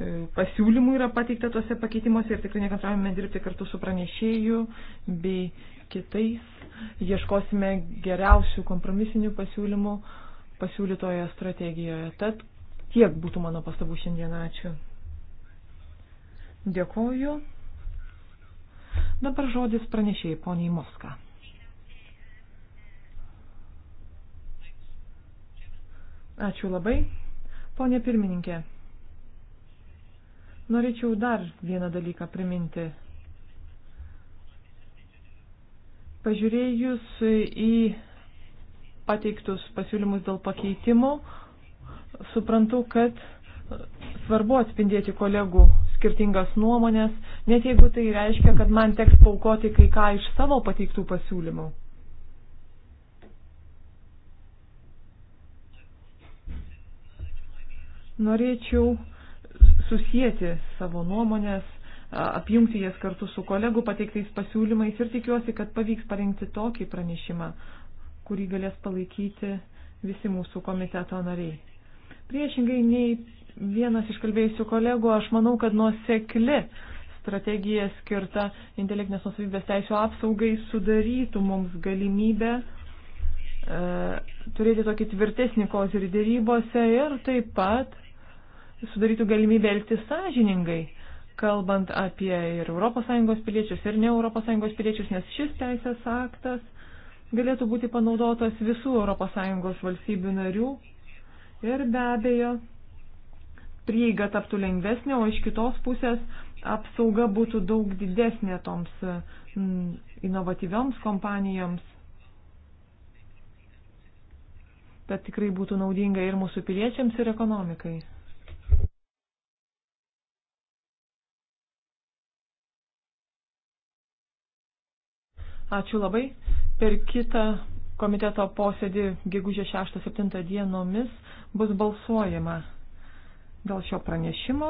Speaker 4: E, pasiūlymų yra pateikta tuose pakeitimuose ir tikrai nekantraujame dirbti kartu su pranešėju bei kitais. Ieškosime geriausių kompromisinių pasiūlymų pasiūlytoje strategijoje. Tad tiek būtų mano pastabų šiandieną. Ačiū. Dėkoju. Dabar žodis pranešėjai poniai Moska. Ačiū labai. Pone pirmininkė. Norėčiau dar vieną dalyką priminti. Pažiūrėjus į pateiktus pasiūlymus dėl pakeitimų, suprantu, kad svarbu atspindėti kolegų skirtingas nuomonės, net jeigu tai reiškia, kad man teks paukoti kai ką iš savo pateiktų pasiūlymų. Norėčiau susijęti savo nuomonės, apjungti jas kartu su kolegų pateiktais pasiūlymais ir tikiuosi, kad pavyks parengti tokį pranešimą, kurį galės palaikyti visi mūsų komiteto nariai. Priešingai nei vienas iš kalbėjusių kolegų, aš manau, kad nuosekli strategija skirta intelektinės nusavybės teisų apsaugai sudarytų mums galimybę e, turėti tokį tvirtesnį kozirį dėrybose ir taip pat sudarytų galimybę elgtis sąžiningai, kalbant apie ir ES piliečius, ir ne ES piliečius, nes šis teisės aktas galėtų būti panaudotas visų ES valstybių narių ir be abejo prieiga taptų lengvesnė, o iš kitos pusės apsauga būtų daug didesnė toms inovatyvioms kompanijoms. Tad tikrai būtų naudinga ir mūsų piliečiams, ir ekonomikai. Ačiū labai. Per kitą komiteto posėdį gegužė 6-7 dienomis bus balsuojama dėl šio pranešimo.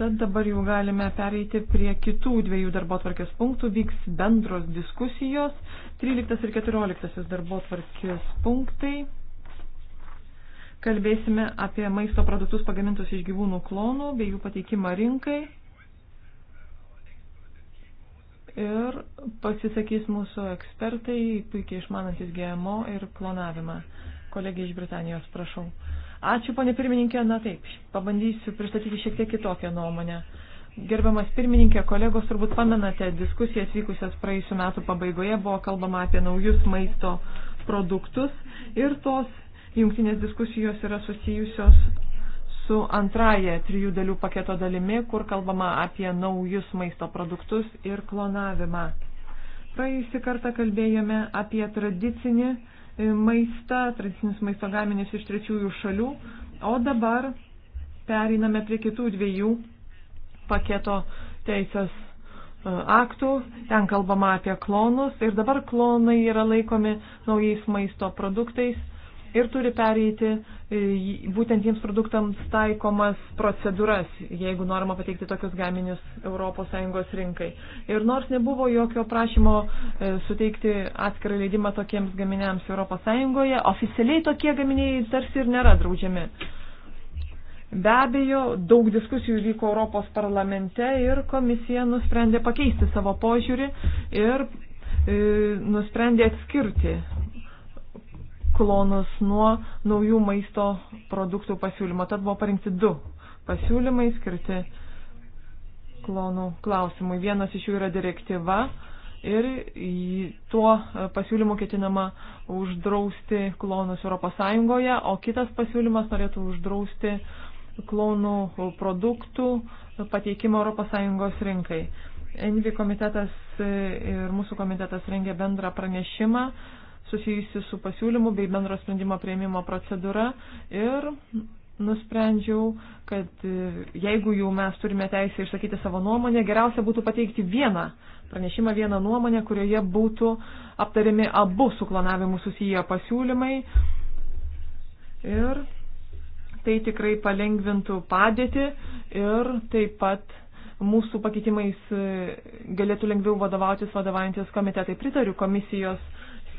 Speaker 4: Tad dabar jau galime pereiti prie kitų dviejų darbo tvarkės punktų. Vyks bendros diskusijos. 13 ir 14 darbo tvarkės punktai. Kalbėsime apie maisto produktus pagamintus iš gyvūnų klonų bei jų pateikimą rinkai ir pasisakys mūsų ekspertai, puikiai išmanantis GMO ir klonavimą. Kolegė iš Britanijos, prašau. Ačiū, ponė pirmininkė. Na taip, pabandysiu pristatyti šiek tiek kitokią nuomonę. Gerbiamas pirmininkė, kolegos, turbūt pamenate diskusijas vykusias praėjusiu metu pabaigoje, buvo kalbama apie naujus maisto produktus ir tos jungtinės diskusijos yra susijusios su antraja trijų dalių paketo dalimi, kur kalbama apie naujus maisto produktus ir klonavimą. Praėjusį kartą kalbėjome apie tradicinį e, maistą, tradicinius maisto gaminius iš trečiųjų šalių, o dabar periname prie kitų dviejų paketo teisės e, aktų, ten kalbama apie klonus ir dabar klonai yra laikomi naujais maisto produktais ir turi pereiti e, būtent jiems produktams taikomas procedūras, jeigu norima pateikti tokius gaminius ES rinkai. Ir nors nebuvo jokio prašymo e, suteikti atskirą leidimą tokiems gaminiams ES, oficialiai tokie gaminiai tarsi ir nėra draudžiami. Be abejo, daug diskusijų vyko Europos parlamente ir komisija nusprendė pakeisti savo požiūrį ir e, nusprendė atskirti klonus nuo naujų maisto produktų pasiūlymo. Tad buvo parinkti du pasiūlymai skirti klonų klausimui. Vienas iš jų yra direktyva ir tuo pasiūlymu ketinama uždrausti klonus ES, o kitas pasiūlymas norėtų uždrausti klonų produktų pateikimą ES rinkai. Envi komitetas ir mūsų komitetas rengė bendrą pranešimą susijusi su pasiūlymu bei bendro sprendimo prieimimo procedūra ir nusprendžiau, kad e, jeigu jau mes turime teisę išsakyti savo nuomonę, geriausia būtų pateikti vieną pranešimą, vieną nuomonę, kurioje būtų aptariami abu su klonavimu susiję pasiūlymai. Ir tai tikrai palengvintų padėtį ir taip pat mūsų pakeitimais e, galėtų lengviau vadovautis vadovaujantis komitetai. Pritariu komisijos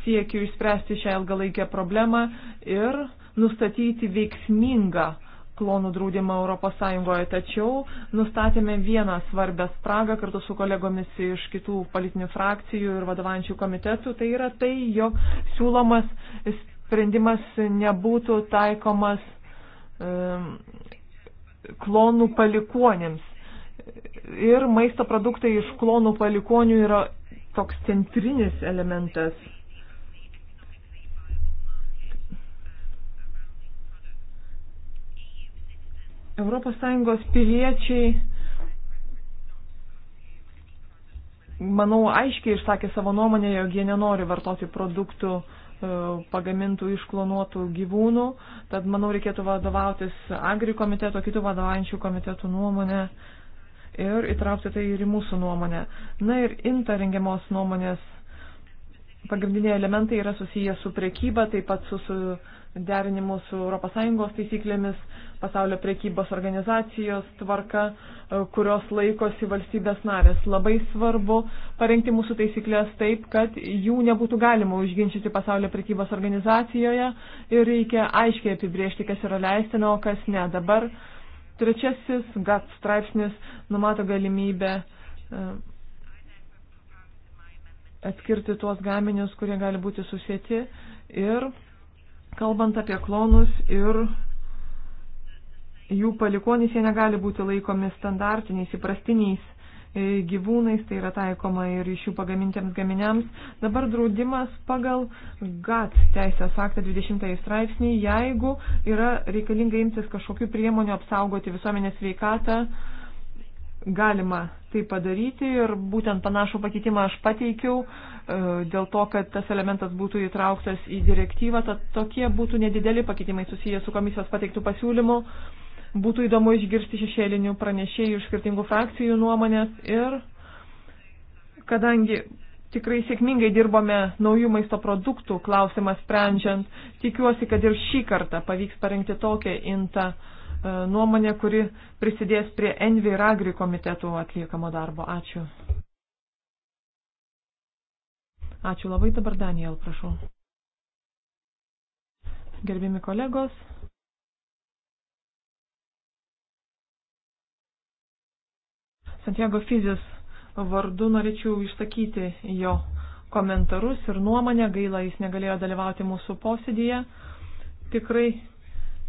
Speaker 4: siekiu išspręsti šią ilgalaikę problemą ir nustatyti veiksmingą klonų draudimą ES, tačiau nustatėme vieną svarbę spragą kartu su kolegomis iš kitų politinių frakcijų ir vadovančių komitetų, tai yra tai, jog siūlomas sprendimas nebūtų taikomas um, klonų palikuonėms. Ir maisto produktai iš klonų palikonių yra toks centrinis elementas ES piliečiai, manau, aiškiai išsakė savo nuomonę, jog jie nenori vartoti produktų e, pagamintų iš klonuotų gyvūnų, tad manau reikėtų vadovautis Agri komiteto, kitų vadovaujančių komitetų nuomonę ir įtraukti tai ir į mūsų nuomonę. Na ir inta rengiamos nuomonės pagrindiniai elementai yra susiję su priekyba, taip pat su, su derinimu su ES taisyklėmis, pasaulio priekybos organizacijos tvarka, e, kurios laikosi valstybės narės. Labai svarbu parengti mūsų taisyklės taip, kad jų nebūtų galima užginčyti pasaulio priekybos organizacijoje ir reikia aiškiai apibriežti, kas yra leistina, o kas ne. Dabar trečiasis GAT straipsnis numato galimybę e, atskirti tuos gaminius, kurie gali būti susėti ir Kalbant apie klonus ir jų palikonys, jie negali būti laikomi standartiniais, įprastiniais e, gyvūnais, tai yra taikoma ir iš jų pagamintiems gaminiams. Dabar draudimas pagal GAT teisės aktą 20 straipsnį, jeigu yra reikalinga imtis kažkokių priemonių apsaugoti visuomenės veikatą, galima tai padaryti ir būtent panašų pakeitimą aš pateikiau e, dėl to, kad tas elementas būtų įtrauktas į direktyvą, tad tokie būtų nedideli pakeitimai susiję su komisijos pateiktų pasiūlymų. Būtų įdomu išgirsti šešėlinių pranešėjų iš skirtingų frakcijų nuomonės ir kadangi tikrai sėkmingai dirbome naujų maisto produktų klausimą sprendžiant, tikiuosi, kad ir šį kartą pavyks parengti tokią intą E, nuomonė, kuri prisidės prie Envi ir Agri komitetų atliekamo darbo. Ačiū. Ačiū labai dabar, Daniel, prašau. Gerbimi kolegos. Santiago Fizis vardu norėčiau išsakyti jo komentarus ir nuomonę. Gaila, jis negalėjo dalyvauti mūsų posėdėje. Tikrai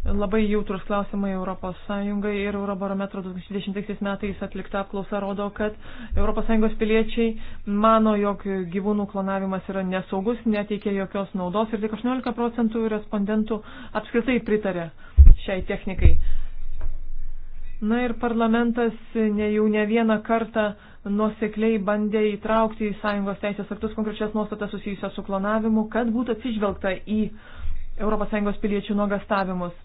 Speaker 4: Labai jautrus klausimai ES ir Eurobarometro 2020 metais atlikta apklausa rodo, kad ES piliečiai mano, jog gyvūnų klonavimas yra nesaugus, neteikia jokios naudos ir tik 18 procentų respondentų apskritai pritarė šiai technikai. Na ir parlamentas ne jau ne vieną kartą nuosekliai bandė įtraukti į sąjungos teisės aktus konkrečias nuostatas susijusias su klonavimu, kad būtų atsižvelgta į ES piliečių nuogastavimus.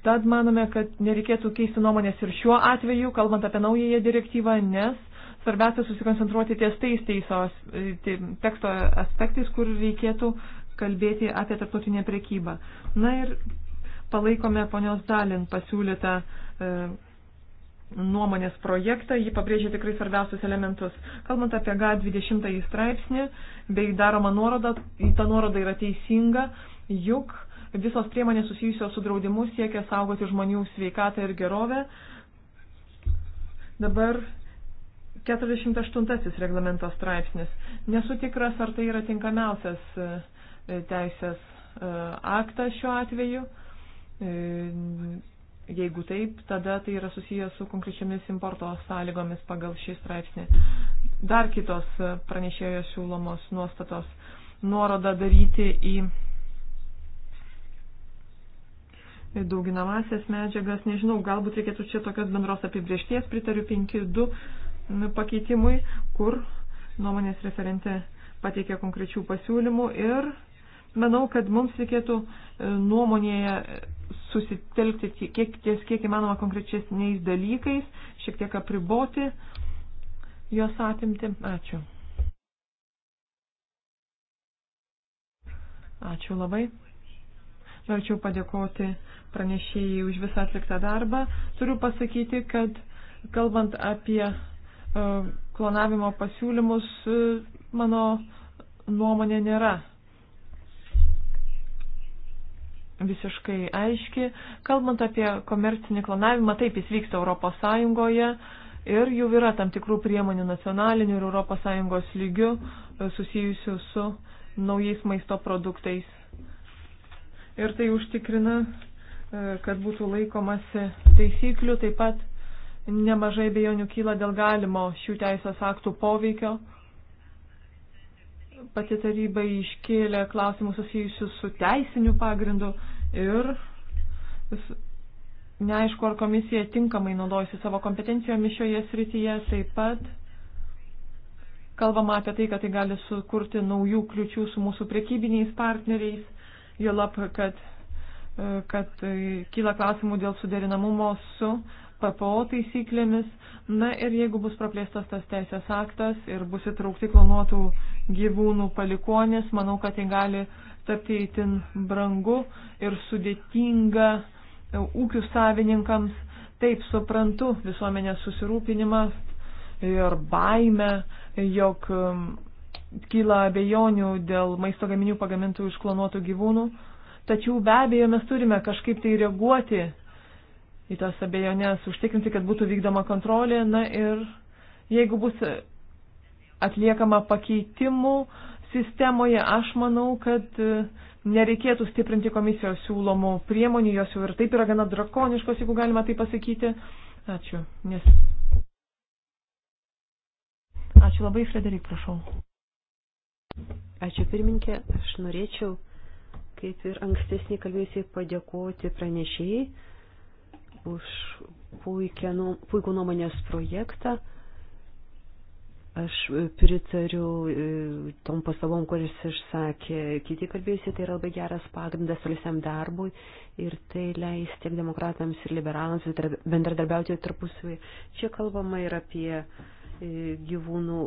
Speaker 4: Tad manome, kad nereikėtų keisti nuomonės ir šiuo atveju, kalbant apie naująją direktyvą, nes svarbiausia susikoncentruoti ties tais teisos e, te, teksto aspektais, kur reikėtų kalbėti apie tarptautinę prekybą. Na ir palaikome ponios Dalin pasiūlytą e, nuomonės projektą, ji pabrėžia tikrai svarbiausius elementus. Kalbant apie G20 straipsnį, bei daroma nuoroda, ta nuoroda yra teisinga, juk Visos priemonės susijusios su draudimu siekia saugoti žmonių sveikatą ir gerovę. Dabar 48 reglamento straipsnis. Nesu tikras, ar tai yra tinkamiausias e, teisės e, aktas šiuo atveju. E, jeigu taip, tada tai yra susijęs su konkrečiamis importo sąlygomis pagal šį straipsnį. Dar kitos pranešėjo siūlomos nuostatos nuoroda daryti į dauginamasias medžiagas. Nežinau, galbūt reikėtų čia tokios bendros apibriešties, pritariu 5.2 pakeitimui, kur nuomonės referente pateikė konkrečių pasiūlymų ir manau, kad mums reikėtų e, nuomonėje susitelkti kiek, ties kiek įmanoma konkrečiais dalykais, šiek tiek apriboti jos apimti. Ačiū. Ačiū labai. Norėčiau padėkoti pranešėjai už visą atliktą darbą. Turiu pasakyti, kad kalbant apie e, klonavimo pasiūlymus, e, mano nuomonė nėra visiškai aiški. Kalbant apie komercinį klonavimą, taip jis vyksta Europos Sąjungoje ir jau yra tam tikrų priemonių nacionalinių ir Europos Sąjungos lygių e, susijusių su naujais maisto produktais ir tai užtikrina, e, kad būtų laikomasi taisyklių. Taip pat nemažai bejonių kyla dėl galimo šių teisės aktų poveikio. Pati taryba iškėlė klausimus susijusius su teisiniu pagrindu ir neaišku, ar komisija tinkamai naudojasi savo kompetencijomis šioje srityje. Taip pat kalbama apie tai, kad tai gali sukurti naujų kliučių su mūsų prekybiniais partneriais jo lab, kad, e, kad e, kyla klausimų dėl suderinamumo su PPO taisyklėmis. Na ir jeigu bus praplėstas tas teisės aktas ir bus įtraukti klonuotų gyvūnų palikonės, manau, kad tai gali tapti įtin brangu ir sudėtinga e, ūkių savininkams. Taip suprantu visuomenės susirūpinimą ir baimę, jog kyla abejonių dėl maisto gaminių pagamintų iš klonuotų gyvūnų, tačiau be abejo mes turime kažkaip tai reaguoti į tas abejonės, užtikrinti, kad būtų vykdoma kontrolė. Na ir jeigu bus atliekama pakeitimų sistemoje, aš manau, kad e, nereikėtų stiprinti komisijos siūlomų priemonių, jos jau ir taip yra gana drakoniškos, jeigu galima tai pasakyti. Ačiū. Nes... Ačiū labai, Frederik, prašau. Ačiū pirminkė, aš norėčiau,
Speaker 1: kaip ir ankstesnį kalbėjusiai, padėkoti pranešėjai už puikia, nu, puikų nuomonės projektą. Aš pritariu e, tom pasavom, kuris išsakė kiti kalbėjusi, tai yra labai geras pagrindas solisiam darbui ir tai leis tiek demokratams ir liberalams bendradarbiauti tarpusavį. Čia kalbama ir apie uh, E, gyvūnų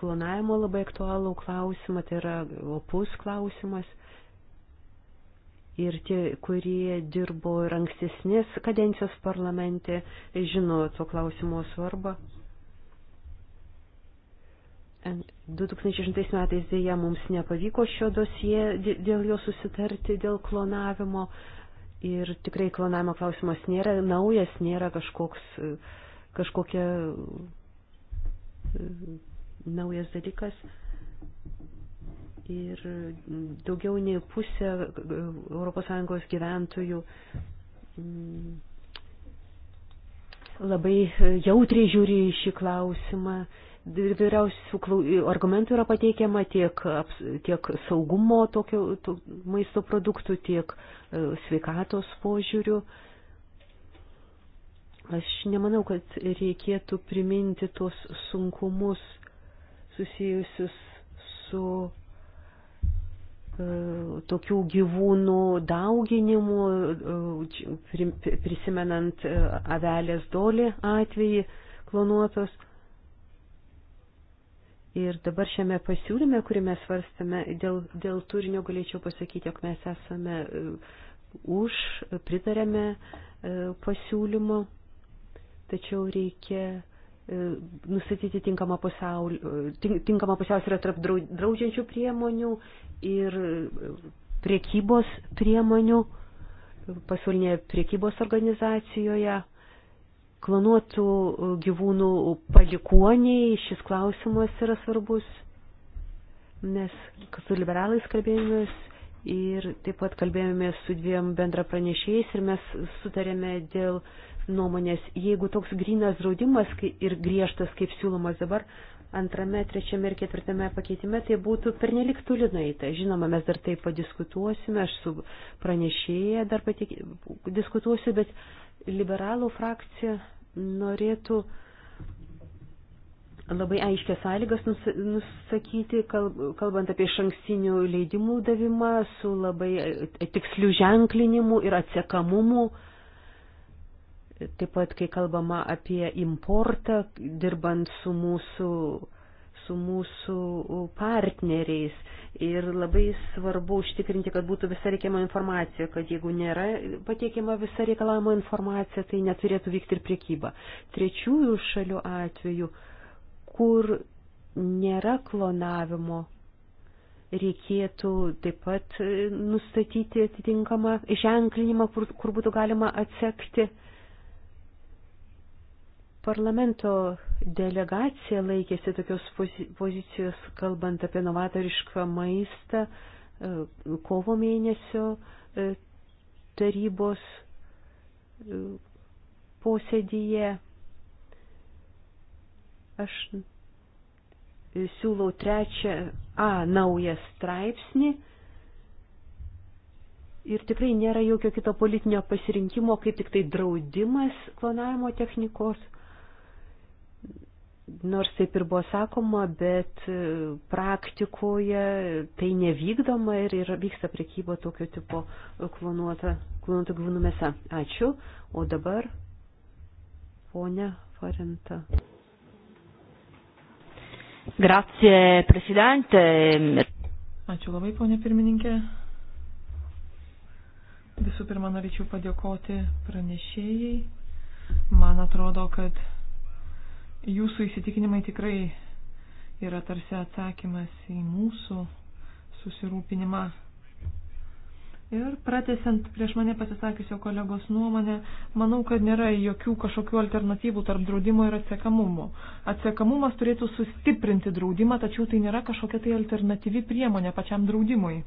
Speaker 1: klonavimo labai aktualų klausimą, tai yra opus klausimas. Ir tie, kurie dirbo ir ankstesnės kadencijos parlamente, žino to klausimo svarbą. 2006 metais dėja mums nepavyko šio dosie dėl jo susitarti, dėl klonavimo. Ir tikrai klonavimo klausimas nėra naujas, nėra kažkoks, kažkokia naujas dalykas. Ir daugiau nei pusė ES gyventojų mm, labai jautriai žiūri į šį klausimą. Vyriausių argumentų yra pateikiama tiek, tiek saugumo tokio, to, maisto produktų, tiek e, sveikatos požiūrių. Uh, Aš nemanau, kad reikėtų priminti tuos sunkumus susijusius su e, tokių gyvūnų dauginimu, e, prisimenant e, avelės dolį atvejį klonuotos. Ir dabar šiame pasiūlyme, kurį mes svarstame, dėl, dėl turinio galėčiau pasakyti, jog mes esame už, pritarėme pasiūlymo tačiau reikia e, nusatyti tinkamą, pusiau, e, tinkamą pusiausvyrą tarp draudžiančių priemonių ir e, priekybos priemonių pasaulinėje priekybos organizacijoje. Klonuotų gyvūnų palikuoniai šis klausimas yra svarbus, nes su liberalais kalbėjomės ir taip pat kalbėjomės su dviem bendra pranešėjais ir mes sutarėme dėl uh, nuomonės, jeigu toks grinas draudimas ir griežtas, kaip siūlomas dabar, antrame, trečiame ir ketvirtame pakeitime, tai būtų pernelik toli nueita. Žinoma, mes dar tai padiskutuosime, aš su pranešėja dar patik... diskutuosiu, bet liberalų frakcija norėtų labai aiškias sąlygas nusakyti, kalbant apie šankstinių leidimų davimą su labai e, tikslių ženklinimu ir atsekamumu. Taip pat, kai kalbama apie importą, dirbant su mūsų, su mūsų partneriais. Ir labai svarbu užtikrinti, kad būtų visa reikiama informacija, kad jeigu nėra pateikiama visa reikalavimo informacija, tai neturėtų vykti ir priekyba. Trečiųjų šalių atveju, kur nėra klonavimo reikėtų taip pat nustatyti atitinkamą ženklinimą, kur, kur būtų galima atsekti Parlamento delegacija laikėsi tokios pozicijos, kalbant apie novatorišką maistą, e, kovo mėnesio e, tarybos e, posėdyje. Aš siūlau trečią A naują straipsnį. Ir tikrai nėra jokio kito politinio pasirinkimo, kaip tik tai draudimas klonavimo technikos nors taip ir buvo sakoma, bet e, praktikoje tai nevykdoma ir, ir vyksta prekyba tokio tipo e, klonuota, klonuotų gyvūnų mėsa. Ačiū. O dabar ponia Farenta. Grazie, prezidente.
Speaker 4: Ačiū labai, ponė pirmininkė. Visų pirma, norėčiau padėkoti pranešėjai. Man atrodo, kad Jūsų įsitikinimai tikrai yra tarsi atsakymas į mūsų susirūpinimą. Ir pratesiant prieš mane pasisakiusio kolegos nuomonę, manau, kad nėra jokių kažkokių alternatyvų tarp draudimo ir atsiekamumo. Atsiekamumas turėtų sustiprinti draudimą, tačiau tai nėra kažkokia tai alternatyvi priemonė pačiam draudimui.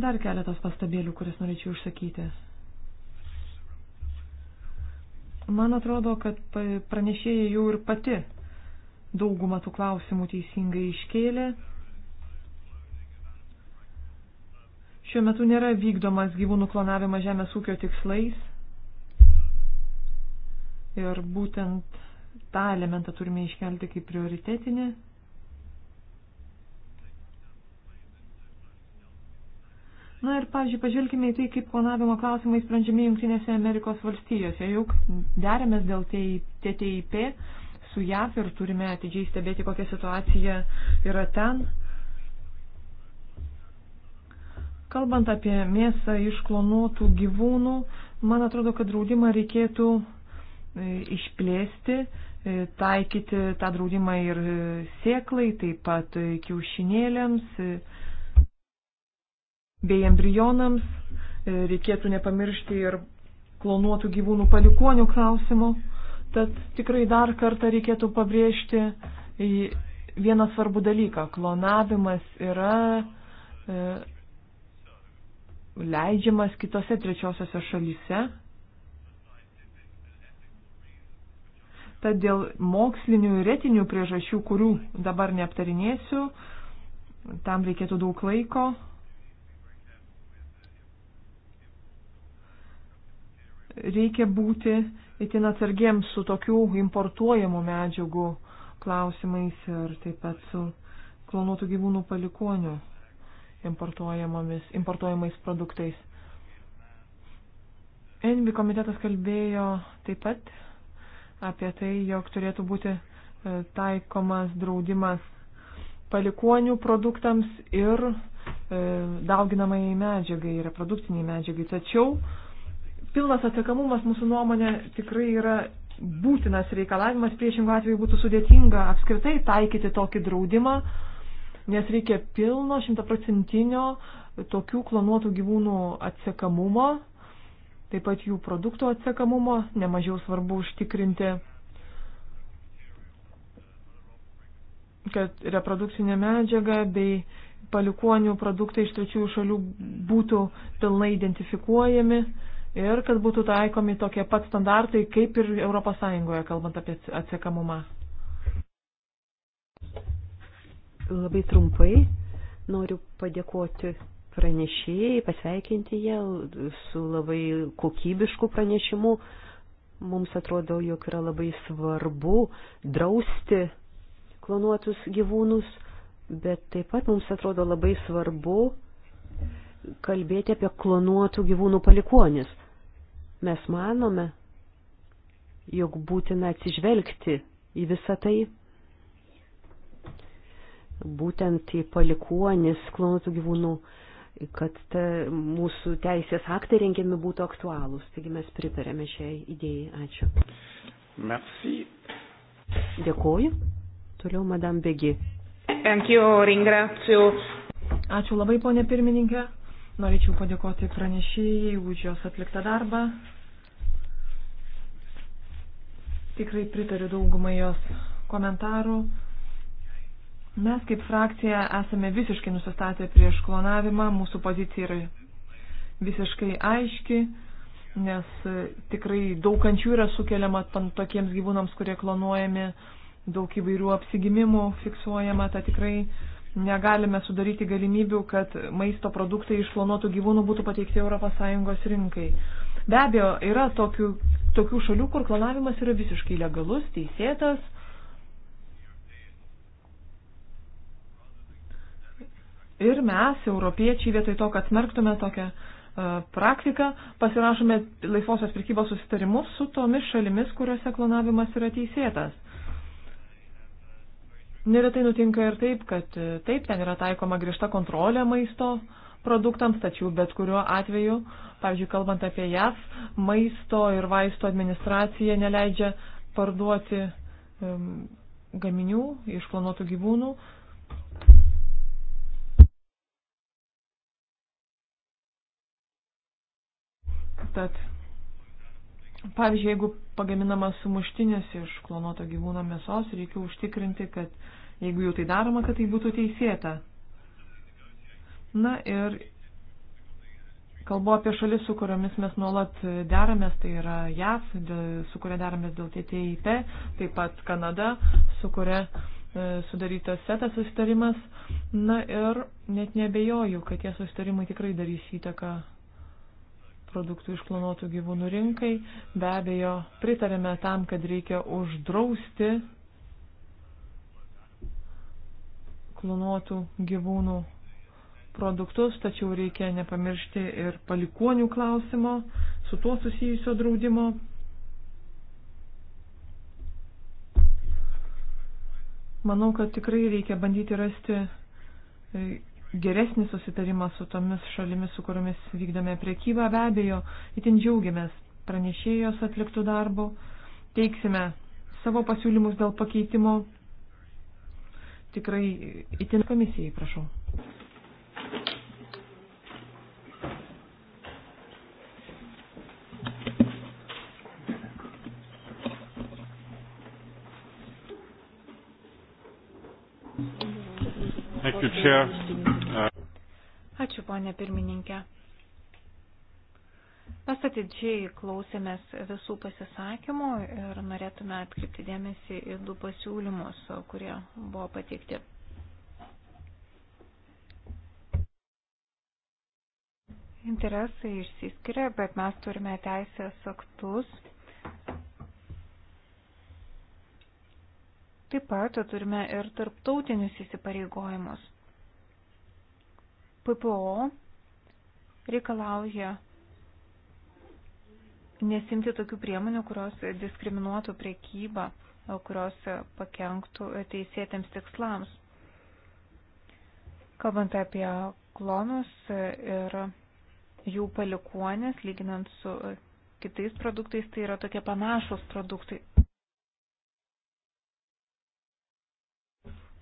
Speaker 4: Dar keletas pastabėlių, kurias norėčiau užsakyti. Man atrodo, kad pranešėjai jau ir pati daugumą tų klausimų teisingai iškėlė. Šiuo metu nėra vykdomas gyvūnų klonavimas žemės ūkio tikslais. Ir būtent tą elementą turime iškelti kaip prioritetinį. Na ir, pavyzdžiui, pažvelkime į tai, kaip klonavimo klausimai sprendžiami Junktinėse Amerikos valstijose. Juk derėmės dėl TTIP su JAV ir turime atidžiai stebėti, kokia situacija yra ten. Kalbant apie mėsą iš klonuotų gyvūnų, man atrodo, kad draudimą reikėtų e, išplėsti, e, taikyti tą draudimą ir e, sėklai, taip pat kiaušinėliams bei embrionams. E, reikėtų nepamiršti ir klonuotų gyvūnų palikonių klausimų. Tad tikrai dar kartą reikėtų pabrėžti vieną svarbų dalyką. Klonavimas yra e, leidžiamas kitose trečiosiose šalyse. Tad dėl mokslinių ir etinių priežasčių, kurių dabar neaptarinėsiu, tam reikėtų daug laiko, reikia būti itin atsargiems su tokių importuojamų medžiagų klausimais ir taip pat su klonuotų gyvūnų palikonių importuojamais produktais. Envi komitetas kalbėjo taip pat apie tai, jog turėtų būti e, taikomas draudimas palikonių produktams ir e, dauginamai medžiagai, reprodukciniai medžiagai. Tačiau pilnas atsakamumas mūsų nuomonė tikrai yra būtinas reikalavimas, priešingų atveju būtų sudėtinga apskritai taikyti tokį draudimą, nes reikia pilno, šimtaprocentinio tokių klonuotų gyvūnų atsekamumo, taip pat jų produktų atsekamumo, nemažiau svarbu užtikrinti, kad reprodukcinė medžiaga bei palikonių produktai iš trečiųjų šalių būtų pilnai identifikuojami ir kad būtų taikomi tokie pat standartai kaip ir ES, kalbant apie atsiekamumą.
Speaker 1: Labai trumpai noriu padėkoti pranešėjai, pasveikinti ją su labai kokybišku pranešimu. Mums atrodo, jog yra labai svarbu drausti klonuotus gyvūnus, bet taip pat mums atrodo labai svarbu kalbėti apie klonuotų gyvūnų palikonis. Mes manome, jog būtina atsižvelgti į visą tai, būtent į palikonis klonuotų gyvūnų, kad ta, mūsų teisės aktai rengiami būtų aktualūs. Taigi mes pritarėme šiai idėjai. Ačiū. Merci. Dėkoju. Toliau Madame Begi.
Speaker 4: Ačiū labai, ponė pirmininkė. Norėčiau padėkoti pranešėjai už jos atliktą darbą. Tikrai pritariu daugumai jos komentarų. Mes kaip frakcija esame visiškai nusistatę prieš klonavimą, mūsų pozicija yra visiškai aiški, nes tikrai daug kančių yra sukeliama tokiems gyvūnams, kurie klonuojami, daug įvairių apsigimimų fiksuojama, ta tikrai uh, negalime sudaryti galimybių, kad maisto produktai iš klonuotų gyvūnų būtų pateikti ES rinkai. Be abejo, yra tokių, tokių šalių, kur klonavimas yra visiškai legalus, teisėtas. Ir mes, europiečiai, vietoj to, kad smerktume tokią uh, praktiką, pasirašome laisvosios prekybos susitarimus su tomis šalimis, kuriuose klonavimas yra teisėtas. Neretai nutinka ir taip, kad e, taip, ten yra taikoma griežta kontrolė maisto produktams, tačiau bet kuriuo atveju, pavyzdžiui, kalbant apie JAV, maisto ir vaisto administracija neleidžia parduoti um, gaminių iš klonuotų gyvūnų. Tad, pavyzdžiui, jeigu pagaminamas sumuštinis iš klonuoto gyvūno mėsos, reikia užtikrinti, kad jeigu jau tai daroma, kad tai būtų teisėta. Na ir kalbu apie šalis, su kuriomis mes nuolat deramės, tai yra JAV, su kuria deramės dėl TTIP, taip pat Kanada, su kuria e, sudarytas setas susitarimas. Na ir net nebejoju, kad tie susitarimai tikrai darys įtaką produktų išklonotų gyvūnų rinkai. Be abejo, pritarėme tam, kad reikia uždrausti klonuotų gyvūnų produktus, tačiau reikia nepamiršti ir palikonių klausimo, su tuo susijusio draudimo. Manau, kad tikrai reikia bandyti rasti e, geresnį susitarimą su tomis šalimis, su kuriomis vykdome priekybą. Be abejo, itin džiaugiamės pranešėjos atliktų darbų, teiksime savo pasiūlymus dėl pakeitimo tikrai itin komisijai, prašau.
Speaker 3: Uh,
Speaker 5: Ačiū, ponė pirmininkė. Mes atidžiai klausėmės visų pasisakymų ir norėtume atkreipti dėmesį į du pasiūlymus, kurie buvo pateikti. Interesai išsiskiria, bet mes turime teisės aktus. Taip pat turime ir tarptautinius įsipareigojimus. PPO reikalauja nesimti tokių priemonių, kurios diskriminuotų priekybą, kurios pakenktų teisėtėms tikslams. Kalbant apie klonus ir jų palikuonės, lyginant su kitais produktais, tai yra tokie panašus produktai.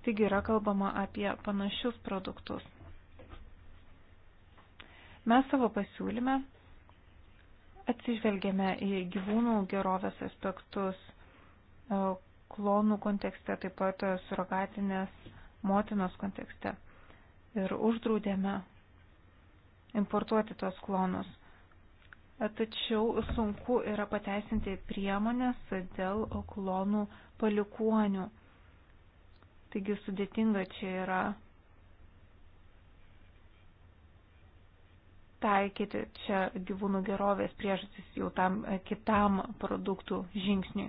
Speaker 5: Taigi yra kalbama apie panašius produktus. Mes savo pasiūlyme atsižvelgėme į gyvūnų gerovės aspektus, e, klonų kontekste, taip pat surogatinės motinos kontekste. Ir uždraudėme importuoti tos klonus. E, tačiau sunku yra pateisinti priemonės dėl klonų palikuonių. Taigi sudėtinga čia yra taikyti čia gyvūnų gerovės priežastis jau tam kitam produktų žingsniui.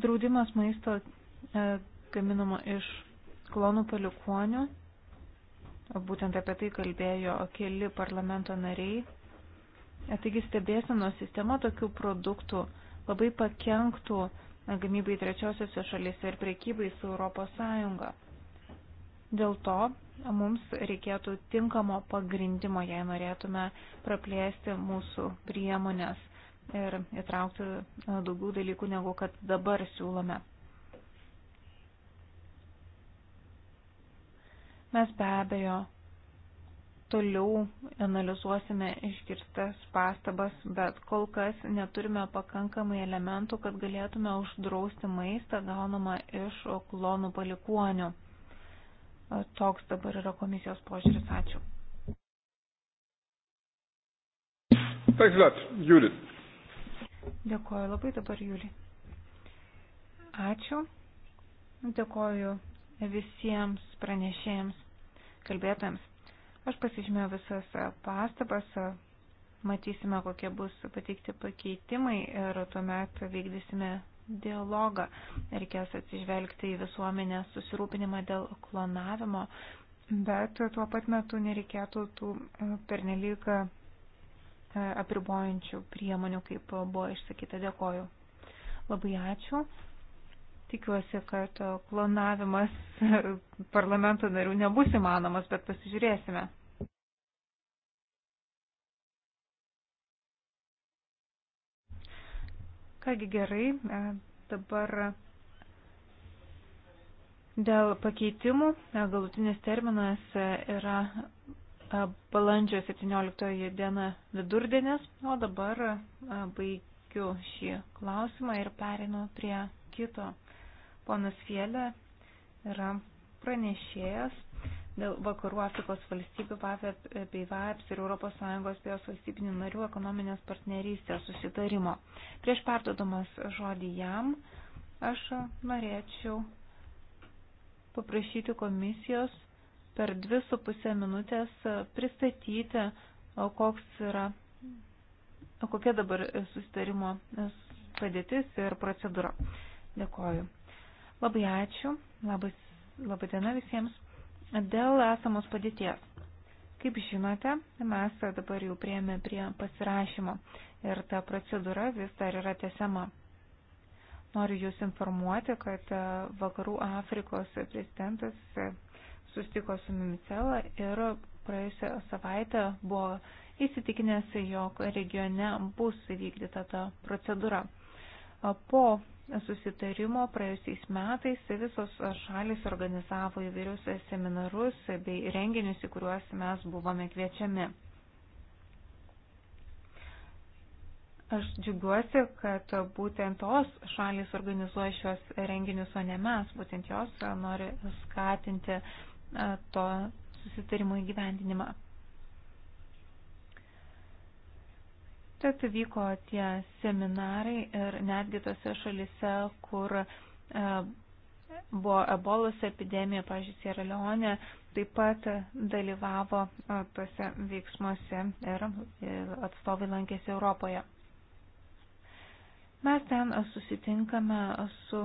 Speaker 5: Draudimas maisto e, gaminama iš klonų palikuonių, būtent apie tai kalbėjo keli parlamento nariai. E, taigi stebėsenos sistema tokių produktų labai pakenktų e, gamybai trečiosiose šalyse ir priekybai su ES. Dėl to mums reikėtų tinkamo pagrindimo, jei norėtume praplėsti mūsų priemonės ir įtraukti e, daugiau dalykų, negu kad dabar siūlome. Mes be abejo toliau analizuosime išgirstas pastabas, bet kol kas neturime pakankamai elementų, kad galėtume uždrausti maistą gaunamą iš klonų palikuonių. Toks dabar yra komisijos požiūris. Ačiū.
Speaker 2: Thanks a lot, Judith.
Speaker 5: Dėkoju labai dabar, Julį. Ačiū. Dėkoju visiems pranešėjams, kalbėtams. Aš pasižymėjau visas pastabas, matysime, kokie bus pateikti pakeitimai ir tuomet vykdysime dialogą. Reikės atsižvelgti į visuomenės susirūpinimą dėl klonavimo, bet tuo pat metu nereikėtų tų e, pernelyg e, apribojančių priemonių, kaip buvo išsakyta. Dėkoju. Labai ačiū. Tikiuosi, kad klonavimas parlamento narių nebus įmanomas, bet pasižiūrėsime. Kągi gerai, e, dabar dėl pakeitimų e, galutinis terminas e, yra balandžio 17 diena vidurdienis, o dabar baigiu šį klausimą ir perinu prie kito. Ponas Fielė yra pranešėjas dėl vakarų Afrikos valstybių VAVEP bei VAEPS ir ES bei jos valstybinių narių ekonominės partnerystės susitarimo. Prieš perdodamas žodį jam, aš norėčiau paprašyti komisijos per dvi su pusę minutės pristatyti, koks yra, kokia dabar susitarimo padėtis ir procedūra. Dėkoju. Labai ačiū. Labas, labai diena visiems. Dėl esamos padėties. Kaip žinote, mes dabar jau prieėmė prie pasirašymo ir ta procedūra vis dar yra tesama. Noriu Jūs informuoti, kad e, Vakarų Afrikos prezidentas e, sustiko su Mimicela ir praėjusią savaitę buvo įsitikinęs, jog regione bus įvykdyta ta procedūra. E, po susitarimo praėjusiais metais visos šalis organizavo įvairius seminarus bei renginius, į kuriuos mes buvome kviečiami. Aš džiugiuosi, kad būtent tos šalis organizuoja šios renginius, o ne mes. Būtent jos nori skatinti to susitarimo įgyvendinimą. Tad vyko tie seminarai ir netgi tose šalise, kur e, buvo ebolos epidemija, pažiūrėjau, Sierra Leone, taip pat dalyvavo e, tose veiksmuose ir e, atstovai lankėsi Europoje. Mes ten susitinkame su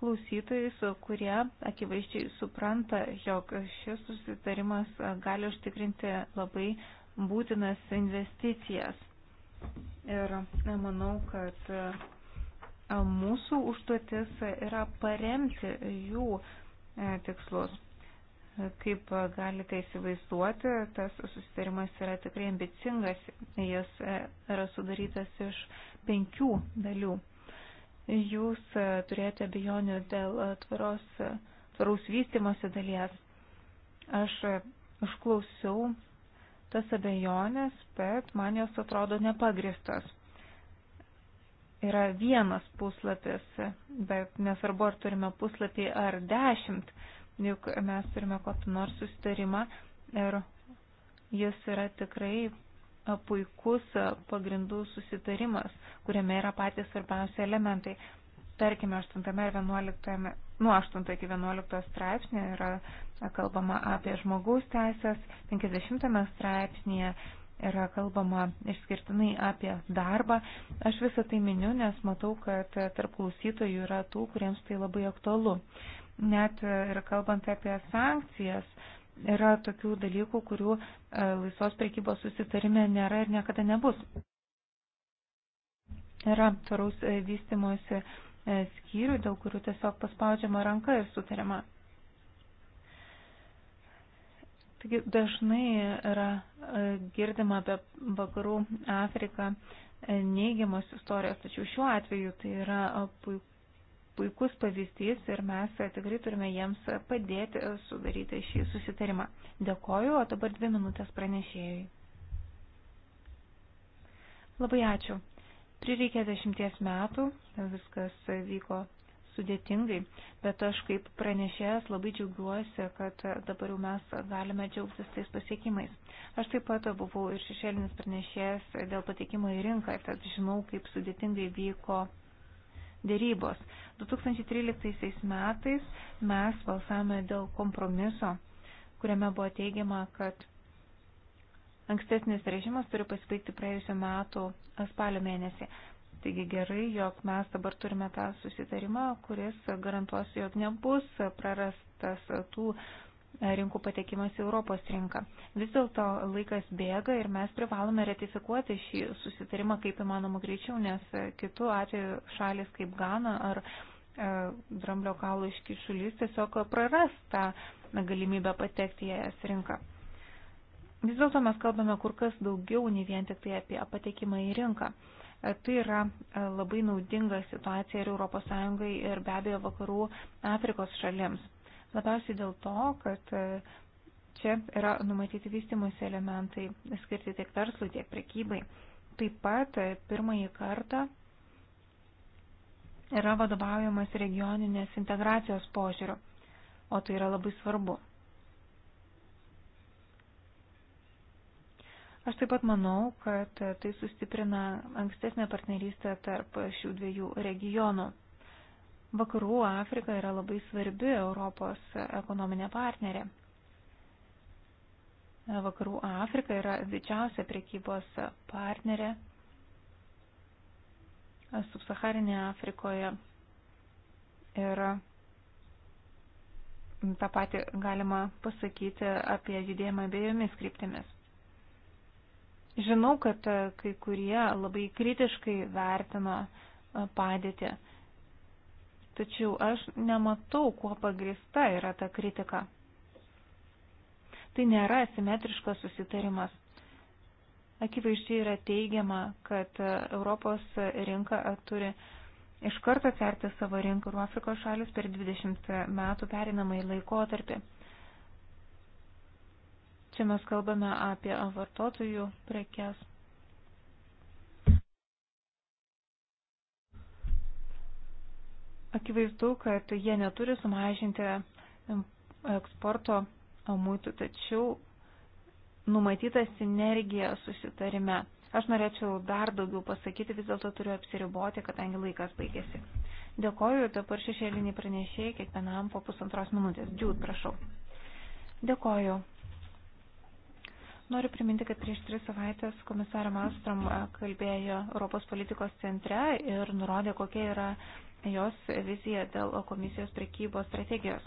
Speaker 5: klausytojais, kurie akivaizdžiai supranta, jog šis susitarimas gali užtikrinti labai būtinas investicijas. Ir manau, kad mūsų užduotis yra paremti jų e, tikslus. Kaip galite įsivaizduoti, tas susitarimas yra tikrai ambicingas, jis e, yra sudarytas iš penkių dalių. Jūs e, turėjote bejonių dėl tvaros, tvaraus vystimosi dalies. Aš išklausiau tas abejonės, bet man jos atrodo nepagristos. Yra vienas puslapis, bet nesvarbu, ar turime puslapį ar dešimt, juk mes turime kokį nors susitarimą ir jis yra tikrai puikus pagrindų susitarimas, kuriame yra patys svarbiausi elementai. Tarkime, 8 ir 11, nuo 8 iki 11 straipsnio yra kalbama apie žmogaus teisės, 50 straipsnėje yra kalbama išskirtinai apie darbą. Aš visą tai miniu, nes matau, kad tarp klausytojų yra tų, kuriems tai labai aktualu. Net ir kalbant apie sankcijas, yra tokių dalykų, kurių e, laisvos prekybos susitarime nėra ir niekada nebus. Yra tvaraus e, vystimosi E, skyrių, dėl kurių tiesiog paspaudžiama ranka ir sutariama. Taigi dažnai yra e, girdima apie vakarų Afriką e, neigiamos istorijos, tačiau šiuo atveju tai yra puikus pavyzdys ir mes tikrai turime jiems padėti sudaryti šį susitarimą. Dėkoju, o dabar dvi minutės pranešėjai. Labai ačiū. Prireikė dešimties metų, viskas vyko sudėtingai, bet aš kaip pranešėjas labai džiaugiuosi, kad dabar jau mes galime džiaugtis tais pasiekimais. Aš taip pat buvau ir šešėlinis pranešėjas dėl patekimo į rinką, tad žinau, kaip sudėtingai vyko dėrybos. 2013 metais mes balsavome dėl kompromiso, kuriame buvo teigiama, kad Ankstesnis režimas turi pasibaigti praėjusiu metu spalio mėnesį. Taigi gerai, jog mes dabar turime tą susitarimą, kuris garantuos, jog nebus prarastas tų rinkų patekimas į Europos rinką. Vis dėlto laikas bėga ir mes privalome ratifikuoti šį susitarimą kaip įmanoma greičiau, nes kitų atveju šalis kaip Gana ar e, dramblio kaulo iškišulys tiesiog praras tą galimybę patekti į ES rinką. Vis dėlto mes kalbame kur kas daugiau, nei vien tik tai apie patekimą į rinką. E, tai yra e, labai naudinga situacija ir ES ir be abejo vakarų Afrikos šalims. Labiausiai dėl to, kad e, čia yra numatyti vystimosi elementai skirti tiek verslui, tiek prekybai. Taip pat pirmąjį kartą yra vadovaujamas regioninės integracijos požiūriu, o tai yra labai svarbu. Aš taip pat manau, kad tai sustiprina ankstesnę partnerystę tarp šių dviejų regionų. Vakarų Afrika yra labai svarbi Europos ekonominė partnerė. Vakarų Afrika yra didžiausia prekybos partnerė subsaharinėje Afrikoje ir tą patį galima pasakyti apie judėjimą abiejomis kryptimis. Žinau, kad e, kai kurie labai kritiškai vertina e, padėtį, tačiau aš nematau, kuo pagrįsta yra ta kritika. Tai nėra simetriškas susitarimas. Akivaizdžiai yra teigiama, kad e, Europos rinka turi iš karto atverti savo rinką ir Afrikos šalis per 20 metų perinamąjį laikotarpį. Čia mes kalbame apie vartotojų prekes. Akivaizdu, kad jie neturi sumažinti eksporto muitų, tačiau numatyta sinergija susitarime. Aš norėčiau dar daugiau pasakyti, vis dėlto turiu apsiriboti, kadangi laikas baigėsi. Dėkoju, dabar šešėlinį pranešėjai kiekvienam po pusantros minutės. Džiūt, prašau. Dėkoju, Noriu priminti, kad prieš tris savaitės komisarė Malstrom kalbėjo Europos politikos centre ir nurodė, kokia yra jos vizija dėl komisijos prekybos strategijos.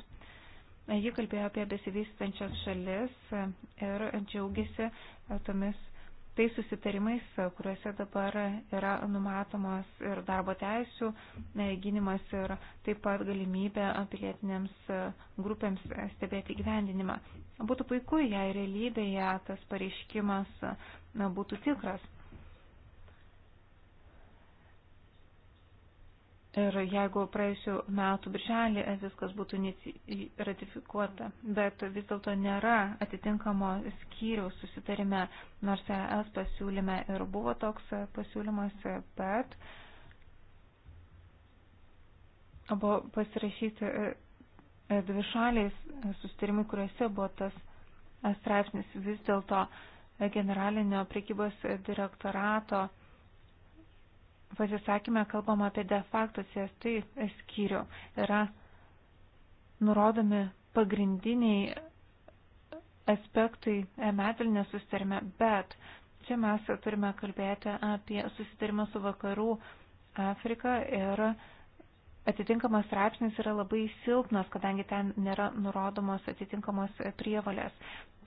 Speaker 5: Ji kalbėjo apie besivystančias šalis e, ir džiaugiasi e, tomis tai susitarimais, kuriuose dabar yra numatomas ir darbo teisų e, gynimas ir taip pat galimybė pilietinėms e, grupėms stebėti gyvendinimą. Būtų puiku, jei realybėje tas pareiškimas būtų tikras. Ir jeigu praėjusiu metu birželį viskas būtų ratifikuota, bet vis dėlto nėra atitinkamo skyriaus susitarime, nors ES pasiūlyme ir buvo toks pasiūlymas, bet buvo pasirašyti e, e, dvi šaliais susitarimai, kuriuose buvo tas e, straipsnis vis dėlto generalinio prekybos direktorato pasisakymę kalbama apie de facto CST skyrių. Yra nurodomi pagrindiniai aspektai medvilnės susitarime, bet čia mes turime kalbėti apie susitarimą su vakarų Afrika ir Atitinkamas straipsnis yra labai silpnas, kadangi ten nėra nurodomos atitinkamos prievalės.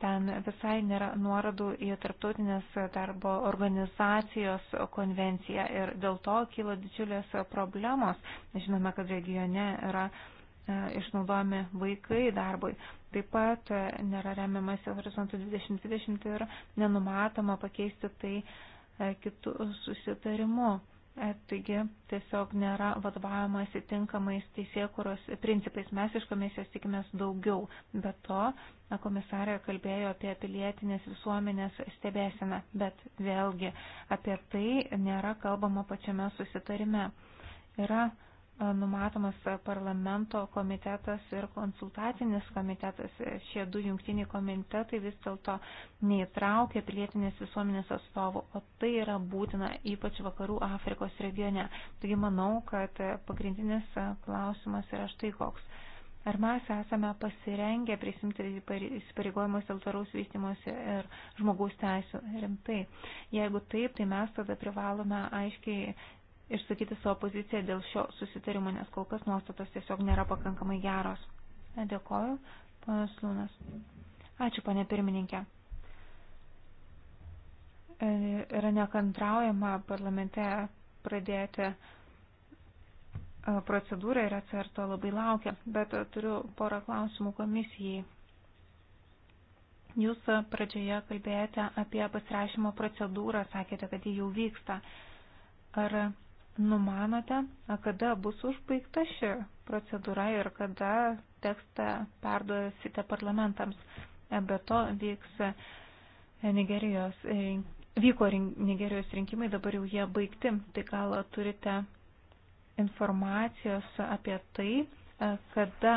Speaker 5: Ten visai nėra nuorodų į tarptautinės darbo organizacijos konvenciją ir dėl to kyla didžiulės problemos. Žinome, kad regione yra e, išnaudojami vaikai darbui. Taip pat e, nėra remiamas horizontų 2020 ir nenumatoma pakeisti tai e, kitų susitarimu. E, taigi tiesiog nėra vadovavimas įtinkamais teisėkuros principais. Mes iš komisijos tikimės daugiau. Be to, e, komisarė kalbėjo apie pilietinės visuomenės stebėsiną, bet vėlgi apie tai nėra kalbama pačiame susitarime. Yra numatomas parlamento komitetas ir konsultacinis komitetas. Šie du jungtiniai komitetai vis dėlto neįtraukia pilietinės visuomenės atstovų, o tai yra būtina ypač vakarų Afrikos regione. Taigi manau, kad pagrindinis klausimas yra štai koks. Ar mes esame pasirengę prisimti įsipareigojimus dėl tvaraus vystimosi ir žmogaus teisų rimtai? Jeigu taip, tai mes tada privalome aiškiai išsakyti savo poziciją dėl šio susitarimo, nes kol kas nuostatos tiesiog nėra pakankamai geros. Dėkoju, panas Lūnas. Ačiū, panė pirmininkė. Yra nekantraujama parlamente pradėti e, procedūrą ir atsarto labai laukia, bet turiu porą klausimų komisijai. Jūs pradžioje kalbėjote apie pasirašymo procedūrą, sakėte, kad jį jau vyksta. Ar numanote, kada bus užbaigta ši procedūra ir kada tekstą perduosite parlamentams. E, be to vyks e, Nigerijos, e, vyko Nigerijos rinkimai, dabar jau jie baigti. Tai gal turite informacijos apie tai, kada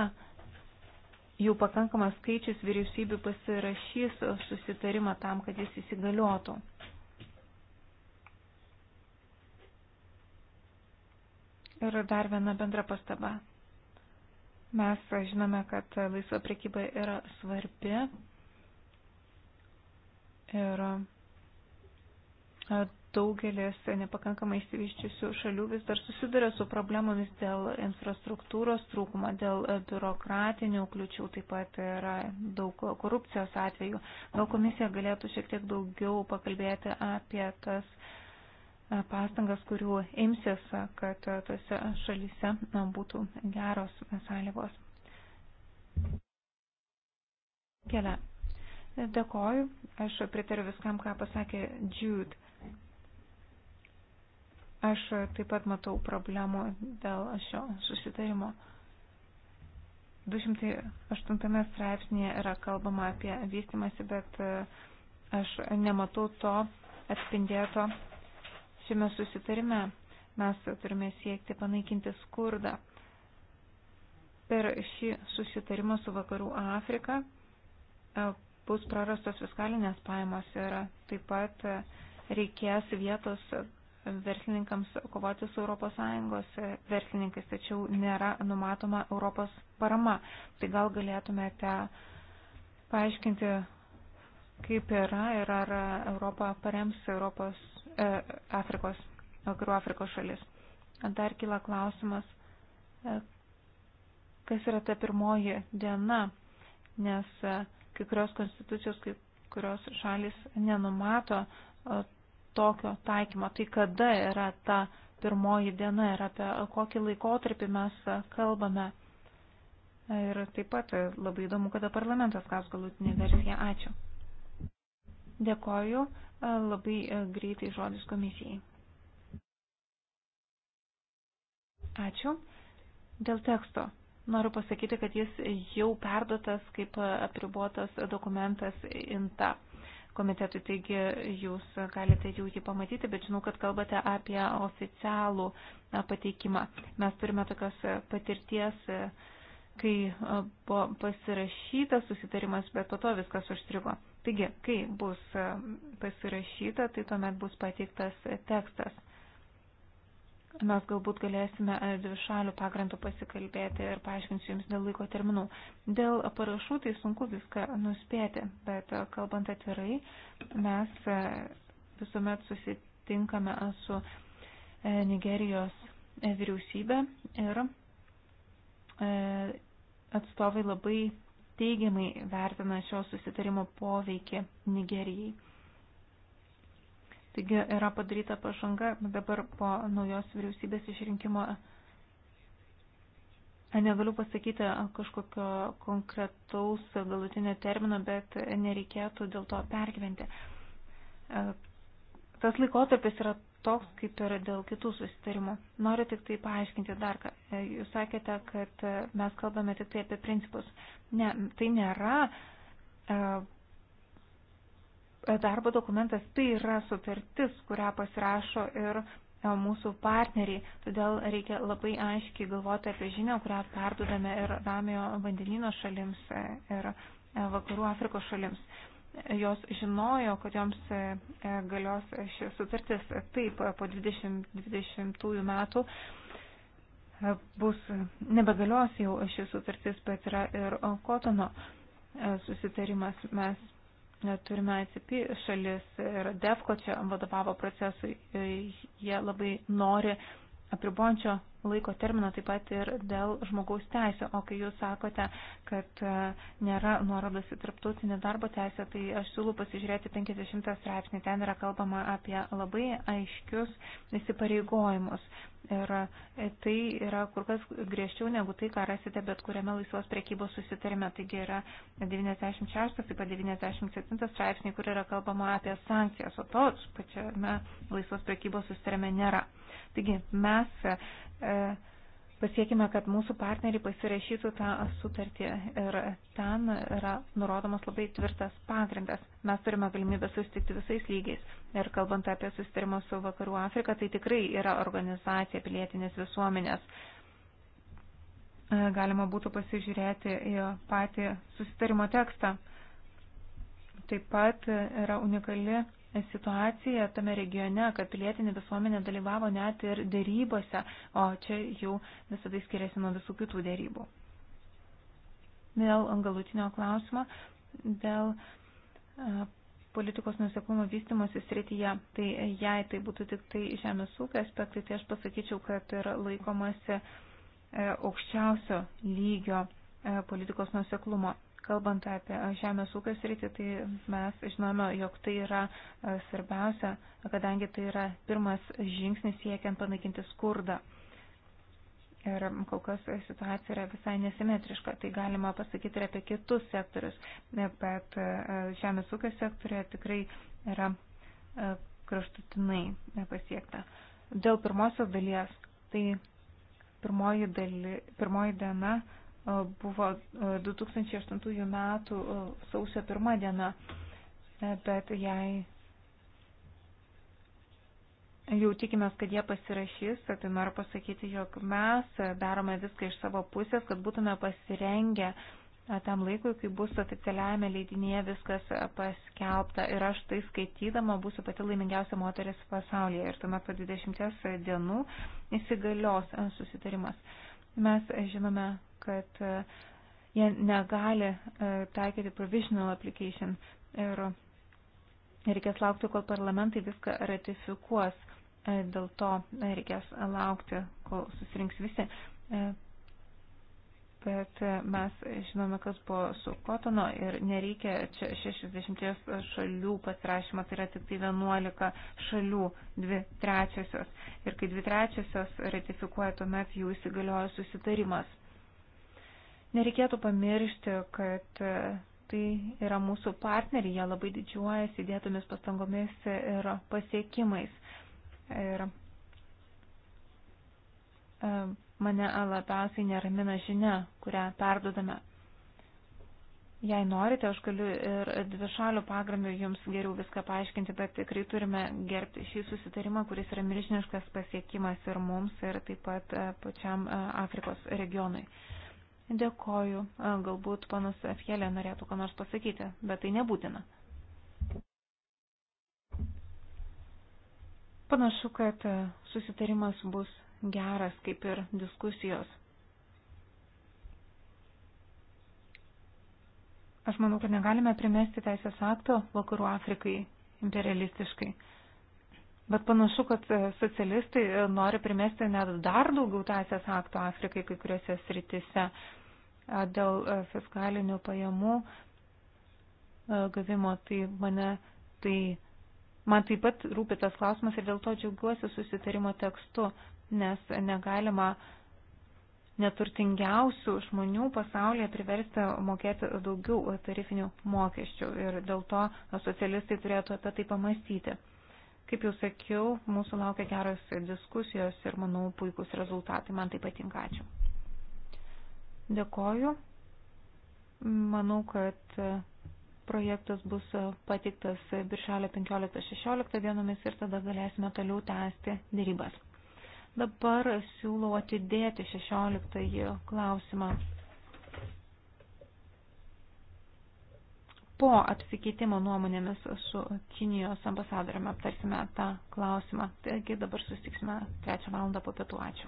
Speaker 5: jau pakankamas skaičius vyriausybių pasirašys susitarimą tam, kad jis įsigaliotų. Ir dar viena bendra pastaba. Mes žinome, kad laisva priekyba yra svarbi ir e, daugelis nepakankamai įsivyščiusių šalių vis dar susiduria su problemomis dėl infrastruktūros trūkumo, dėl e, biurokratinių kliučių, taip pat yra daug korupcijos atvejų. Gal komisija galėtų šiek tiek daugiau pakalbėti apie tas E, pastangas, kurių imsis, kad tose šalyse būtų geros sąlygos. Kelia. Dėkoju, aš pritariu viskam, ką pasakė Jude. Aš taip pat matau problemų dėl šio susitarimo. 208 straipsnėje yra kalbama apie vystimąsi, bet e, aš nematau to atspindėto Šiame susitarime mes turime siekti panaikinti skurdą. Per šį susitarimą su Vakarų Afrika e, bus prarastos fiskalinės pajamos ir taip pat reikės vietos verslininkams kovoti su ES verslininkais, tačiau nėra numatoma Europos parama. Tai gal galėtumėte paaiškinti, kaip yra ir ar Europa parems Europos E, Afrikos, vakarų Afrikos šalis. Dar kyla klausimas, e, kas yra ta pirmoji diena, nes e, kai kurios konstitucijos, kai kurios šalis nenumato tokio taikymo. Tai kada yra ta pirmoji diena ir apie kokį laikotarpį mes kalbame. Ir taip pat labai įdomu, kada parlamentas gaus galutinį versiją. Ačiū. Dėkoju. Labai e, greitai žodis komisijai. Ačiū. Dėl teksto. Noriu pasakyti, kad jis jau perdotas kaip apribuotas dokumentas INTA komitetui, taigi jūs galite jau jį pamatyti, bet žinau, kad kalbate apie oficialų e, pateikimą. Mes turime tokios patirties, e, kai buvo pasirašytas susitarimas, bet po to viskas užstrigo. Taigi, kai bus e, pasirašyta, tai tuomet bus pateiktas tekstas. Mes galbūt galėsime e, dvi šalių pagrindų pasikalbėti ir paaiškinsiu Jums dėl laiko terminų. Dėl parašų tai sunku viską nuspėti, bet e, kalbant atvirai, mes visuomet susitinkame su Nigerijos vyriausybė ir atstovai labai teigiamai vertina šio susitarimo poveikį Nigerijai. Taigi yra padaryta pažanga dabar po naujos vyriausybės išrinkimo. Negaliu pasakyti kažkokio konkretaus galutinio termino, bet nereikėtų dėl to pergyventi. Tas laikotarpis yra toks, kaip ir dėl kitų susitarimų. Noriu tik tai paaiškinti dar, kad e, jūs sakėte, kad e, mes kalbame tik tai apie principus. Ne, tai nėra e, darbo dokumentas, tai yra sutartis, kurią pasirašo ir mūsų partneriai. Todėl reikia labai aiškiai galvoti apie žinią, kurią perdudame ir Ramio vandenino šalims ir Vakarų Afrikos šalims jos žinojo, kad joms e, e, galios šis sutartis taip e, po 2020 metų bus nebegalios jau šis sutartis, bet yra ir Kotono susitarimas. Mes turime atsipį šalis ir DEFCO čia vadovavo procesui, jie labai nori apribuončio laiko termino taip pat ir dėl žmogaus teisų. O kai jūs sakote, kad e, nėra nuorodos į tarptautinį darbo teisę, tai aš siūlau pasižiūrėti 50 straipsnį. Ten yra kalbama apie labai aiškius įsipareigojimus. Ir e, tai yra kur kas griežčiau negu tai, ką rasite bet kuriame laisvos priekybos susitarime. Taigi yra 96, taip pat 97 straipsniai, kur yra kalbama apie sankcijas, o to pačiame laisvos priekybos susitarime nėra. Taigi mes E, pasiekime, kad mūsų partneriai pasirašytų tą sutartį ir ten yra nurodomas labai tvirtas pagrindas. Mes turime galimybę susitikti visais lygiais. Ir kalbant apie susitarimą su Vakarų Afrika, tai tikrai yra organizacija pilietinės visuomenės. E, galima būtų pasižiūrėti į patį susitarimo tekstą. Taip pat yra unikali situaciją tame regione, kad pilietinė visuomenė dalyvavo net ir dėrybose, o čia jau visada tai skiriasi nuo visų kitų dėrybų. Dėl galutinio klausimo, dėl e, politikos nuseklumo vystimosi srityje, tai jei tai būtų tik tai žemės ūkio aspektai, tai aš pasakyčiau, kad yra laikomasi e, aukščiausio lygio e, politikos nuseklumo. Kalbant apie žemės ūkio sritį, tai mes žinome, jog tai yra e, svarbiausia, kadangi tai yra pirmas žingsnis siekiant panaikinti skurdą. Ir kol kas situacija yra visai nesimetriška, tai galima pasakyti ir apie kitus sektorius, e, bet e, žemės ūkio sektorija tikrai yra kraštutinai pasiekta. Dėl pirmosios dalies, tai pirmoji, dali, pirmoji diena buvo 2008 metų sausio pirmą dieną, e, bet jei jau tikimės, kad jie pasirašys, tai, tai noriu pasakyti, jog mes e, darome viską iš savo pusės, kad būtume pasirengę tam laikui, kai bus oficialiame leidinėje viskas e, paskelbta ir aš tai skaitydama būsiu pati laimingiausia moteris pasaulyje ir tuomet po 20 dienų įsigalios susitarimas. Mes žinome kad e, jie negali e, taikyti provisional application ir reikės laukti, kol parlamentai viską ratifikuos. E, dėl to reikės laukti, kol susirinks visi. Bet mes žinome, kas buvo su Kotono ir nereikia čia 60 šalių pasirašymo, tai yra tik tai 11 šalių, 2 trečiosios. Ir kai 2 trečiosios ratifikuoja, tuomet jų įsigalioja susitarimas. Nereikėtų pamiršti, kad e, tai yra mūsų partneriai, jie labai didžiuojasi dėtomis pastangomis ir pasiekimais. Ir e, mane labiausiai neramina žinia, kurią perdodame. Jei norite, aš galiu ir dvišalių pagramių jums geriau viską paaiškinti, bet tikrai turime gerbti šį susitarimą, kuris yra milžiniškas pasiekimas ir mums, ir taip pat e, pačiam Afrikos regionui. Dėkoju. Galbūt panas Fjelė norėtų ką nors pasakyti, bet tai nebūtina. Panašu, kad e, susitarimas bus geras, kaip ir diskusijos. Aš manau, kad negalime primesti teisės akto vakarų Afrikai imperialistiškai. Bet panašu, kad e, socialistai e, nori primesti net dar daugiau teisės akto Afrikai kai kuriuose sritise dėl e, fiskalinių pajamų e, gavimo, tai mane tai. Man taip pat rūpi tas klausimas ir dėl to džiaugiuosi susitarimo tekstu, nes negalima neturtingiausių žmonių pasaulyje priversti mokėti daugiau tarifinių mokesčių ir dėl to socialistai turėtų apie tai pamastyti. Kaip jau sakiau, mūsų laukia geros diskusijos ir, manau, puikus rezultatai. Man tai patinka. Ačiū. Dėkoju. Manau, kad projektas bus patiktas birželio 15-16 dienomis ir tada galėsime toliau tęsti dėrybas. Dabar siūlau atidėti 16 klausimą. Po apsikeitimo nuomonėmis su Kinijos ambasadoriumi aptarsime tą klausimą. Taigi dabar susitiksime 3 val. po pietų. Ačiū.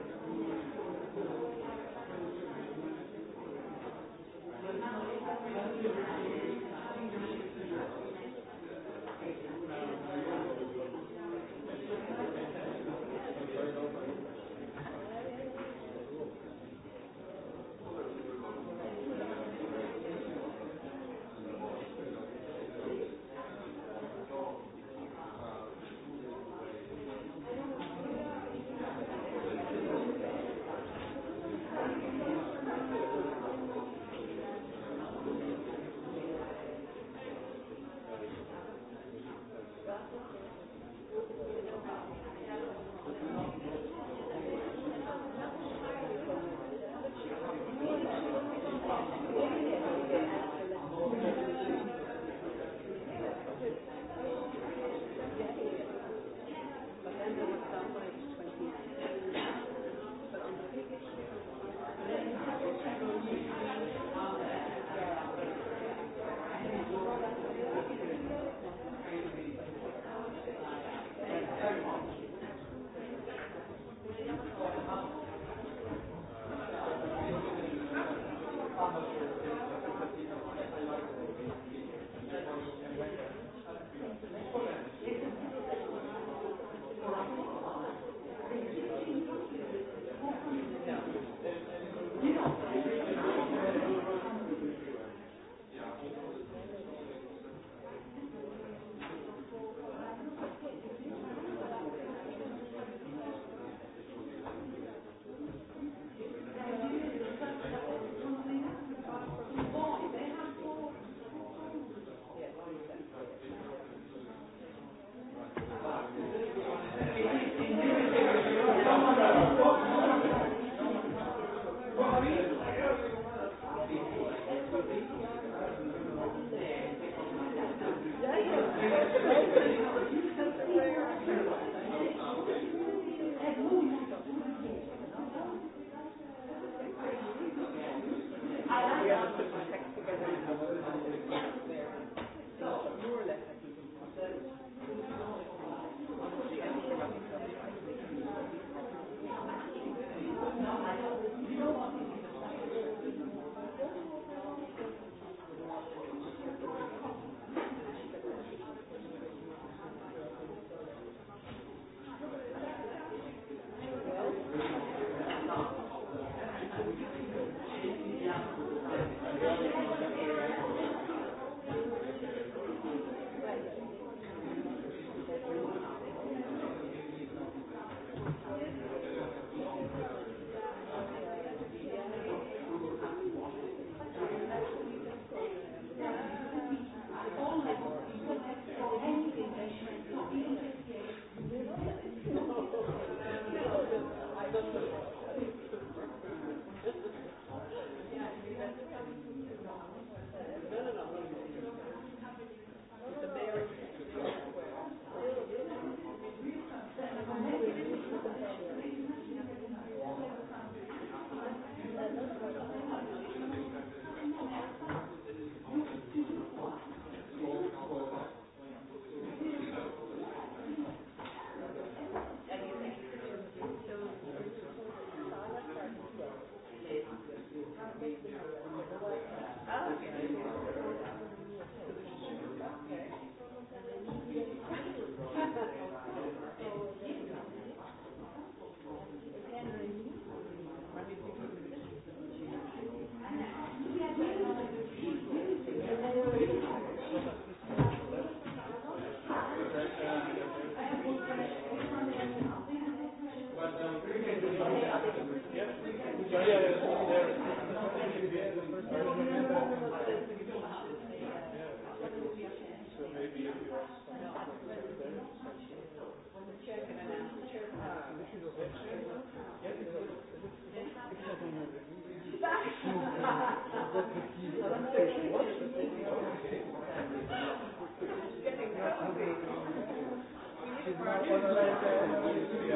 Speaker 3: so maybe if you ask some secretary there, when the chair can announce, the chair can announce. This is also yes, it is.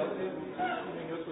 Speaker 3: Getting crazy.